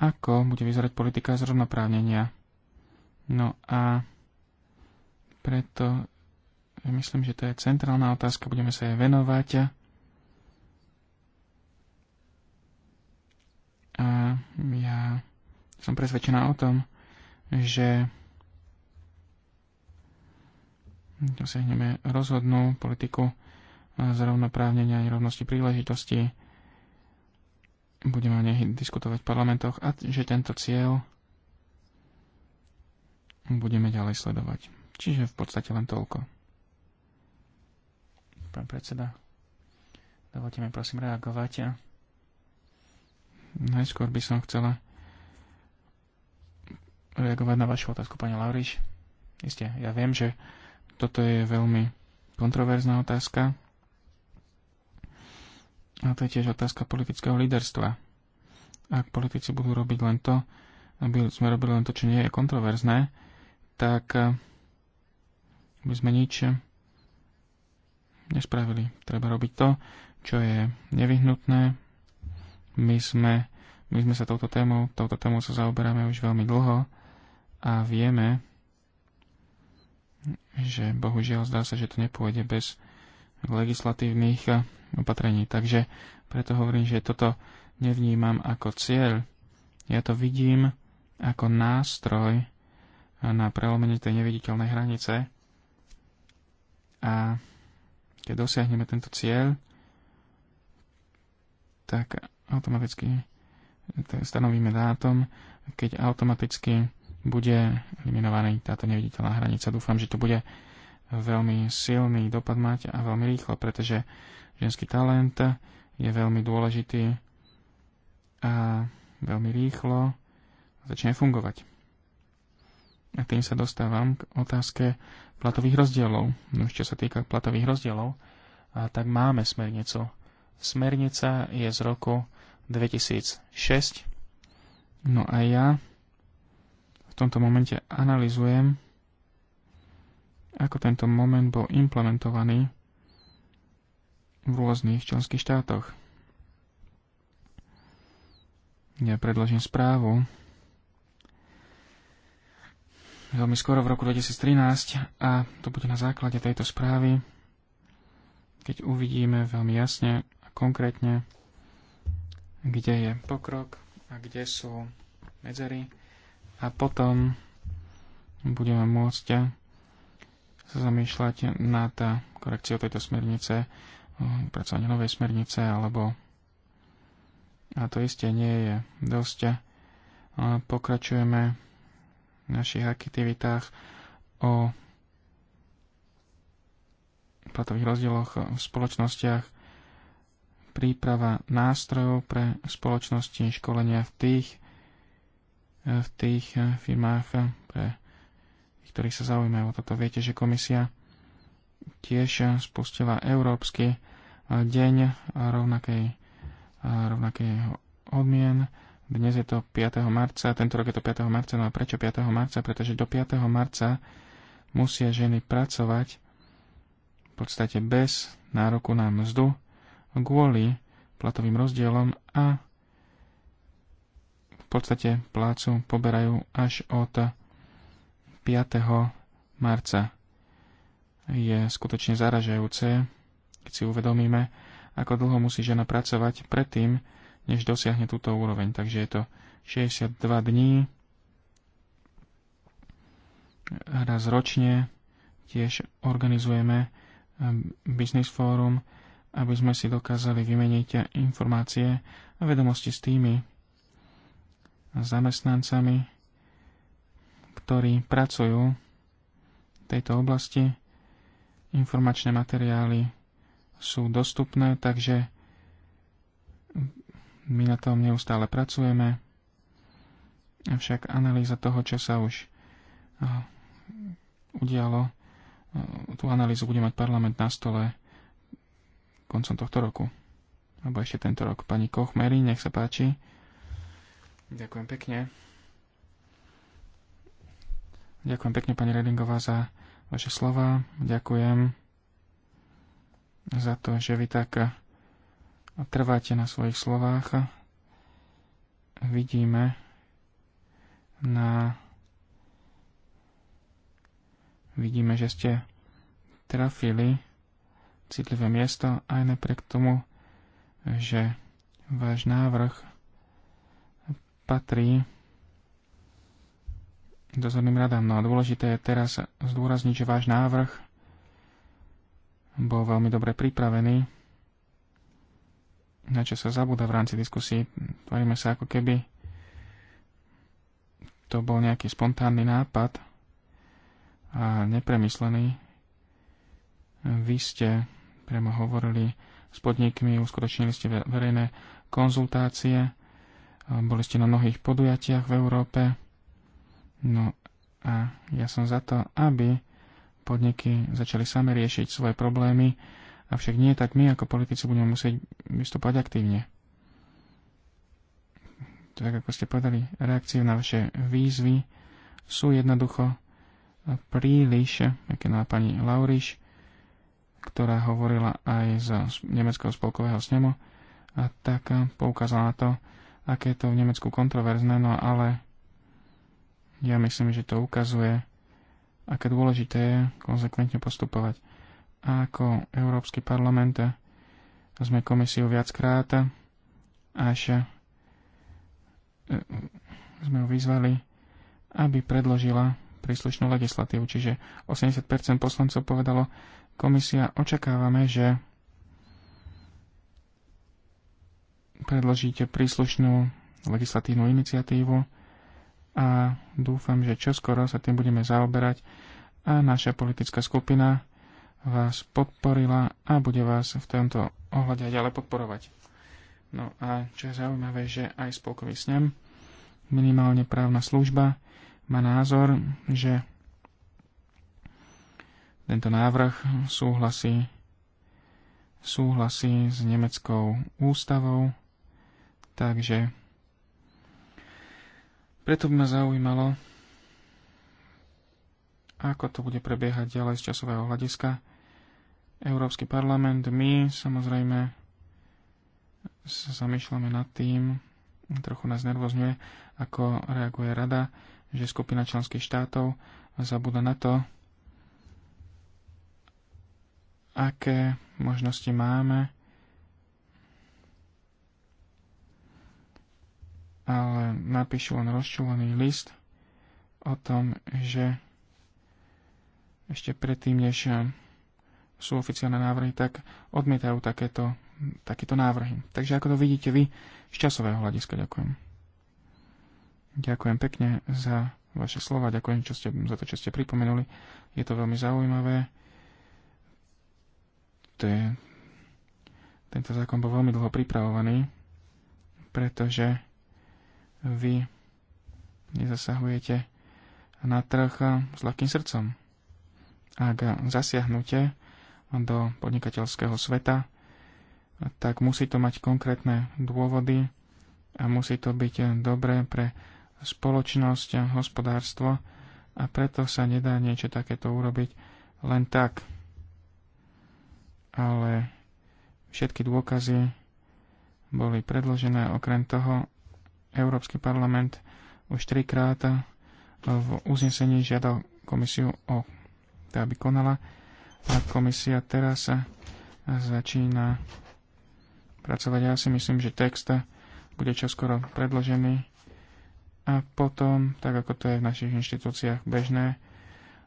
ako bude vyzerať politika zrovnoprávnenia. No a preto myslím, že to je centrálna otázka, budeme sa jej venovať. A ja som presvedčená o tom, že dosiahneme rozhodnú politiku zrovnoprávnenia a nerovnosti príležitosti. Budeme o nej diskutovať v parlamentoch a že tento cieľ budeme ďalej sledovať. Čiže v podstate len toľko. Pán predseda, dovolte mi prosím reagovať. A najskôr by som chcela reagovať na vašu otázku, pani Lauriš. Isté, ja viem, že toto je veľmi kontroverzná otázka. A to je tiež otázka politického líderstva. Ak politici budú robiť len to, aby sme robili len to, čo nie je kontroverzné, tak eh, by sme nič nespravili. Treba robiť to, čo je nevyhnutné. My sme, my sme sa touto témou, touto témou sa zaoberáme už veľmi dlho a vieme, že bohužiaľ zdá sa, že to nepôjde bez legislatívnych eh, opatrení. Takže preto hovorím, že toto nevnímam ako cieľ. Ja to vidím ako nástroj na prelomenie tej neviditeľnej hranice. A keď dosiahneme tento cieľ, tak automaticky stanovíme dátum, keď automaticky bude eliminovaná táto neviditeľná hranica. Dúfam, že to bude veľmi silný dopad mať a veľmi rýchlo, pretože ženský talent je veľmi dôležitý a veľmi rýchlo začne fungovať. A tým sa dostávam k otázke platových rozdielov. No, čo sa týka platových rozdielov, a tak máme smernicu. Smernica je z roku 2006. No a ja v tomto momente analizujem, ako tento moment bol implementovaný v rôznych členských štátoch. Ja predložím správu veľmi skoro v roku 2013 a to bude na základe tejto správy, keď uvidíme veľmi jasne a konkrétne, kde je pokrok a kde sú medzery a potom budeme môcť sa zamýšľať tá korekciu tejto smernice, pracovanie novej smernice alebo a to isté nie je dosť. Pokračujeme našich aktivitách, o platových rozdieloch v spoločnostiach, príprava nástrojov pre spoločnosti, školenia v tých, e, v tých e, firmách, e, pre ktorých sa zaujímajú o toto. Viete, že komisia tiež spustila Európsky deň rovnakej, rovnakej odmien dnes je to 5. marca, tento rok je to 5. marca. No a prečo 5. marca? Pretože do 5. marca musia ženy pracovať v podstate bez nároku na mzdu kvôli platovým rozdielom a v podstate plácu poberajú až od 5. marca. Je skutočne zaražajúce, keď si uvedomíme, ako dlho musí žena pracovať predtým, než dosiahne túto úroveň. Takže je to 62 dní raz ročne. Tiež organizujeme ehm, Business Forum, aby sme si dokázali vymeniť informácie a vedomosti s tými zamestnancami, ktorí pracujú v tejto oblasti. Informačné materiály sú dostupné, takže my na tom neustále pracujeme, avšak analýza toho, čo sa už udialo, tú analýzu bude mať parlament na stole koncom tohto roku. Alebo ešte tento rok. Pani Mary, nech sa páči. Ďakujem pekne. Ďakujem pekne, pani Redingová, za vaše slova. Ďakujem za to, že vy tak trváte na svojich slovách. Vidíme na... Vidíme, že ste trafili citlivé miesto aj napriek tomu, že váš návrh patrí dozorným radám. No a dôležité je teraz zdôrazniť, že váš návrh bol veľmi dobre pripravený na čo sa zabúda v rámci diskusí. Tvoríme sa ako keby to bol nejaký spontánny nápad a nepremyslený. Vy ste priamo hovorili s podnikmi, uskutočnili ste verejné konzultácie, boli ste na mnohých podujatiach v Európe. No a ja som za to, aby podniky začali same riešiť svoje problémy, Avšak nie, tak my ako politici budeme musieť vystúpať aktívne. Tak ako ste povedali, reakcie na vaše výzvy sú jednoducho príliš, aké na pani Lauriš, ktorá hovorila aj z Nemeckého spolkového snemu, a tak poukázala na to, aké je to v Nemecku kontroverzné, no ale ja myslím, že to ukazuje, aké dôležité je konzekventne postupovať. A ako Európsky parlament sme komisiu viackrát až e, sme ju vyzvali, aby predložila príslušnú legislatívu. Čiže 80% poslancov povedalo, komisia očakávame, že predložíte príslušnú legislatívnu iniciatívu a dúfam, že čoskoro sa tým budeme zaoberať a naša politická skupina vás podporila a bude vás v tomto ohľade ďalej podporovať. No a čo je zaujímavé, že aj spolkový snem, minimálne právna služba, má názor, že tento návrh súhlasí, súhlasí s nemeckou ústavou, takže preto by ma zaujímalo, ako to bude prebiehať ďalej z časového hľadiska Európsky parlament, my samozrejme sa zamýšľame nad tým, trochu nás nervozňuje, ako reaguje rada, že skupina členských štátov zabúda na to, aké možnosti máme, ale napíšu len rozčúlený list o tom, že ešte predtým, než sú oficiálne návrhy, tak odmietajú takéto, takéto návrhy. Takže ako to vidíte vy z časového hľadiska, ďakujem. Ďakujem pekne za vaše slova, ďakujem čo ste, za to, čo ste pripomenuli. Je to veľmi zaujímavé. To je, tento zákon bol veľmi dlho pripravovaný, pretože vy nezasahujete na trh s ľahkým srdcom. Ak zasiahnute do podnikateľského sveta, tak musí to mať konkrétne dôvody a musí to byť dobré pre spoločnosť a hospodárstvo a preto sa nedá niečo takéto urobiť len tak. Ale všetky dôkazy boli predložené. Okrem toho, Európsky parlament už trikrát v uznesení žiadal komisiu o to, aby konala a komisia teraz sa začína pracovať. Ja si myslím, že text bude čoskoro predložený. A potom, tak ako to je v našich inštitúciách bežné,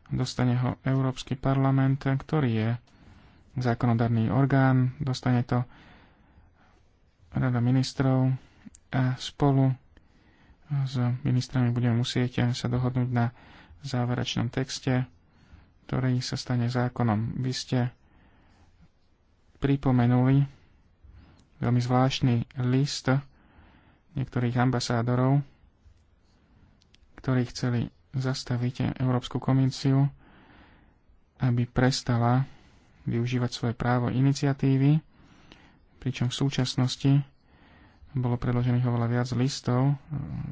dostane ho Európsky parlament, ktorý je zákonodarný orgán, dostane to Rada ministrov a spolu s ministrami budeme musieť sa dohodnúť na záverečnom texte ktorý sa stane zákonom. Vy ste pripomenuli veľmi zvláštny list niektorých ambasádorov, ktorí chceli zastaviť Európsku komisiu, aby prestala využívať svoje právo iniciatívy, pričom v súčasnosti bolo predložených oveľa viac listov,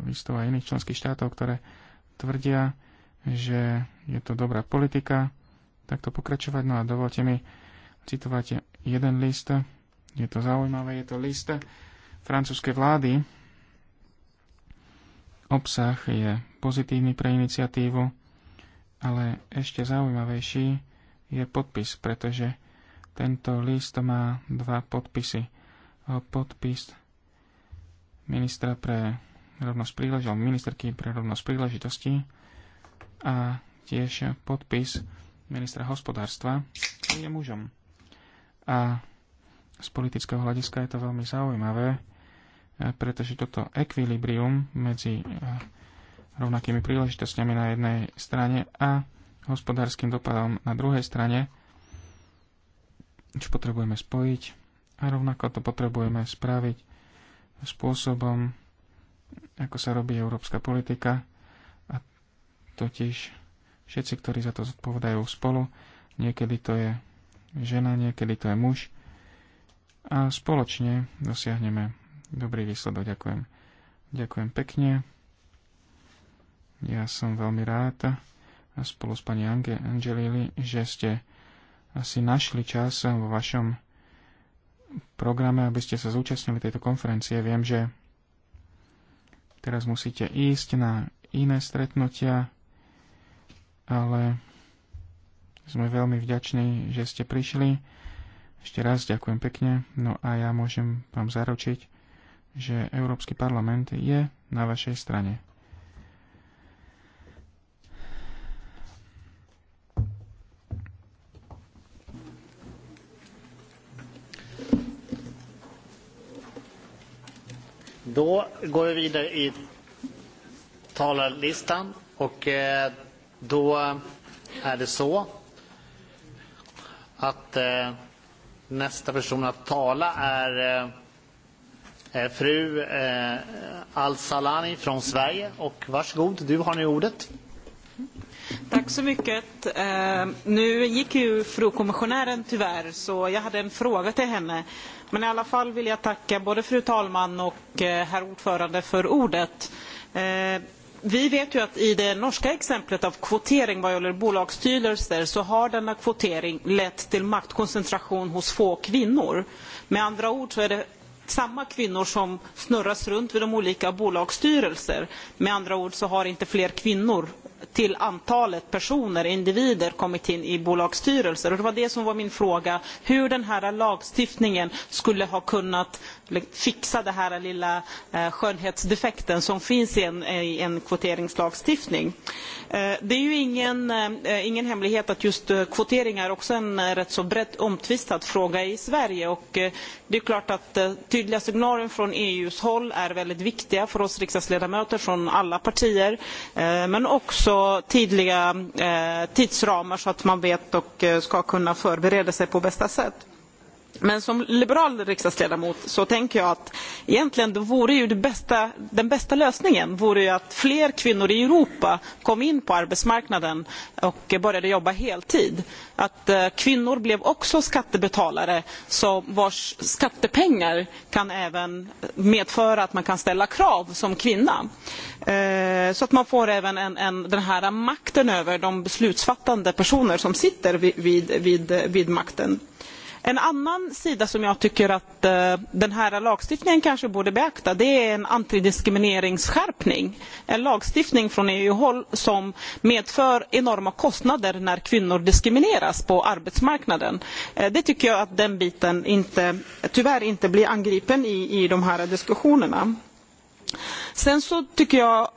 listov a iných členských štátov, ktoré tvrdia, že je to dobrá politika, takto pokračovať. No a dovolte mi citovať jeden list, je to zaujímavé, je to list francúzskej vlády. Obsah je pozitívny pre iniciatívu, ale ešte zaujímavejší je podpis, pretože tento list má dva podpisy. Podpis ministra pre rovnosť príležitosti, ministerky pre rovnosť príležitosti a tiež podpis ministra hospodárstva, ktorý je mužom. A z politického hľadiska je to veľmi zaujímavé, e, pretože toto ekvilibrium medzi e, rovnakými príležitostiami na jednej strane a hospodárskym dopadom na druhej strane, čo potrebujeme spojiť a rovnako to potrebujeme spraviť spôsobom, ako sa robí európska politika, totiž všetci, ktorí za to zodpovedajú spolu, niekedy to je žena, niekedy to je muž a spoločne dosiahneme dobrý výsledok. Ďakujem. Ďakujem pekne. Ja som veľmi rád a spolu s pani Ange Angelili, že ste asi našli čas vo vašom programe, aby ste sa zúčastnili tejto konferencie. Viem, že teraz musíte ísť na iné stretnutia ale sme veľmi vďační, že ste prišli. Ešte raz ďakujem pekne. No a ja môžem vám zaručiť, že Európsky parlament je na vašej strane. Då går vi vidare i talarlistan och eh, Då eh, är det så att eh, nästa person att tala är eh, fru eh, Al-Salani från Sverige. Och varsågod, du har nu ordet. Tack så mycket. Eh, nu gick ju fru kommissionären tyvärr, så jag hade en fråga till henne. Men i alla fall vill jag tacka både fru talman och eh, herr ordförande för ordet. Eh, vi vet ju att i det norska exemplet av kvotering vad gäller bolagsstyrelser så har denna kvotering lett till maktkoncentration hos få kvinnor. Med andra ord så är det samma kvinnor som snurras runt vid de olika bolagsstyrelser. Med andra ord så har inte fler kvinnor till antalet personer, individer, kommit in i bolagsstyrelser. Och det var det som var min fråga, hur den här lagstiftningen skulle ha kunnat fixa den här lilla eh, skönhetsdefekten som finns i en, i en kvoteringslagstiftning. Eh, det är ju ingen, eh, ingen hemlighet att just kvotering är också en rätt så brett omtvistad fråga i Sverige och det är klart att tydliga signaler från EUs håll är väldigt viktiga för oss riksdagsledamöter från alla partier men också tydliga tidsramar så att man vet och ska kunna förbereda sig på bästa sätt. Men som liberal riksdagsledamot så tänker jag att egentligen det vore ju det bästa, den bästa lösningen vore ju att fler kvinnor i Europa kom in på arbetsmarknaden och började jobba heltid. Att eh, kvinnor blev också skattebetalare som vars skattepengar kan även medföra att man kan ställa krav som kvinna. Eh, så att man får även en, en, den här makten över de beslutsfattande personer som sitter vid, vid, vid makten. En annan sida som jag tycker att eh, den här lagstiftningen kanske borde beakta det är en antidiskrimineringsskärpning. En lagstiftning från EU-håll som medför enorma kostnader när kvinnor diskrimineras på arbetsmarknaden. Eh, det tycker jag att den biten inte, tyvärr inte blir angripen i, i de här diskussionerna. Sen så tycker jag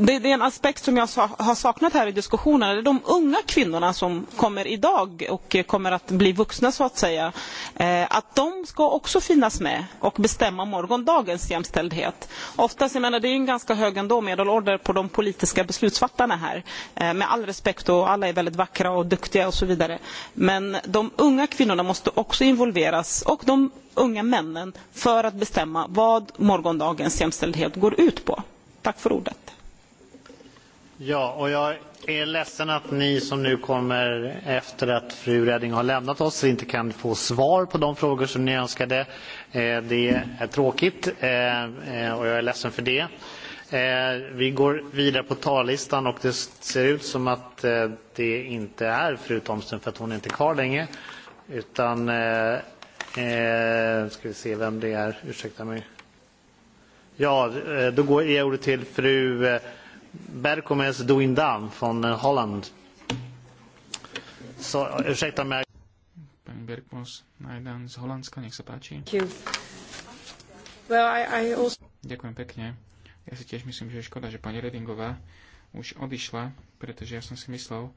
det, är en aspekt som jag har saknat här i diskussionen. Det är de unga kvinnorna som kommer idag och kommer att bli vuxna så att säga. Eh, att de ska också finnas med och bestämma morgondagens jämställdhet. Oftast, jag menar, det är en ganska hög ändå medelålder på de politiska beslutsfattarna här. Eh, med all respekt och alla är väldigt vackra och duktiga och så vidare. Men de unga kvinnorna måste också involveras och de unga männen för att bestämma vad morgondagens jämställdhet går ut på. Tack för ordet. Ja, och jag är ledsen att ni som nu kommer efter att fru Reding har lämnat oss inte kan få svar på de frågor som ni önskade. Eh, det är tråkigt eh, eh, och jag är ledsen för det. Vi går vidare på talarlistan och det ser ut som att det inte är fru Thomsen för att hon är inte är kvar länge. Utan, ska vi se vem det är, ursäkta mig. Ja, då går jag ordet till fru Berkomes från eh, Holland. Så eh, ursäkta mig. Pani Berkmos Najdan z Holandska, nech sa páči. Well, I, I also... Ďakujem pekne. Ja si tiež myslím, že je škoda, že pani Redingová už odišla, pretože ja som si myslel,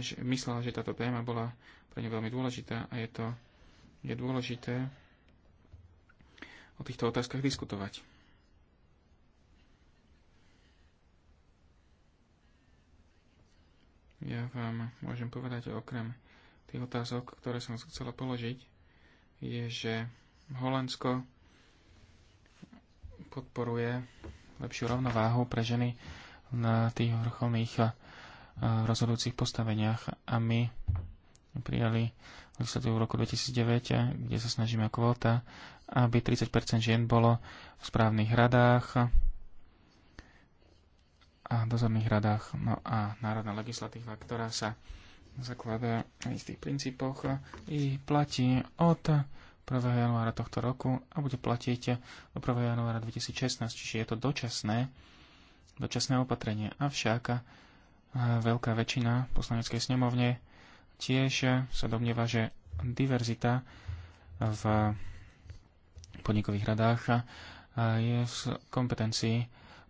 že, myslela, že táto téma bola pre ňu veľmi dôležitá a je to je dôležité o týchto otázkach diskutovať. ja vám môžem povedať okrem tých otázok, ktoré som chcela položiť, je, že Holandsko podporuje lepšiu rovnováhu pre ženy na tých vrcholných eh, rozhodujúcich postaveniach a my prijali legislatívu v roku 2009, kde sa snažíme kvóta, aby 30 žien bolo v správnych radách, a dozorných radách, no a národná legislatíva, ktorá sa zakladá na istých princípoch i platí od 1. januára tohto roku a bude platiť do 1. januára 2016, čiže je to dočasné, dočasné opatrenie. Avšak eh, veľká väčšina poslaneckej snemovne tiež sa domnieva, že diverzita v podnikových radách eh, je v kompetencii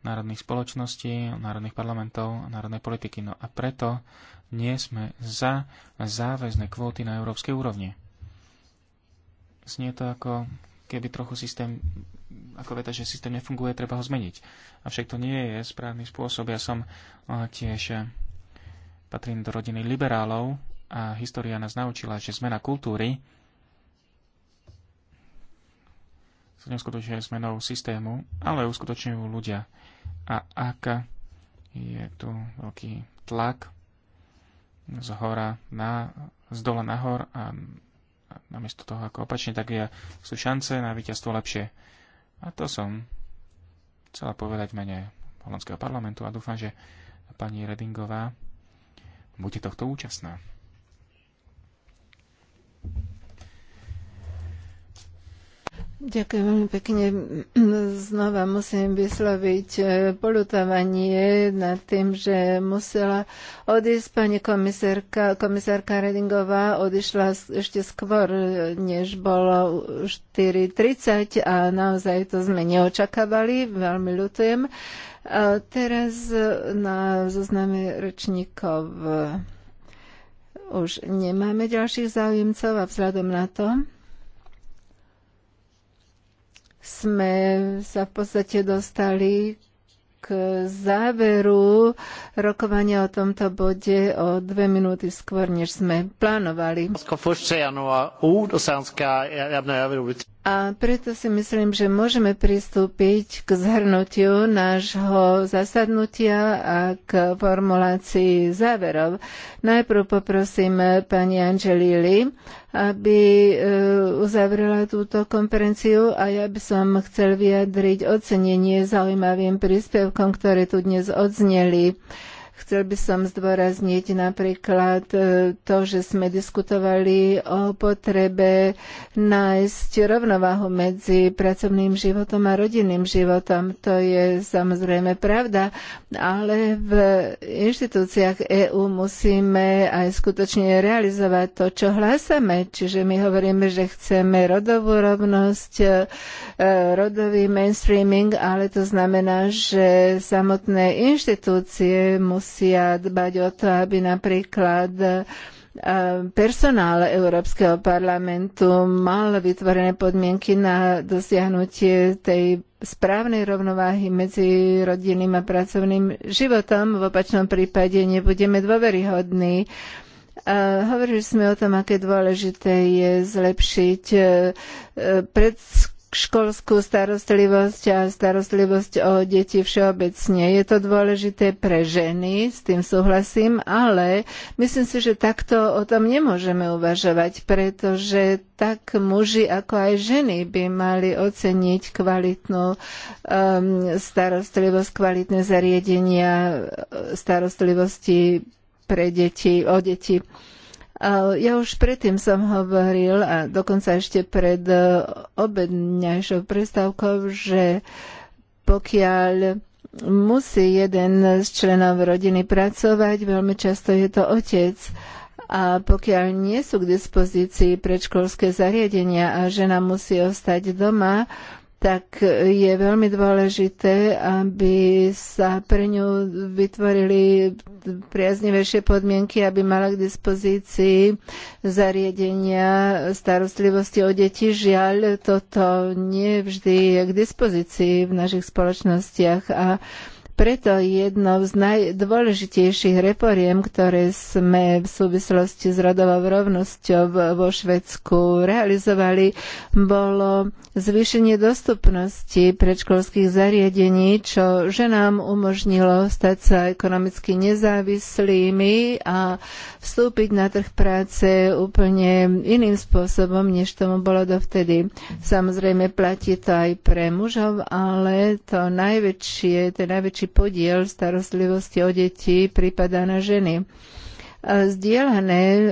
národných spoločností, národných parlamentov, národnej politiky. No a preto nie sme za záväzné kvóty na európskej úrovni. Znie to ako keby trochu systém, ako veta, že systém nefunguje, treba ho zmeniť. Avšak to nie je správny spôsob. Ja som eh, tiež eh, patrím do rodiny liberálov a história nás naučila, že zmena kultúry sa neuskutočňuje zmenou systému, ale uskutočňujú ľudia. A ak je tu veľký tlak z hora na, z dola nahor a, a namiesto toho ako opačne, tak je, sú šance na víťazstvo lepšie. A to som chcela povedať mene holandského parlamentu a dúfam, že pani Redingová bude tohto účastná. Ďakujem veľmi pekne. Znova musím vysloviť e, polutovanie nad tým, že musela odísť pani komisárka, komisárka Redingová odišla ešte skôr, e, než bolo 4.30 a naozaj to sme neočakávali, veľmi ľutujem. A teraz na zozname rečníkov už nemáme ďalších záujemcov a vzhľadom na to, sme sa v podstate dostali k záveru rokovania o tomto bode o dve minúty skôr, než sme plánovali. A preto si myslím, že môžeme pristúpiť k zhrnutiu nášho zasadnutia a k formulácii záverov. Najprv poprosím pani Angelili, aby e, uzavrela túto konferenciu a ja by som chcel vyjadriť ocenenie zaujímavým príspevkom, ktoré tu dnes odzneli. Chcel by som zdôrazniť napríklad e, to, že sme diskutovali o potrebe nájsť rovnováhu medzi pracovným životom a rodinným životom. To je samozrejme pravda, ale v inštitúciách EÚ musíme aj skutočne realizovať to, čo hlásame. Čiže my hovoríme, že chceme rodovú rovnosť, e, rodový mainstreaming, ale to znamená, že samotné inštitúcie musí musia dbať o to, aby napríklad e, personál Európskeho parlamentu mal vytvorené podmienky na dosiahnutie tej správnej rovnováhy medzi rodinným a pracovným životom. V opačnom prípade nebudeme dôveryhodní. A e, hovorili sme o tom, aké dôležité je zlepšiť e, predskúšanie školskú starostlivosť a starostlivosť o deti všeobecne. Je to dôležité pre ženy, s tým súhlasím, ale myslím si, že takto o tom nemôžeme uvažovať, pretože tak muži ako aj ženy by mali oceniť kvalitnú um, starostlivosť, kvalitné zariadenia uh, starostlivosti pre deti, o deti. Ja už predtým som hovoril, a dokonca ešte pred e, obedňajšou prestávkou, že pokiaľ musí jeden z členov rodiny pracovať, veľmi často je to otec. A pokiaľ nie sú k dispozícii predškolské zariadenia a žena musí ostať doma, tak je veľmi dôležité, aby sa pre ňu vytvorili priaznivejšie podmienky, aby mala k dispozícii zariadenia starostlivosti o deti. Žiaľ, toto nie vždy je k dispozícii v našich spoločnostiach a preto jednou z najdôležitejších reporiem, ktoré sme v súvislosti s rodovou rovnosťou vo Švedsku realizovali, bolo zvýšenie dostupnosti predškolských zariadení, čo ženám umožnilo stať sa ekonomicky nezávislými a vstúpiť na trh práce úplne iným spôsobom, než tomu bolo dovtedy. Samozrejme platí to aj pre mužov, ale to najväčšie, ten najväčší podiel starostlivosti o deti pripadá na ženy. Zdieľané, e,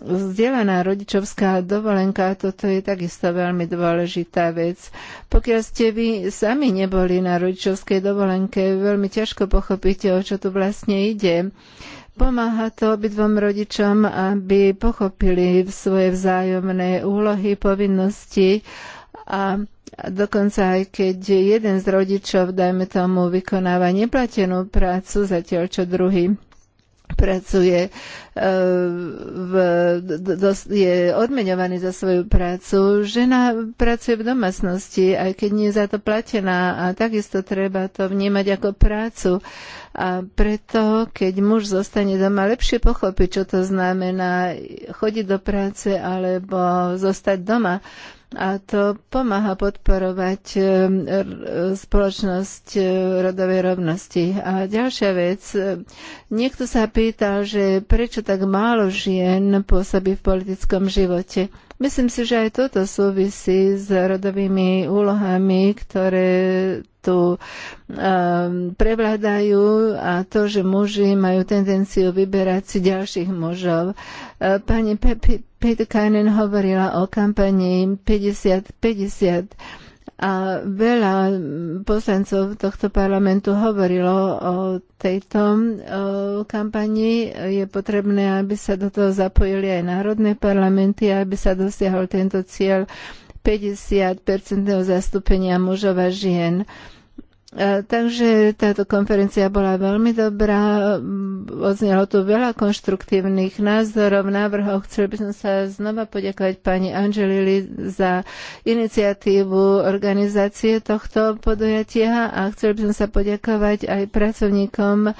zdieľaná rodičovská dovolenka, toto je takisto veľmi dôležitá vec. Pokiaľ ste vy sami neboli na rodičovskej dovolenke, veľmi ťažko pochopíte, o čo tu vlastne ide. Pomáha to obidvom rodičom, aby pochopili svoje vzájomné úlohy, povinnosti a dokonca aj keď jeden z rodičov, dajme tomu, vykonáva neplatenú prácu, zatiaľ čo druhý pracuje, e, v, je odmeňovaný za svoju prácu. Žena pracuje v domácnosti, aj keď nie je za to platená a takisto treba to vnímať ako prácu. A preto, keď muž zostane doma, lepšie pochopí, čo to znamená chodiť do práce alebo zostať doma. A to pomáha podporovať e, spoločnosť e, rodovej rovnosti. A ďalšia vec, e, niekto sa pýtal, že prečo tak málo žien pôsobí v politickom živote. Myslím si, že aj toto súvisí s rodovými úlohami, ktoré tu ehm, prevládajú a to, že muži majú tendenciu vyberať si ďalších mužov. E, pani Petkainen hovorila o kampanii 50-50 a veľa poslancov tohto parlamentu hovorilo o tejto kampani. Je potrebné, aby sa do toho zapojili aj národné parlamenty, aby sa dosiahol tento cieľ 50 zastúpenia mužov a žien. Uh, E, takže táto konferencia bola veľmi dobrá, odznelo tu veľa konštruktívnych názorov, návrhov. Chcel by som sa znova poďakovať pani Angelili za iniciatívu organizácie tohto podujatia a chcel by som sa poďakovať aj pracovníkom, e,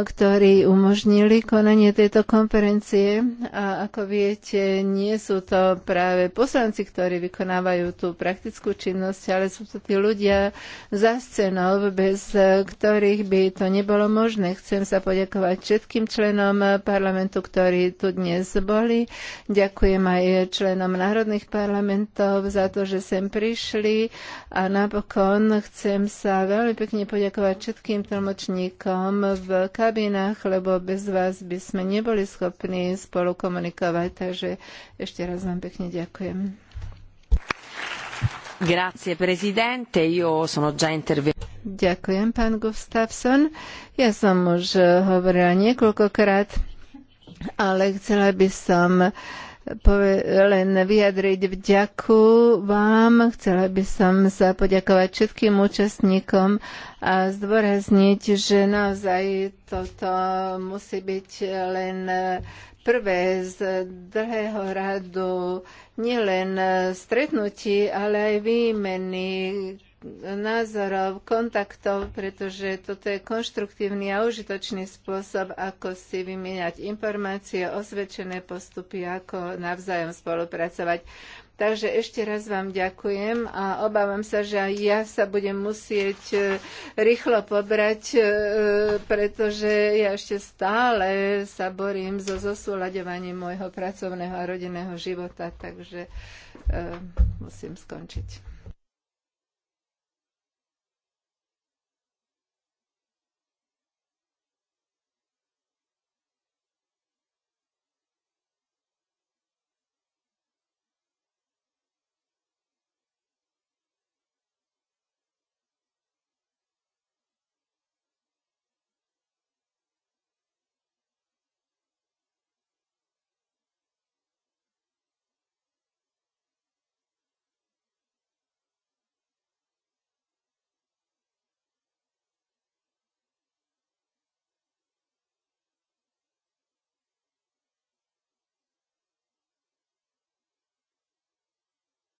ktorí umožnili konanie tejto konferencie. A ako viete, nie sú to práve poslanci, ktorí vykonávajú tú praktickú činnosť, ale sú to tí ľudia za scénu, členov, bez e, ktorých by to nebolo možné. Chcem sa poďakovať všetkým členom parlamentu, ktorí tu dnes boli. Ďakujem aj členom národných parlamentov za to, že sem prišli. A napokon chcem sa veľmi pekne poďakovať všetkým tlmočníkom v kabinách, lebo bez vás by sme neboli schopní spolu komunikovať. Takže ešte raz vám pekne ďakujem. Grazie Presidente, io sono già intervenuto. Ďakujem, pán Gustafsson. Ja som už hovorila niekoľkokrát, ale chcela by som len vyjadriť vďaku vám. Chcela by som sa poďakovať všetkým účastníkom a zdôrazniť, že naozaj toto musí byť len prvé z dlhého radu nielen stretnutí, ale aj výmeny názorov, kontaktov, pretože toto je konštruktívny a užitočný spôsob, ako si vymieňať informácie, osvedčené postupy, ako navzájom spolupracovať. Takže ešte raz vám ďakujem a obávam sa, že aj ja sa budem musieť e, rýchlo pobrať, e, pretože ja ešte stále sa borím so zosúľaďovaním môjho pracovného a rodinného života, takže e, musím skončiť.